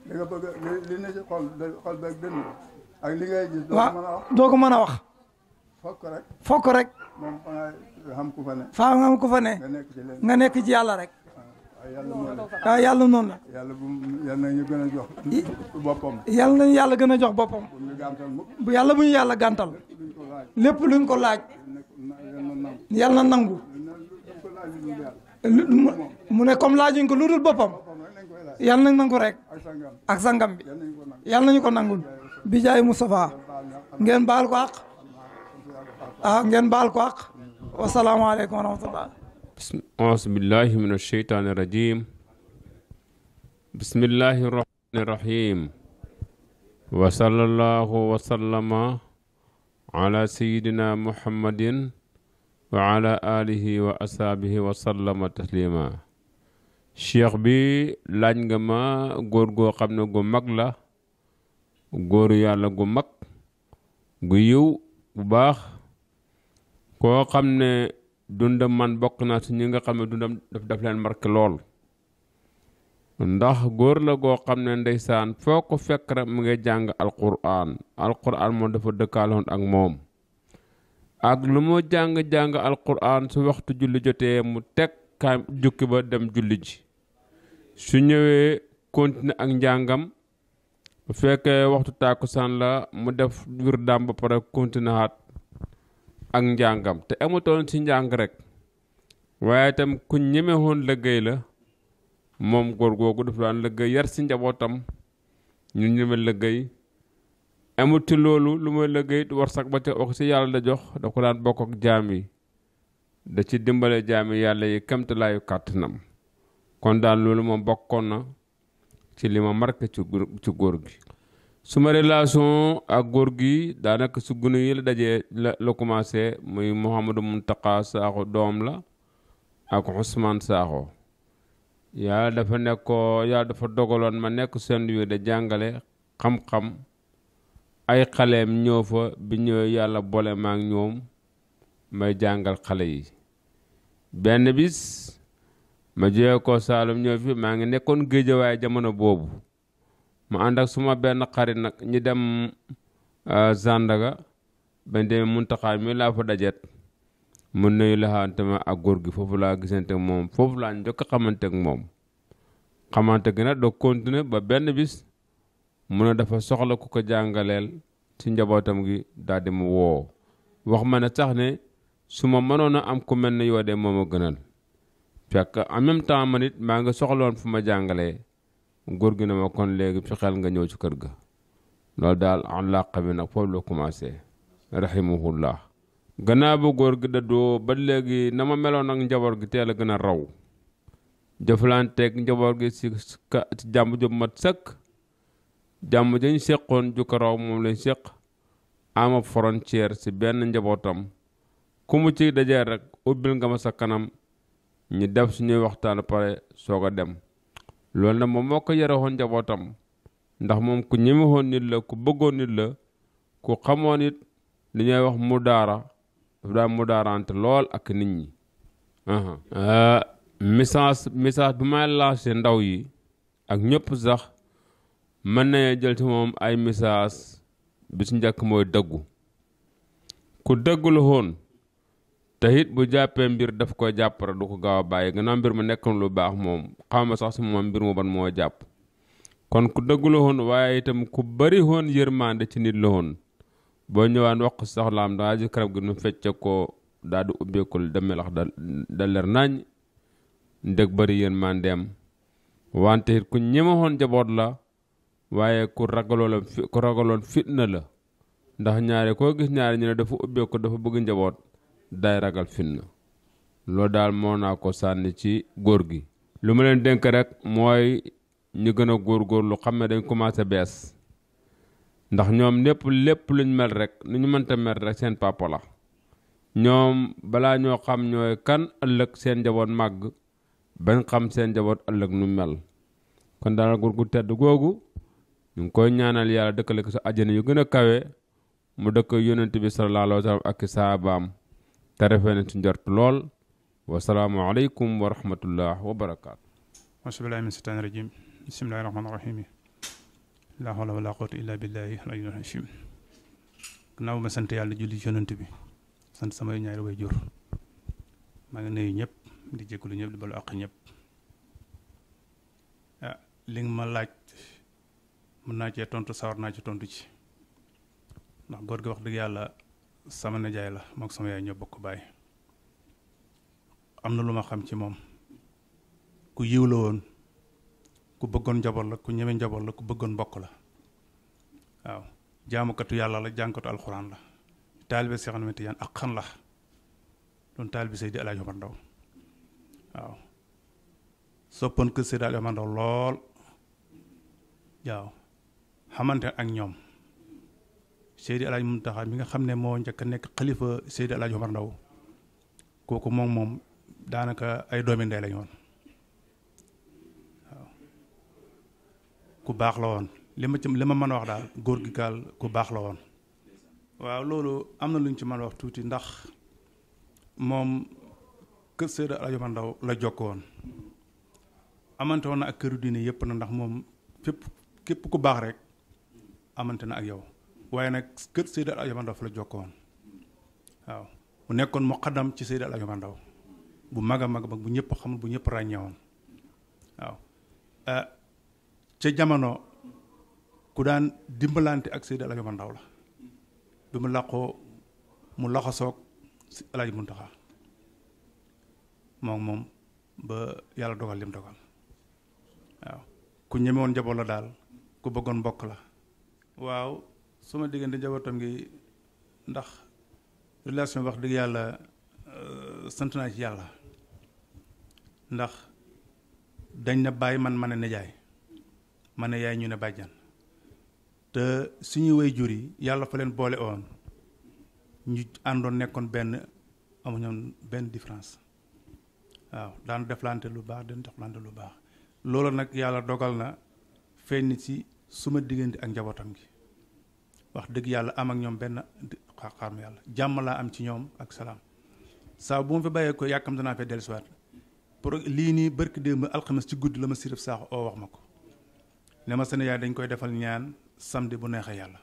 li nga bëgg ak li ngay gis doo ko mën a wax doo ko mën a fokk rek fokk rek. xam ku fa ne. faa nga xam ku fa ne. nekk ci nga nekk ci yàlla rek. Ah, waaw yàlla noon ah, la. yàlla bu yàlla na gën a jox boppam. yàlla nañu yàlla gën a jox boppam. bu yàlla bu ñu yàlla gàntal. lépp luñ ko laaj. yàlla na nangu. mu ne comme laajuñ ko lu dul boppam. yàlla nañ nangu rek. ak sangam bi yàlla nañu ko nangul. bi jaay Moustapha ngeen baal ko àq ah ngeen baal ko àq wasalaamaaleykum wa rahmatullah aosbillahi min alsheytaani irajim bismillahi irrahmani irrahim wa bi laaj nga ma góor goo xam ne gu mag la góoru yàlla gu mag gu yiw bu baax koo xam ne dundam man bokk naa si ñi nga xam ne dundam daf daf leen marqué lool ndax góor la goo xam ne ndeysaan foo ko fekk rek mu ngi jàng alquran alquran moom dafa dëkkaaloon ak moom ak lu mu jàng-jàng alquran su waxtu julli jotee mu teg kaam jukki ba dem julli ji su ñëwee continuer ak njàngam bu fekkee waxtu tàkkusaan la mu def wirdaam ba pare continuaat ak njàngam te amutoon ci njàng rek waaye tam ku ñemewoon liggéey la moom góor googu dafa daan liggéey yar ci njabootam ñu ñeme liggéey amut ci loolu lu muy liggéey war sax ba ca wax ci yàlla da jox da ko daan bokk ak da ci dimbale jaam yàlla yi kamtalaayu kàttanam kon daal loolu moom bokkoon na ci li ma marqué ci góor gi su suma relation ak góor gi daanaka su gunu yi la dajee la la commencé muy Mouhamadou Mountakha Sakho doom la ak Ousmane Sakho yàlla dafa nekkoo yàlla dafa dogaloon ma nekk seen yu de jàngale xam-xam ay xaleem ñëw fa bi ñëwee yàlla boole maa ak ñoom may jàngal xale yi benn bis ma jiyee ko Saalum ñëw fi maa ngi nekkoon géejawaay jamono boobu mu ànd ak suma benn xarit nag ñi dem euh, Zandaga ba demee Muntaxa mi laa fa dajet mu nuyu laxante ma ak góor gi foofu laa gisante moom foofu laa njëkk a xamante ak moom xamante gi nag doo continuer ba benn bis mu ne dafa soxla ku ko jàngaleel ci njabootam gi daal di mu wax ma ne sax ne su ma mënoon a am ku mel ne yoo de moom a gënal fekk en même temps man it maa nga soxloon fu ma jàngale góor gi ne ma kon léegi su nga ñëw ci kër ga loolu daal en làq bi nag foofu la commencé rahimahullah gannaaw ba góor gi dëddoo ba léegi na ma meloon ak njaboot gi teel a gën a raw jëflanteeg njaboot gi ci jàmm ju mat sëkk jàmm jañ seqoon ju raw moom lañ seq ama frontière si benn njabootam ku ci dajee rek ubbil nga ma sa kanam ñu def suñuy waxtaan pare soog a dem loolu nag moom moo ko yore woon njabootam ndax moom ku ñemewoon nit la ku bëggoon nit la ku xamoon it li ñuy wax mu daara daf daan mu daarante lool ak nit ñi euh, message message bi may lancé ndaw yi ak ñépp sax mën nañu jël ci moom ay message bi su njëkk mooy dëggu ku dëggu la te it bu jàppee mbir daf ko jàpp rek du ko gaaw a bàyyi gannaaw mbir mu nekkoon lu baax moom xawma sax si moom mbir ma ban moo jàpp kon ku dëgg la woon waaye itam ku bari woon yërmande ci nit la woon boo ñëwaan wax ko soxlaam dangaa ji karab gi mu fecce koo daal di ubbeekul demelax da da leer nañ ndëg bari yërmandeem wante it ku ñemewoon jaboot la waaye ku ragaloo ku ragaloon la ndax ñaare koo gis ñaare ñu ne dafa ubbeeku dafa bëgg njaboot day ragal fitna loolu daal moo naa ko sànni ci góor gi lu ma leen dénk rek mooy ñu gën a góorgóorlu xam ne dañ commencé bees ndax ñoom ñëpp lépp luñ mel rek nu ñu mënta mel rek seen papa la ñoom balaa ñoo xam ñooy kan ëllëg seen njaboot màgg bañ xam seen njaboot ëllëg nu mel kon daal góor gu tedd googu ñu ngi koy ñaanal yàlla dëkkale ko sa àjjana yu gën a kawe mu dëkk yonent bi sallallahu alayhi wa sallam ak i saabaam te rafet na ci lool wasalaamualeykum wa rahmatullah wa barakaatu masbillahi min seytaani rajim la hawla wala illa billahi al-aliyyil azim ma sant yàlla julli ci yonent bi sant samay ñaari way jur maa ngi nuyu ñëpp di jégalu ñëpp di balu àq ñëpp ah li ma laaj mun naa cee tontu sawar naa ci tontu ci ndax góor gi wax dëgg yàlla sama nijaay la mook sama yaay ñoo bokk baay am na lu ma xam ci moom ku yiw la woon ku bëggoon njaboot la ku ñeme njaboot la ku bëggoon mbokk la waaw jaamukatu yàlla la jànkatu alxuraan la taalibe Seex ak xan la doon taalibe Seydi Alaaji Omar Ndaw waaw soppoon kër Seydi Alaaji Omar Ndaw lool waaw xamante ak ñoom Seydi El Hadj Mountakha mi nga xam ne moo njëkk nekk xalifa Seydi El Hadj kooku moom moom daanaka ay doomi ndey lañu ku baax la woon li ma ci li ma mën a wax daal góor gi gaal ku baax la woon. waaw loolu am na lu ñu ci man a wax tuuti ndax moom kër Seydi El Hadj Omar Ndaw la jokkoon amante woon na ak këru diine yëpp na ndax moom fépp képp ku baax rek amante na ak yow. waaye nag kër Seydi El Hadji Ndaw fa la jokkoon waaw mu nekkoon muqaddam ci Seydi El Hadji Ndaw bu mag a mag bu ñépp xam bu ñëpp ràññewoon waaw ah, ca jamono ku daan dimbalante ak Seydi El Hadji Ndaw la bi mu làqoo mu laxasoog si El Hadji Muntaxa moom moom ba yàlla dogal lim dogal waaw ku ñemewoon njaboot la daal ku bëggoon mbokk la waaw suma diggante njabootam gi ndax relation wax dëgg yàlla euh, sant ci yàlla ndax dañ na bàyyi man ma ne nijaay mane yaay ñu ne bàjjan te suñu way jur yi yàlla fa leen boole oon ñu àndoon nekkoon benn amuñoon benn différence waaw daan deflante lu baax daan deflante lu baax loolu nag yàlla dogal na feeñ ci suma diggante ak njabootam gi wax dëgg yàlla am ak ñoom benn xaar ma yàlla jàmm laa am ci ñoom ak salaam saa bu ma fi bàyyee ko yàkkamte naa fee dellusiwaat pour lii nii barki démb alxames ci guddi la ma sirif saaxu oo wax ma ko ne ma seen yaay dañ koy defal ñaan samedi bu neexee yàlla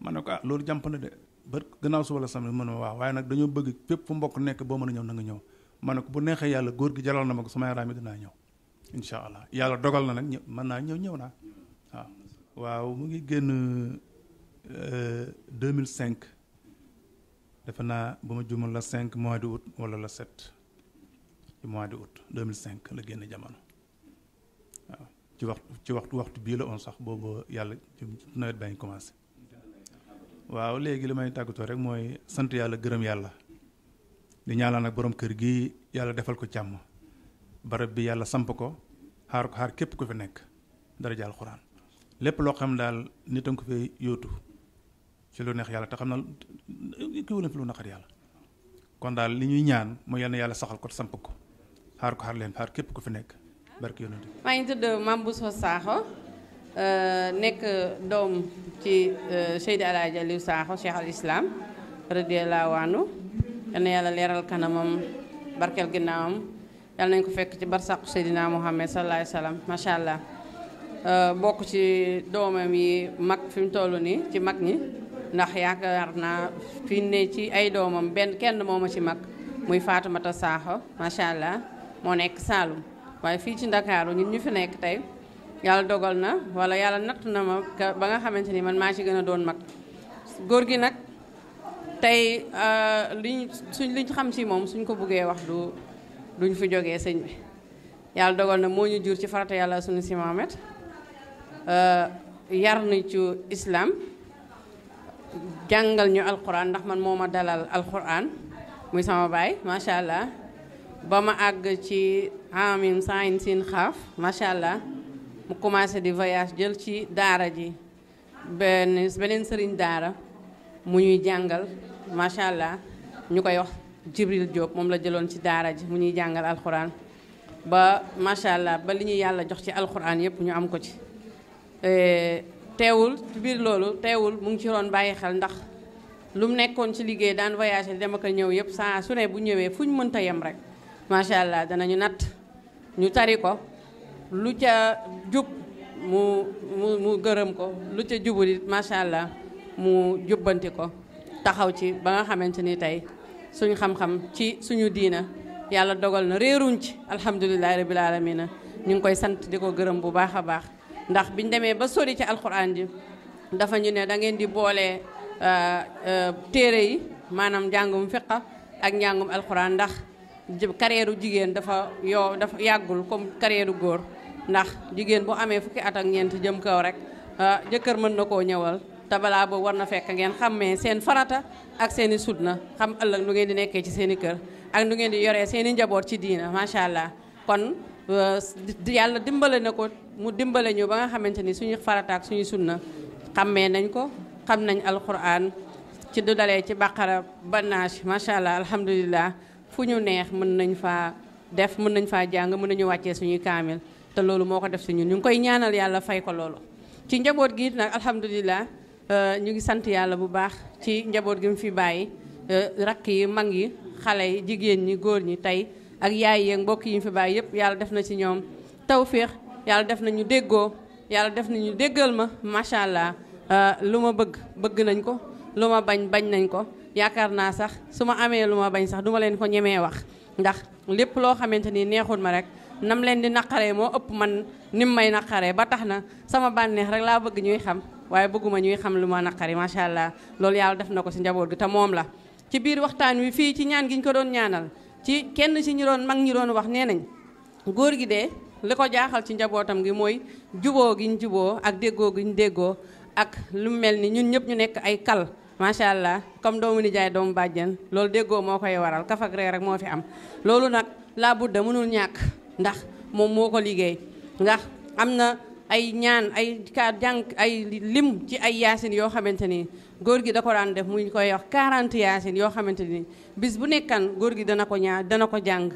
ma ne ko ah loolu jàmp na de ba gannaaw suba la samedi mën ma waaw waaye nag dañoo bëgg fépp fu mbokk nekk boo mën a ñëw na nga ñëw ma ne ko bu neexee yàlla góor gi jaral na ma ko sama yaram yi dinaa ñëw incha allah yàlla dogal na nag mën naa ñëw ñëw naa waaw 2005 euh, defe naa ba ma jumal la cinq mois de août wala la 7 ci mois de août 2005 la génn jamono waaw ci waxtu waxtu waxtu bii la on sax boobu yàlla nawet baa ngi commencé. waaw léegi li may tàggatoo rek mooy sant yàlla gërëm yàlla di ñaanal nag boroom kër gi yàlla defal ko jàmm barab bi yàlla samp ko xaar ko xaar képp ku fi nekk dara jaal xuraan lépp loo xam daal nit a ko fay yootu ci lu neex yàlla te xam na kiiwu leen fi lu naqar yàlla kon daal li ñuy ñaan mooy yal yàlla saxal ko samp ko xaar ko xaar leen xaar képp ku fi nekk barki yonent bi maa ngi tudd Mame euh, euh, yàlla leeral kanamam barkeel ginnaawam yal nañ ko fekk ci barsàqu Seydina Muhammad sallallahu alayhi wa sallam macha allah euh, bokk ci doomam yi mag fi mu toll ci mag ñi ndax yaakaar naa fi ne ci ay doomam benn kenn moom ma ci mag muy Fatoumata Sakho macha allah moo nekk Saalum waaye fii ci Ndakaaru ñun ñu fi nekk tey yàlla dogal na wala yàlla natt na ma ba nga xamante ni man maa ci gën a doon mag góor gi nag tey euh, li suñ liñ xam ci moom suñ ko buggee wax du duñ fi jógee sëñ bi yàlla dogal na moo ñu jur ci farata yàlla suñu si Mohamed euh, yar na ci islaam jàngal ñu alquran ndax man moo ma dalal alquran muy sama baay macha allah ba ma àgg ci amim saayin siin xaaf macha allah mu commencé di voyage jël ci daara ji beneen sëriñ daara mu ñuy jàngal macha allah ñu koy wax Jibril Diop moom la jëloon ci daara ji mu ñuy jàngal alxuraan ba macha allah ba li ñu yàlla jox ci alquran yépp ñu am ko ci. Eh, teewul ci biir loolu teewul mu ngi ci doon bàyyi xel ndax lu mu nekkoon ci liggéey daan voyagé dem ak ñëw yëpp saa su ne bu ñëwee fu ñu mënta yem rek macha allah danañu natt ñu tari ko lu ca jub mu mu gërëm ko lu ca jubul it macha allah mu jubbanti ko taxaw ci ba nga xamante ni tey suñ xam-xam ci suñu diina yàlla dogal na réeruñ ci alhamdulilahi rabil alamina ñu ngi koy sant di ko gërëm bu baax a baax ndax biñ demee ba sori ci alxuraan ji dafa ñu ne da ngeen di boole euh, euh, téere yi maanaam njàngum fiqa ak njàngum alxuraan ndax carrière jigéen dafa yow dafa yàggul comme carrière góor ndax jigéen boo amee fukki at ak ñeent jëm kaw rek euh, jëkkër mën na koo ñëwal te balaa boo war na fekk ngeen xammee seen farata ak seeni i na xam ëllëg nu ngeen di nekkee ci seen i kër ak nu ngeen di yoree seen i njaboot ci diina macha allah kon yàlla dimbale na ko mu dimbale ñu ba nga xamante ni suñu farataak suñu sunna xammee nañ ko xam nañ alquran ci du dalee ci bàqara banaas macha allah alhamdulilah fu ñu neex mën nañu faa def mën nañ faa jàng mën nañu wàccee suñuy kaamil te loolu moo ko def suñu ñu ngi koy ñaanal yàlla fay ko loolu ci njaboot gi nag alhamdulilah euh, ñu ngi sant yàlla bu baax ci njaboot gi mu fi bàyyi euh, rakk yi mag yi xale yi jigéen ñi góor ñi tey ak yaay yeeg mbokk yi mu fi bàyyi yëpp yàlla def na ci ñoom yàlla def na ñu déggoo yàlla def nañu déggal ma macha allah euh, lu ma bëgg bëgg nañ ko lu ma bañ bañ nañ ko yaakaar naa sax su ma amee lu ma bañ sax du ma leen ko ñemee wax ndax lépp loo xamante ni neexul ma rek nam leen di naqaree moo ëpp man ni mu may naqaree ba tax na sama bànneex rek laa bëgg ñuy xam waaye bëgguma ñuy xam lu ma naqari macha allah loolu yàlla def na ko si njaboot gi te moom la. ci biir waxtaan wi fii ci ñaan gi ñu ko doon ñaanal ci kenn ci ñu doon mag ñi doon wax nee nañ góor gi de li ko jaaxal ci njabootam gi mooy juboo gi ñu juboo ak déggoo gi ñu déggoo ak lu mel ni ñun ñëpp ñu nekk ay kal macha allah comme doomu nijaay doomu bàjjen loolu déggoo moo koy waral kaf ree rek moo fi am loolu nag laa budda mënul ñàkk ndax moom moo ko liggéey ndax am na ay ñaan ay ka jàng ay lim ci ay yaasin yoo xamante ni góor gi da daan def muy ñu koy wax 40 yaasin yoo xamante ni bis bu nekkaan góor gi dana ko ñaar dana ko jàng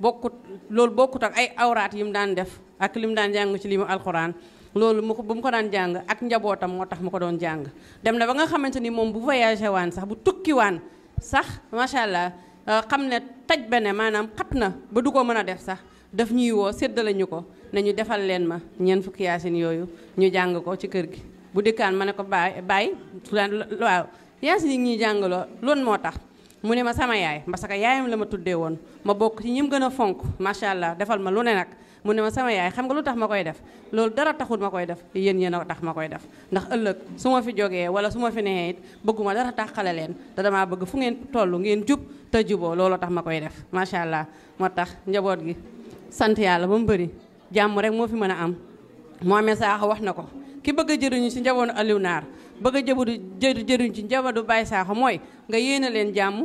bokkut loolu bokkut ak ay awraat yi mu daan def ak li mu daan jàng ci li mu alxuraan loolu mu ko bu mu ko daan jàng ak njabootam moo tax mu ko doon jàng dem na ba nga xamante ni moom bu voyagé waan sax bu tukki waan sax macha allah euh, xam ne taj bene maanaam xat na ba du ko mën a def sax daf ñuy woo séddale ñu ko ne ñu defal leen ma ñeent fukki yaasin yooyu ñu jàng ko ci kër gi. bu dikkaan ma ne ko bàyyi bàyyi waaw yaasin yi ñuy jàngaloo loolu moo tax. mu ne ma sama yaay parce que yaayam la ma tuddee woon ma bokk ci ñim gën a fonk macha allah defal ma lu ne nag mu ne ma sama yaay xam nga lu tax ma koy def loolu dara taxul ma koy def yéen yéen a tax ma koy def ndax ëllëg su ma fi jógee wala su ma fi nee it bëgguma dara tàqale leen te damaa bëgg fu ngeen tollu ngeen jub te juboo looloo tax ma koy def macha allah moo tax njaboot gi sant yàlla ba mu bëri jàmm rek moo fi mën a am moo amee saax wax na ko ki bëgg a jëriñu ci njaboot Naar bëgg a jëbadu jëriñ ci njabadu Baye Sakho mooy nga yéene leen jàmm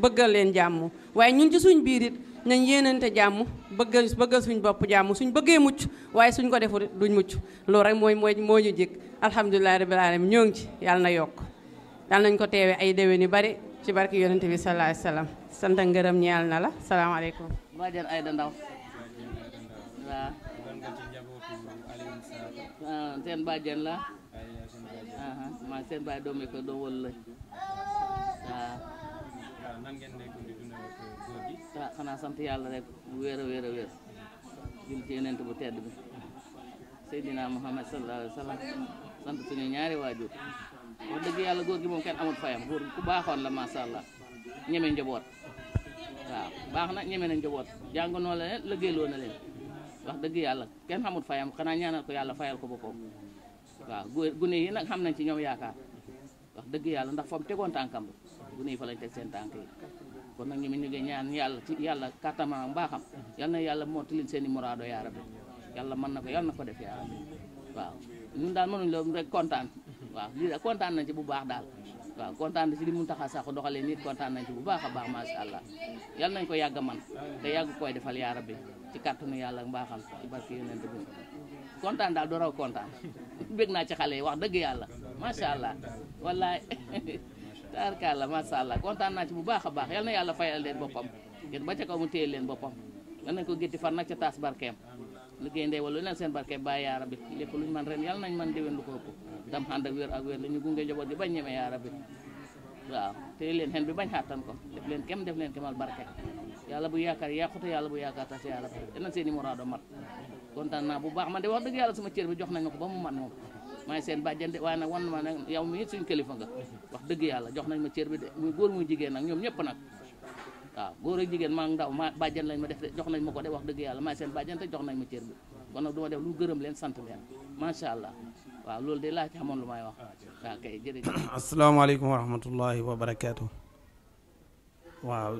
bëggal leen jàmm waaye ñun ci suñ biir it nañ yéenante jàmm bëggal suñ bopp jàmm suñ bëggee mucc waaye suñ ko defut duñ mucc loolu rek mooy mooy moo ñu jëkk alhamdulilahi rabbil alamin ñoo ngi ci yàlla na yokk yàlla nañ ko teewe ay déwén yu bari ci barke yonente bi sallallahu alayhi wasallam sant ngërëm ñeel na la salaamaaleykum Badiane Aïda Ndaw ah, la Uh-huh. maa seen baay doom yi ko doon wol lañ waaw. Ah, xanaa sant yàlla rek bu wéer a wéer a wéer jul ci bu tedd bi Seydina Muhammad sallallahu alayhi wa sallam sant ñaari waajur wax dëgg yàlla góor gi moom kenn amul fayam góor ku baaxoon la macha allah ñeme njaboot waaw baax na ñeme na njaboot jàng noo la leen liggéeyloo na leen wax dëgg yàlla kenn amul fayam xanaa ñaanal ko yàlla fayal ko boppam. waaw gune yi nag xam nañ ci ñoom yaakaar wax dëgg yàlla ndax fa mu tegoon tànkam gune yi fa lañ teg seen tànk yi kon nag ñu ngi ñaan yàlla ci yàlla kàttama mbaaxam yal na yàlla mottalil seen i muraado yaa rabbi yàlla mën na ko yàlla na ko def yaa rabbi waaw ñun daal mënuñ la kontaan waaw lii da kontaan nañ ci bu baax daal waaw kontaan na ci li mun taxaa sax doxalee nit kontaan nañ ci bu baax a baax masha allah yal nañ ko yàgga man te yàgg koy defal yaa rabbi ci kàttanu yàlla mbaaxam ci barke yonent bi kontaan daal doo raw kontaan bëgg naa ci xale yi wax dëgg yàlla macha allah wallaay taarkalla macha allah kontaan naa ci bu baax a baax yal na yàlla fay leen boppam gën ba ca kaw mu téye leen boppam yal nañ ko gétti far nag ca taas barkeem liggéey wala lu seen barkeem bàyyi yaa rabbi luñ man ren yal nañ man déwén lu ko ëpp tam ànd ak wér ak wér la ñu gunge njaboot bi bañ ñemee yaa rabbi waaw téye leen xen bi bañ xaattan ko def leen kem def leen kemal barke yàlla bu yaakaar yàqute yàlla bu yaakaar tas yaa rabbi yal na seen i muraado mat kontaan naa bu baax man de wax dëgg yàlla sama cër bi jox nañ ma ko ba mu man moom maay seen bàjjen de waaye nag wan ma nag yow mii suñ kilifa nga wax dëgg yàlla jox nañ ma cër bi de muy góor muy jigéen nag ñoom ñëpp nag waaw góor ak jigéen maa ndaw ma bàjjen lañ ma def jox nañ ma ko de wax dëgg yàlla maay seen bàjjen te jox nañ ma cër bi kon nag du def lu gërëm leen sant leen macha allah waaw loolu de laa ci xamoon lu may wax waaw kay jërëjëf asalaamaaleykum wa rahmatullahi wa barakaatu waaw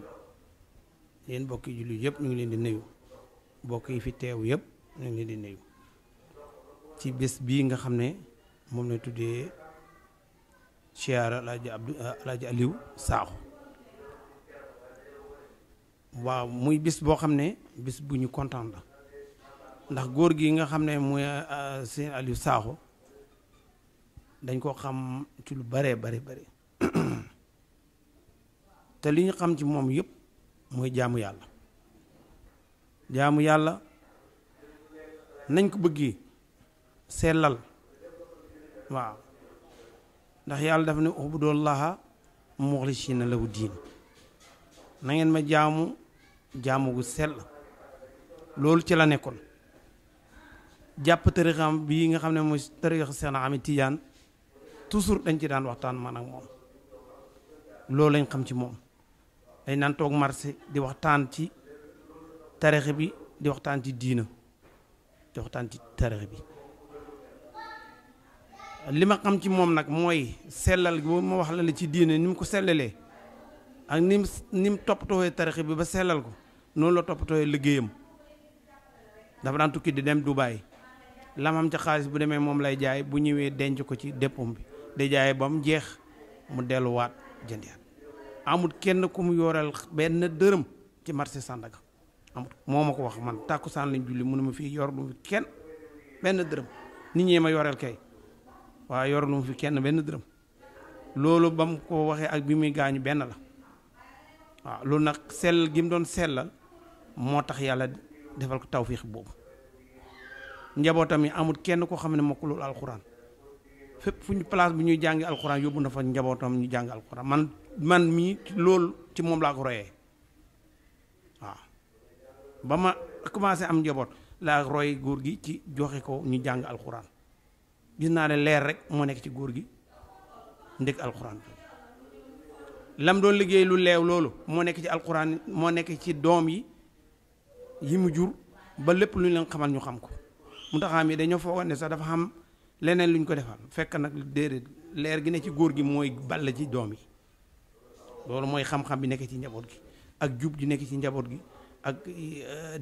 yéen mbokki julli yëpp ñu ngi leen di nayu mbokk yi fi teew yëpp ñu ngi di nuyu ci bés bii nga xam ne moom la tuddee siyaara alaaji Abdu euh, alaaji Aliou Sakho waaw muy bis boo xam ne bis bu ñu kontaan la ndax góor gi nga xam ne muy euh, sëñ Aliou Sakho dañ koo xam ci lu bare bare bare te li ñu xam ci moom yëpp muy jaamu yàlla jaamu yàlla nañ ko bëggee sellal waaw ndax yàlla dafa ne doon muxlisina lahu diin na nangeen ma jaamu jaamu gu sell loolu ci la nekkoon jàpp tërixam bi nga xam ne mooy tërix seen ami tiijaan toujours dañ ci daan waxtaan man ak moom loolu lañ xam ci moom dañ naan toog marché di waxtaan ci tarix bi di waxtaan ci diina di waxtaan ci bi li ma xam ci moom nag mooy sellal gi ma wax la la ci diine ni mu ko sellalee ak ni mu ni mu toppatooyee taarix bi ba sellal ko noonu la toppatooyee liggéeyam dafa daan tukki di dem du bàyyi lamam ca xaalis bu demee moom lay jaay bu ñëwee denc ko ci dépôt bi day jaay ba mu jeex mu delluwaat jëndiwaat amut kenn ku mu yoral benn dërëm ci marché Sandaga amut moo ma ko wax man tàkkusaan lañ julli mu ne fii yor lu mu fi kenn benn dërëm nit ñee ma yoreel kay yor lu fi kenn benn dërëm loolu ba mu ko waxee ak bi muy gaañu benn la waaw loolu nag sell gi mu doon sellal moo tax yàlla defal ko tawfiix boobu njabootam yi amut kenn koo xam ne mokk loolu alxuraan fépp fu ñu place bu ñuy jàngi alxuraan yóbbu na fa njabootam ñu jàng alxuraan man man mii loolu ci moom laa ko royee ba ma commencé am njaboot laa roy góor gi ci joxe ko ñu jàng alxuraan gis naa ne leer rek moo nekk ci góor gi ndég alxuraan lam doon liggéey lu leew loolu moo nekk ci alxuraan moo nekk ci doom yi yi mu jur ba lépp lu ñu leen xamal ñu xam ko mu taxaam yi dañoo foogoon sax dafa xam leneen lu ñu ko defal fekk nag déedéet leer gi ne ci góor gi mooy ball ci doom yi loolu mooy xam-xam bi nekk ci njaboot gi ak jub di nekk ci njaboot gi ak e,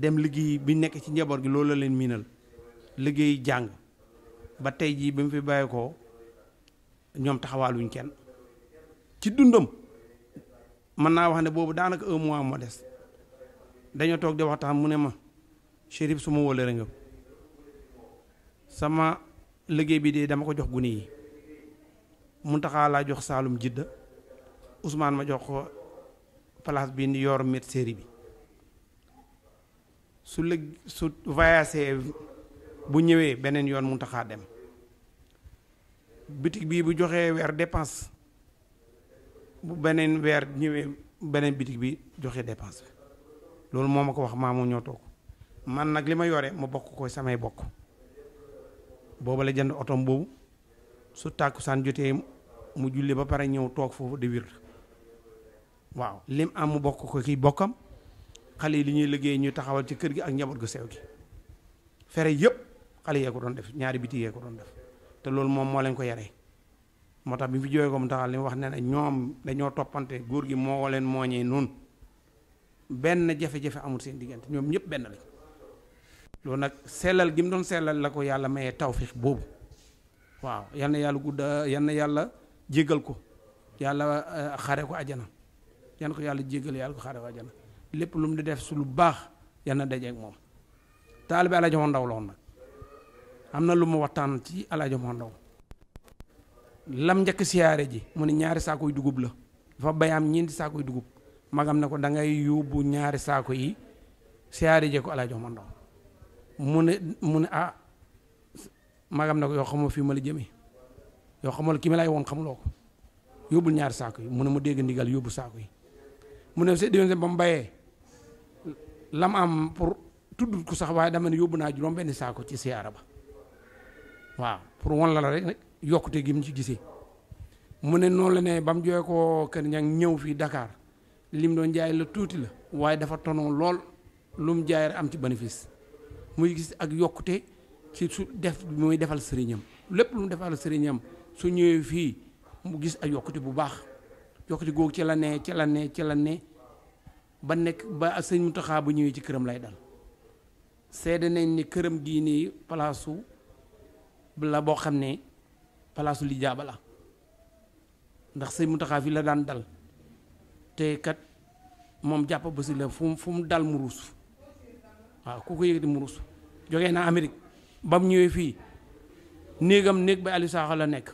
dem liggéey bi nekk ci njaboot gi loolu la leen miinal liggéey jàng ba tey jii ba mu fi bàyyeekoo ñoom taxawaaluñ kenn ci dundam mën naa wax ne boobu daanaka un mois moo des dañoo toog di waxtaan mu ne ma su ma wóolare nga sama liggéey bi de dama ko jox gune yi Muntaxa laa jox Saalum jidda Ousmane ma jox ko place bi ni yor met séeri bi su lëg su voyagé bu ñëwee beneen yoon mun taxaa dem bitig bii bu joxee weer dépense bu beneen weer ñëwee beneen bitig bi joxe dépense loolu moo ma ko wax maamu ñoo toog man nag li ma yore ma bokk ko samay bokk booba la jënd otom boobu su tàkkusaan jotee mu julli ba pare ñëw toog foofu di wir waaw lim am mu bokk ko kii bokkam xale yi li ñuy liggéey ñu taxawal ci kër gi ak njaboot gu sew gi fere yëpp xale yee ko doon def ñaari biti yee ko doon def te loolu moom moo leen ko yaree moo tax bi fi jógee ko mu taxal li wax ne ne ñoom dañoo toppante góor gi moo leen mooñee noonu benn jafe-jafe amul seen diggante ñoom ñëpp benn loolu nag sellal gi mu doon la ko yàlla mayee tawfiix boobu waaw yal na yàlla gudda yal na yàlla jéggal ko yàlla eh, xare ko ajana yan ko yàlla jéggal yàlla ko xare ko ajana lépp lu mu di def su lu baax yal na dajeeg moom taalibe Alaaji Omar Ndaw la woon nag am na lu mu waxtaan ci Alaaji Omar lam njëkk siyaare ji mu ne ñaari saako saakoy dugub la dafa bayaam ñeenti saakoy dugub magam ne ko da ngay ñaari saako yi siyaare ji ko Alaaji Omar ah, magam ne ko yoo xamoo fii ma la jëmee yoo xamal ki xamuloo ko yóbbul ñaari saako yi mu ne mu dégg ndigal yóbbu saako yi mu ne se déwén ba bayee lam am pour tuddut ko sax waaye dama ne yóbbu naa juróom benn saako ci siyaara ba waaw pour won la la rek yokkute gi mu ci gisee mu ne noonu la ne ba mu jooy ko kër ña ñëw fii dakaar li mu doon jaay la tuuti la waaye dafa tono lool lu mu jaay rek am ci bénéfice muy gis ak yokkute ci su def muy defal sëriñam lépp lu mu defal sëriñam su ñëwee fii mu gis ak yokkute bu baax yokkute googu ci la ne ci la ne ci la ne ba nekk ba sëñ Muntaxa bu ñëwee ci këram lay dal sedd nañ ni këram gii nii palaasu la boo xam ne palaasu li jaaba la ndax sëñ Muntaxa fi la daan dal te kat moom jàpp ba si la fu mu fu mu dal mu ruus waaw ku ko yëgati mu ruus jógee na Amérique ba mu ñëwee fii néegam néeg ba Aliou la nekk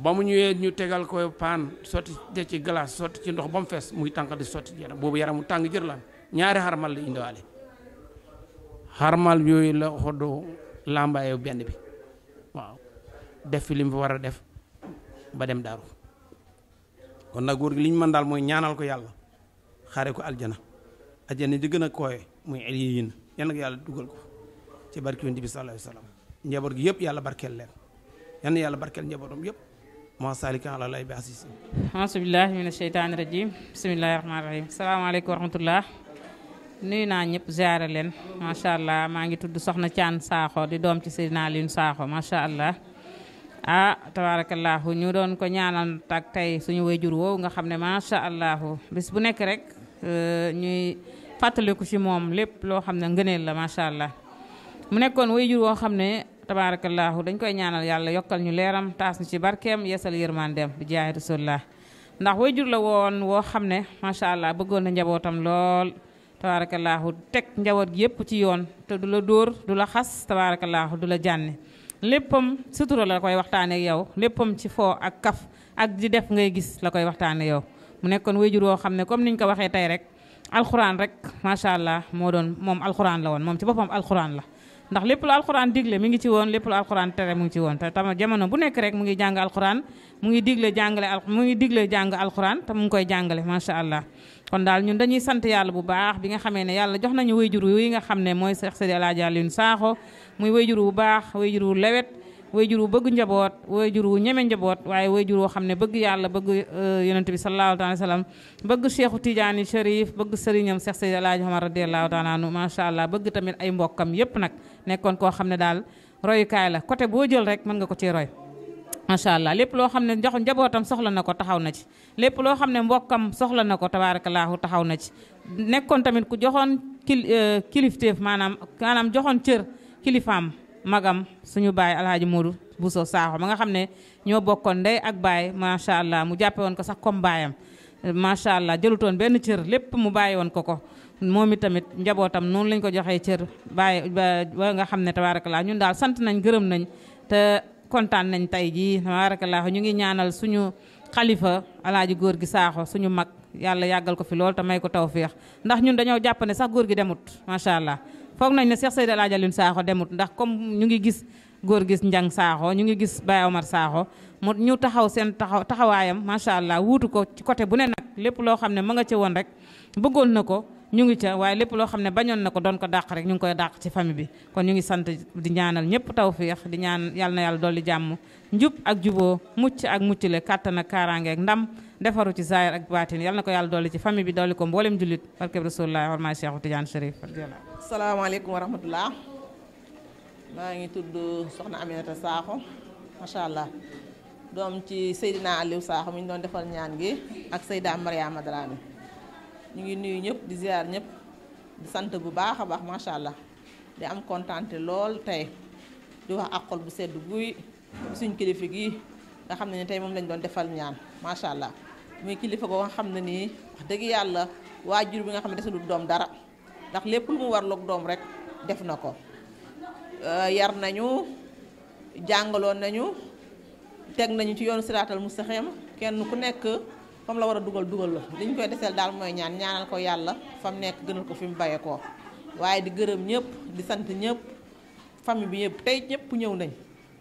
ba mu ñëwee ñu tegal ko paan sotti de ci glace sotti ci ndox ba mu fees muy tànk di sotti ci yaram boobu yaramu tàng jër la ñaari xarmal la indiwaale xarmal yooyu la xoddoo làmbaayu benn bi waaw def fi li mu war a def ba dem daaru kon nag góor gi li ñu mën daal mooy ñaanal ko yàlla xare ko aljana aljana di gën a kooye muy el yi yin yal na ko yàlla dugal ko ci barke yonent bi sallallahu alayhi wa sallam njaboot gi yëpp yàlla barkeel leen yal na yàlla barkeel yëpp ma salika ala lay bi asisi asubillahi mina sheytaani rajim naa ñëpp ziare leen macha allah maa ngi tudd soxna Thian Sakho di doom ci Seydina Alioune Sakho macha allah ah tabaarakallaahu ñu doon ko ñaanal takk tey suñu wayjur woowu nga xam ne macha allahu bis bu nekk rek euh, ñuy fàttaliku ci moom lépp loo xam ne ngëneel la macha allah mu nekkoon wayjur woo xam ne tabaarakallaahu dañ koy ñaanal yàlla yokkal ñu leeram taas ñu ci barkeem yeesal yërmandeem bi jaay rasulillah ndax wayjur la woon woo xam ne macha allah bëggoon na njabootam lool tabaarakallaahu teg njaboot gi yëpp ci yoon te du la dóor du la xas tabaarakallaahu du la jànne léppam sutura la koy waxtaane ak yow léppam ci foo ak kaf ak di def ngay gis la koy waxtaane yow mu nekkoon wayjur woo xam ne comme niñ ko waxee tey rek alxuraan rek macha allah moo doon moom alxuraan la woon moom ci boppam alxuraan la ndax lépp lu alxuraan digle mi ngi ci woon lépp lu alxuraan tere mu ngi ci woon te tam jamono bu nekk rek mu ngi jàng alxuraan mu ngi digle jàng alxuraan te mu ngi koy jàngale macha allah. kon daal ñun dañuy sant yàlla bu baax bi nga xamee ne yàlla jox nañu wayjur yi nga xam ne mooy Seex Seydi Alaaji Alioune Saaxo muy wayjur bu baax wayjur wu lewet waajur wu bëgg njaboot waajur wu ñeme njaboot waaye waajur woo xam ne bëgg yàlla bëgg euh, yonent bi sallallahu taala sallam bëgg cheikhu tidiane chérif bëgg sëriñam cheikh seydi alaaji omar radiallahu taala anu macha allah bëgg tamit ay mbokkam yépp nag nekkoon koo xam ne daal royukaay la côté boo jël rek mën nga ko ci roy macha allah lépp loo xam ne jox njabootam soxla na ko taxaw na ci lépp loo xam ne mbokkam soxla na ko tabaarakallaahu taxaw na ci nekkoon tamit ku joxoon kil euh, kilifteef maanaam maanaam joxoon cër kilifaam magam suñu baay alhaaji Modou Bousso Sakho ma nga xam ne ñoo bokkoon ndey ak baay macha allah mu jàppe woon ko sax comme baayam macha allah jëlutoon benn cër lépp mu bàyyi woon ko ko moom it tamit njabootam noonu lañ ko joxee cër bàyyi ba nga xam ne tabaarakalaa ñun daal sant nañ gërëm nañ te kontaan nañ tey jii tabaarakalaa ñu ngi ñaanal suñu xalifa alaaji góor gi saaxo suñu mag yàlla yàggal ko fi lool te may ko tawféex ndax ñun dañoo jàpp sax góor gi demut macha allah foog nañ ne Cheikh Seydou El Hadj Alioune Sakho demut ndax comme ñu ngi gis góor gis njàng Sakho ñu ngi gis Baye Omar Sakho mu ñu taxaw seen taxaw taxawaayam macha allah wuutu ko ci côté bu ne nag lépp loo xam ne mu nga ce woon rek bëggoon na ko ñu ngi ca waaye lépp loo xam ne bañoon na ko doon ko dàq rek ñu ngi koy dàq ci famille bi kon ñu ngi sant di ñaanal ñëpp tawféex di ñaan yàlla na yàlla dolli jàmm njub ak juboo mucc ak muccule kàttan ak kaaraange ak ndam defaru ci zaahir ak baatin yàlla na ko yàlla dolli ci famille bi salaamaaleykum wa rahmatullah maa ngi tudd soxna Aminata Sakho macha allah doom ci Seydina Aliou Sakho mi ñu doon defal ñaan gi ak Seyda Mariama Dramé ñu ngi nuyu ñëpp di ziar ñëpp di sant bu baax a baax macha allah di am kontaante lool tey di wax ak xol bu sedd guy suñ kilifa gi nga xam ne ni tey moom lañ doon defal ñaan macha allah muy kilifa goo nga xam na nii dëgg yàlla waa jur bi nga xam ne desulul doom dara. ndax lépp lu mu warloog doom rek def na ko euh, yar nañu jàngaloon nañu teg nañu ci yoonu siraatal mustaqiim kenn ku nekk fam la war a dugal dugal la li ñu koy deseel daal mooy ñaan ñaanal ko yàlla fam nekk gënal ko fi mu bayee ko waaye di gërëm ñëpp di sant ñëpp famille bi yëpp tey ñëpp ñëw nañ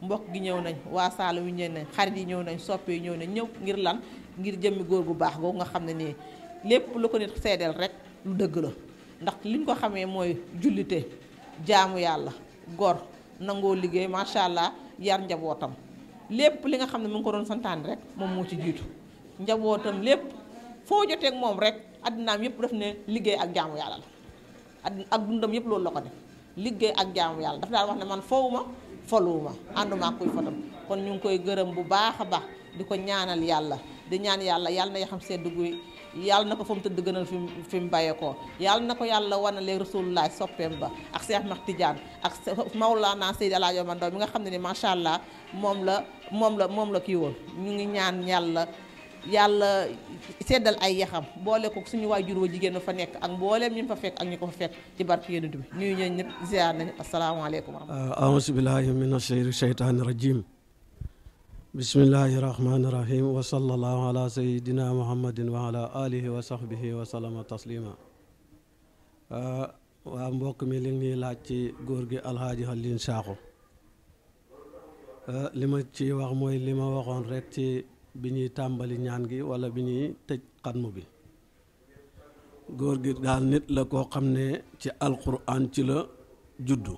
mbokk gi ñëw nañ waa Saalum yi ñëw nañ xarit yi ñëw nañ soppee ñëw nañ ñëw ngir lan ngir jëmmi góor bu baax googu nga xam ne nii lépp lu ko nit seedeel rek lu dëgg la ndax liñ ko xamee mooy jullite jaamu yàlla gor nangoo liggéey macha allah yar njabootam lépp li nga xam ne mu ngi ko doon santaane rek moom moo ci jiitu njabootam lépp foo jotee moom rek addinaam yëpp daf ne liggéey ak jaamu yàlla la ak dundam yëpp loolu la ko def liggéey ak jaamu yàlla daf daal wax ne man fowuma foluma ànduma ak kuy fotam kon ñu ngi koy gërëm bu baax a baax di ko ñaanal yàlla di ñaan yàlla yàlla na yoo xam seen dugub yàlla na ko fa mu tëdd gënal fi mu fi mu bàyyeekoo yàlla na ko yàlla wanalee rasulullah soppeem ba ak Cheikh Max Tidiane ak Maulana Seydi El Hadji Omar Ndao mi nga xam ne ni macha allah moom la moom la moom la kii woon mu ngi ñaan yàlla yàlla seddal ay yaxam boole ko suñu waajur wa jigéen fa nekk ak mbooleem ñu fa fekk ak ñu ko fa fekk ci barke Yonent bi nuyu ñeen ñëpp ziar nañu asalaamaaleykum wa rahmatulah. auzu billaahi mina shaytaani rajiim. bismillahi rahmaani rahim wa sallallahu ala sayidina muhammadin wa ala alihi wa sahbihi uh, waa mbokk mi li ñuy laaj ci góor gi alxaaji Alioune Sakho uh, li ma ci wax mooy li ma waxoon rekk ci bi ñuy tàmbali ñaan gi wala bi ñuy tëj xatmu bi góor gi daal nit la koo xam ne ci alquran ci la juddu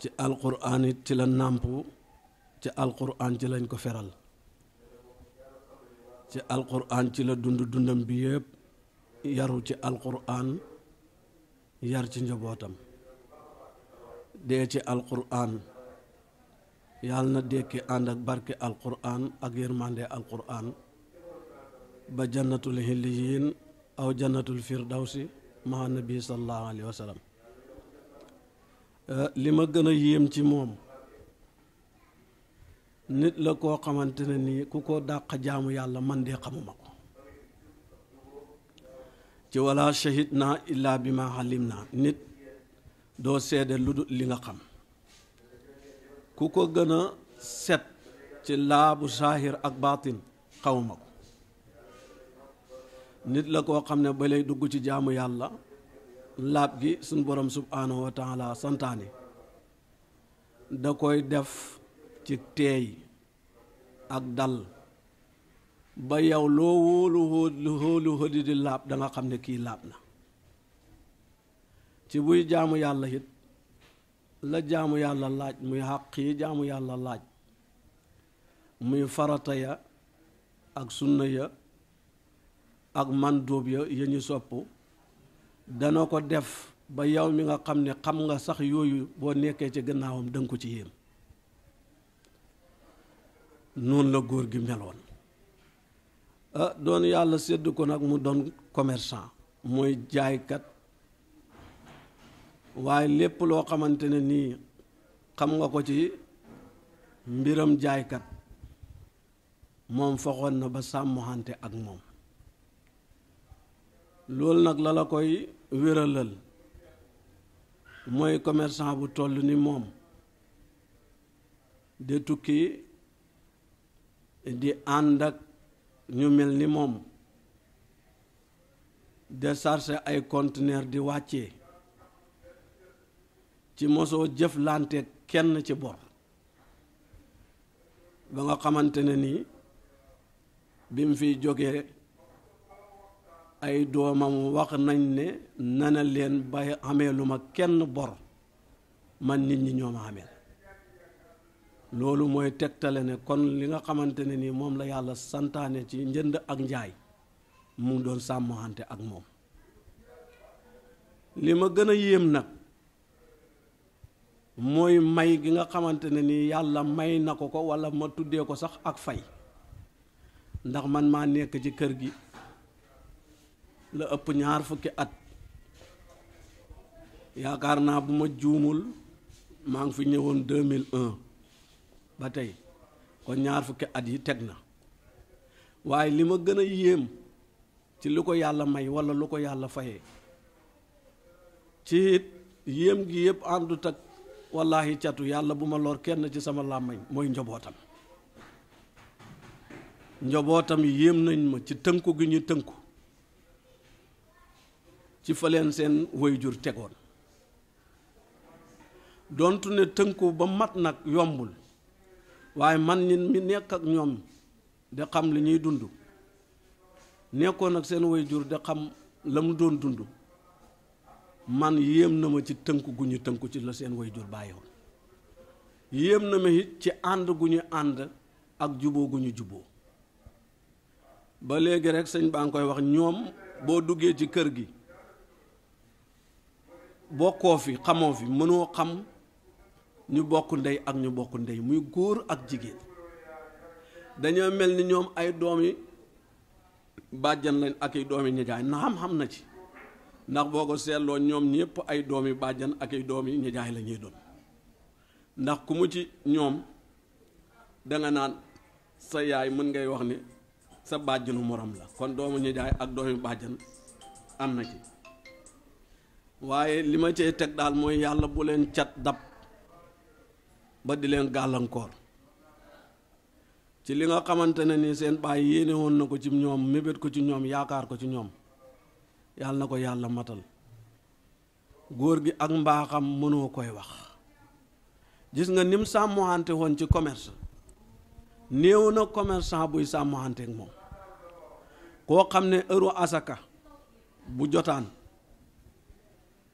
ci alquran it ci la nàmpu ci alquran ci lañ ko feral ci alquran ci la dund dundam bi yépp yaru ci alquran yar ci njabootam dee ci alquran yal na dekki ànd ak barke alquran ak yërmande alquran ba jannatul xilliyin aw jannatul firdawsi maha nabi sallallahu alayhi eh, li ma gën a yéem ci moom nit la koo xamante ne ni ku ko dàq jaamu yàlla man de xamuma ko ci wala shahid naa illaa bi ma xalim naa nit doo seede lu li nga xam ku ko gën a set ci laabu saahir ak baatin xawuma ko nit la koo xam ne ba lay dugg ci jaamu yàlla laab gi suñ borom subhaanahu wa taala santaane da koy def ci teey ak dàll ba yow loo wóolu wóolu wóolu di laab danga xam ne kii laab na ci buy jaamu yàlla it la jaamu yàlla laaj muy xàq yi jaamu yàlla laaj muy farata ya ak sunna ya ak mandóob ya ya ñu sopp dana ko def ba yow mi nga xam ne xam nga sax yooyu boo nekkee ci gannaawam dënku ci yéem noonu la góor gi meloon ah doon yàlla sédd ko nag mu doon commerçant mooy jaaykat waaye lépp loo xamante ne nii xam nga ko ci mbiram jaaykat moom foxoon na ba sàmmoxante ak moom loolu nag la la koy wéralal mooy commerçant bu toll ni moom de tukki di ànd ak ñu mel ni moom décharger ay conteneur di wàccee ci mosoo jëflante kenn ci bor ba nga xamante ne nii bi mu fiy jógee ay doomam wax nañ ne nana leen bay amee kenn bor man nit ñi ñoo ma ameel loolu mooy tegtale ne kon li nga xamante ne nii moom la yàlla santaane ci njënd ak njaay mu doon sàmmoxante ak moom li ma gën a yéem nag mooy may gi nga xamante ne nii yàlla may na ko ko walla ma tuddee ko sax ak fay ndax man maa nekk ci kër gi la ëpp ñaar fukki at yaakaar naa bu ma juumul maa ngi fi ñëwoon ba tey kon ñaar fukki at yi teg na waaye li ma gën a yéem ci lu ko yàlla may walla lu ko yàlla fayee ci yéem gi yëpp àndut ak wallaahi catu yàlla bu ma loor kenn ci sama làmmañ mooy njobootam njobootam yéem nañ ma ci tënku gi ñu tënku ci fa leen seen waajur tegoon dontu ne tënku ba mat nag yombul waaye man nit mi nekk ak ñoom de xam li ñuy dund nekkoon ak seen waajur de xam la mu doon dund man yéem na ma ci tënk gu ñu tënku ci la seen waajur bàyyi woon yéem na ma it ci ànd gu ñu ànd ak juboo gu ñu juboo ba léegi rek sëñ baa ngi koy wax ñoom boo duggee ci kër gi bokkoo fi xamoo fi mënoo xam ñu bokk ndey ak ñu bokk ndey muy góor ak jigéen dañoo mel ni ñoom ay doomi bàjjan lañ ak ay doomi nijaay naam xam na ci ndax boo ko seetloo ñoom ñëpp ay doomi bàjjan ak ay doomi nijaay la doon ndax ku mu ci ñoom danga naan sa yaay mën ngay wax ni sa bàjjanu morom la kon doomu nijaay ak doomi bàjjan am na ci waaye li ma cee teg daal mooy yàlla bu leen cat dab ba di leen gàllankoor ci li nga xamante ne ni seen baay yéene woon na ko ci ñoom mébét ko ci ñoom yaakaar ko ci ñoom yàlla na ko yàlla matal góor gi ak mbaaxam mënoo koy wax gis nga nim sàmmoxante woon ci commerce néew na commerçant buy sàmmoxante ak moom koo xam ne euro asaka bu jotaan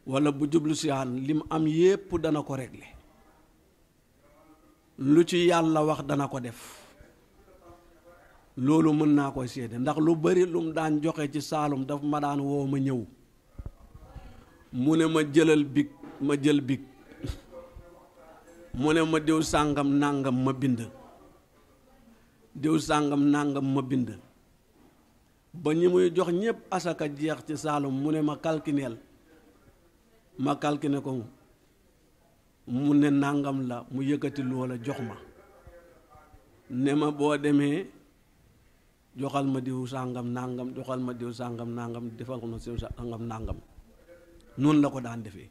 wala bu jublu siyaan lim am yépp dana ko régler lu ci yàlla wax dana ko def loolu mën naa ko seede ndax lu bari lum daan joxe ci saalum dafa ma daan woo ma ñëw mu ne ma jëlal big ma jël big mu ne ma diw sàngam nàngam ma bind diw sàngam nàngam ma bind ba ñi muy jox ñépp asaka jeex ci saalum mu ne ma kalkineel ma kalkine ko mu ne nangam la mu yëkkati loola jox ma ne ma boo demee joxal ma diw sàngam nàngam joxal ma diw sàngam nàngam defal ma diw sàngam nàngam noonu la ko daan defee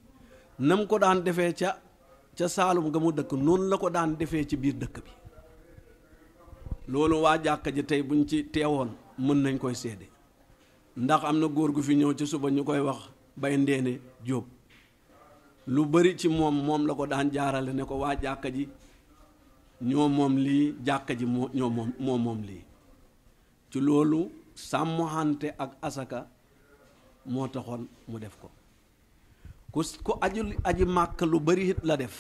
nam ko daan defee ca ca saalum nga mu dëkk noonu la ko daan defee ci biir dëkk bi loolu waa jàkka ji tey buñ ci teewoon mën nañ koy seede ndax am na góor gu fi ñëw ca suba ñu koy wax bay ndeene jóob lu bari ci moom moom la ko daan jaarale ne ko waa jàkka ji ñoo moom lii jàkka ji moo ñoo moom moo moom lii ci loolu sàmmoxante ak asaka moo taxoon mu def ko ku ku aju aji màkk lu bari it la def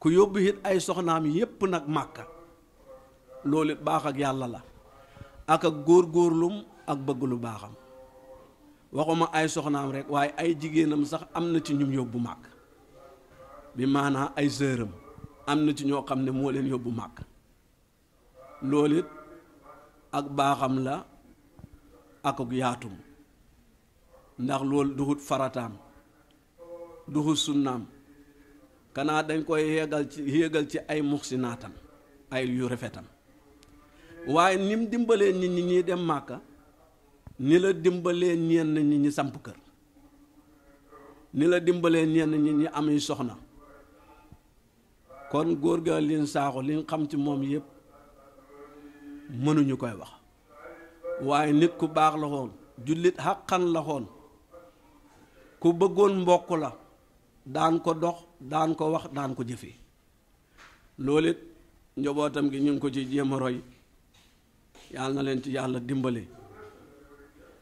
ku yóbbu it ay soxnaam yépp nag màkka loolu it baax ak yàlla la ak ak góor góorlum ak bëgg lu baaxam waxuma ay soxnaam rek waaye ay jigéenam sax am na ci ñum yóbbu màkk bi maanaa ay sëram am na ci ñoo xam ne moo leen yóbbu màkk loolu it ak baaxam la ak ak yaatum ndax loolu duxut farataam duxut sunnaam kanaa dañ koy yéegal ci yéegal ci ay muxsinaatam ay yu rafetam waaye nim dimbalee nit ñi ñuy dem màkka ni la dimbalee ñenn ñi ñi samp kër ni la dimbalee ñenn ñi ñi am soxna kon góor ga liñ saaxu liñ xam ci moom yëpp mënuñu koy wax waaye nit ku baax la xoon jullit xaqan la ku bëggoon mbokk la daan ko dox daan ko wax daan ko jëfe loolu it njobootam gi ñu ngi ko ci jéem a roy yàlla na leen ci yàlla dimbale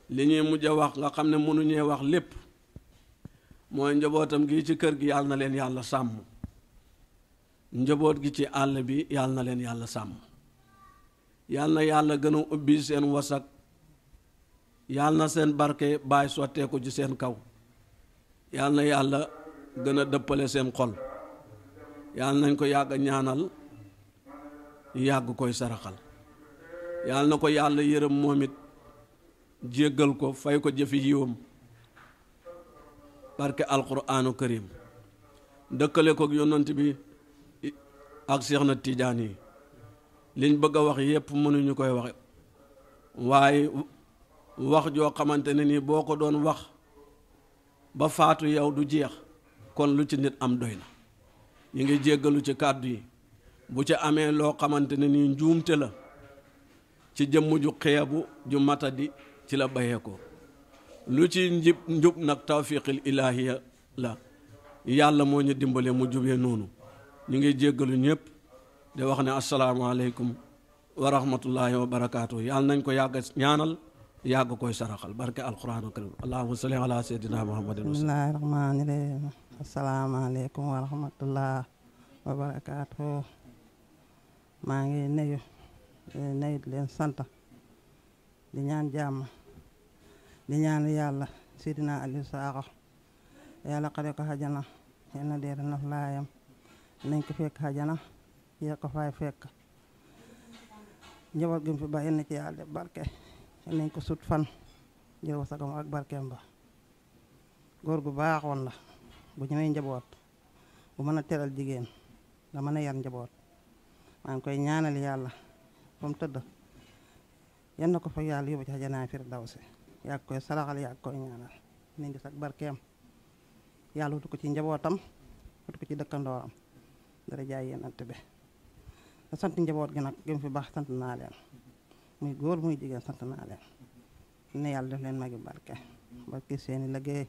li ñuy mujj a wax nga xam ne mënuñee wax lépp mooy njabootam gi ci kër gi yàlla na leen yàlla sàmm njaboot gi ci àll bi yàlla na leen yàlla sàmm yàlla na yàlla gën a ubbi seen wasak yàlla na seen barke bàyyi sotteeku ci seen kaw yàlla na yàlla gën a dëppale seen xol yàlla nañ ko yàgg ñaanal yàgg koy saraxal yàlla na ko yàlla yërëm moom it jéggal ko fay ko jëfi yiwam barke alquraanu karim dëkkale ko yonant bi ak seex na tiijaan yi liñ bëgg a wax yépp mënuñu koy waxe waaye wax joo xamante ne nii boo ko doon wax ba faatu yow du jeex kon lu ci nit am doy na ñu ngi jéggalu ci kàddu yi bu ci amee loo xamante ne nii njuumte la ci jëmm ju xeebu ju matadi ci la bayee ko lu ci njib njub nag tawfiqil ilaahiya la yàlla moo ñu dimbale mu jubee noonu ñu ngi jéggalu ñëpp di wax ne asalaamaaleykum wa rahmatullahi wa barakaatu yàlla nañ ko yàgg ñaanal yàgg koy saraxal barke alquraanu karim allahumma salli ala sayyidina muhammadin bismillahi wa barakaatu maa ngi nuyu nuyu leen sant di ñaan jàmm di ñaan yàlla Seydina Aliou Sakho yàlla xare ko xajana yal na deere naf laayam nañ ko fekk xajana yee ko fay fekk njaboot gi fi bàyyi na ci yàlla def barke nañ ko sut fan jëw sagam ak barkeem ba góor gu baaxoon la bu ñëwee njaboot bu mën a teral jigéen nga mën a yar njaboot maa ngi koy ñaanal yàlla fa mu tëdd yan na ko fa yàlla yóbbu ci xajanaa firdawsi yàgg koy saraxal yàgg koy ñaanal ni gis ak barkeem yàlla wutu ko ci njabootam wutu ko ci dëkkandooram dara jaay yenant bi da sant njaboot gi nag gëm fi baax sant naa muy góor muy jigéen sant naa leen ne yàlla def leen magi barke barke seeni liggéey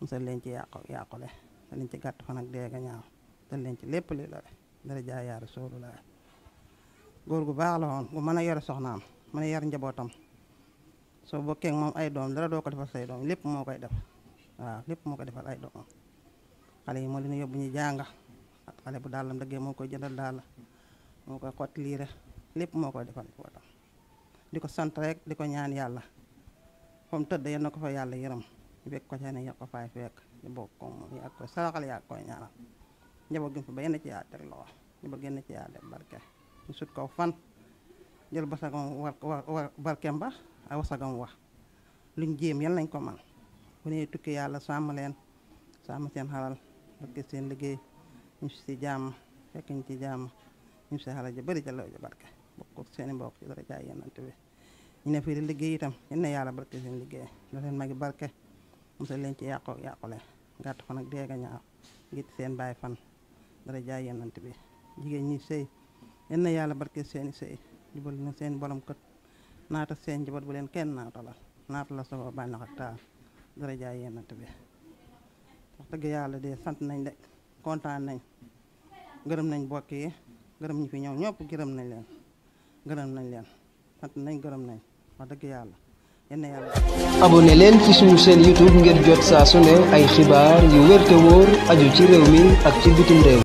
musal leen ci yàqu yàqule te leen ci gàtt fa ak deega ñaaw te leen ci lépp li la dara jaay yaar soolu la góor gu baax la woon gu mën a yore soxnaam mën a yar njabootam soo bokkee moom ay doom dara doo ko defal say doom lépp moo koy def waaw lépp moo koy defal ay doom xale yi moo leen yóbbu ñu jànga ak xale bu daalam dëggee moo koy jëndal daal moo koy xott liire lépp moo koy defal njabootam di ko sant rek di ko ñaan yàlla fa mu tëdd yal na ko fa yàlla yërëm fekk ko ca ne ko faay fekk ñu bokk ko moom yaa koy koy ñaanal njaboot gi fi ba yenn ci yaa teg loxo njaboot genn ci yaa def barke ñu sut ko fan jël basagam war war barkeem ba a wasagam wax luñ jéem yan lañ ko man bu ne tukki yàlla sàmm leen sàmm seen xalal barke seen liggéey ñu si jàmm fekk ci jàmm ñu si ja bëri ja law ja seen mbokk ci dara jaay yenante ñu ne fii di liggéey itam yan ne yàlla liggéey da leen magi barke musal leen ci yàqu yàqule gàtt fan ak deega ñaaw seen bàyyi fan dara jaay yenante bi jigéen ñi sëy yan na yàlla barke seen i sëy jubal na seen borom kët naata seen njaboot bu leen kenn la naata la soo bànneex ak taar dara jaay yennante bi wax dëgg yàlla de sant nañ de kontaan nañ gërëm nañ bokk yi gërëm ñi fi ñëw ñëpp gërëm nañ leen gërëm nañ leen sant nañ gërëm nañ wax dëgg yàlla yenn yàlla abonné leen ci suñu seen YouTube ngir jot saa su ne ay xibaar yu wér wóor aju ci réew mi ak ci bitim réew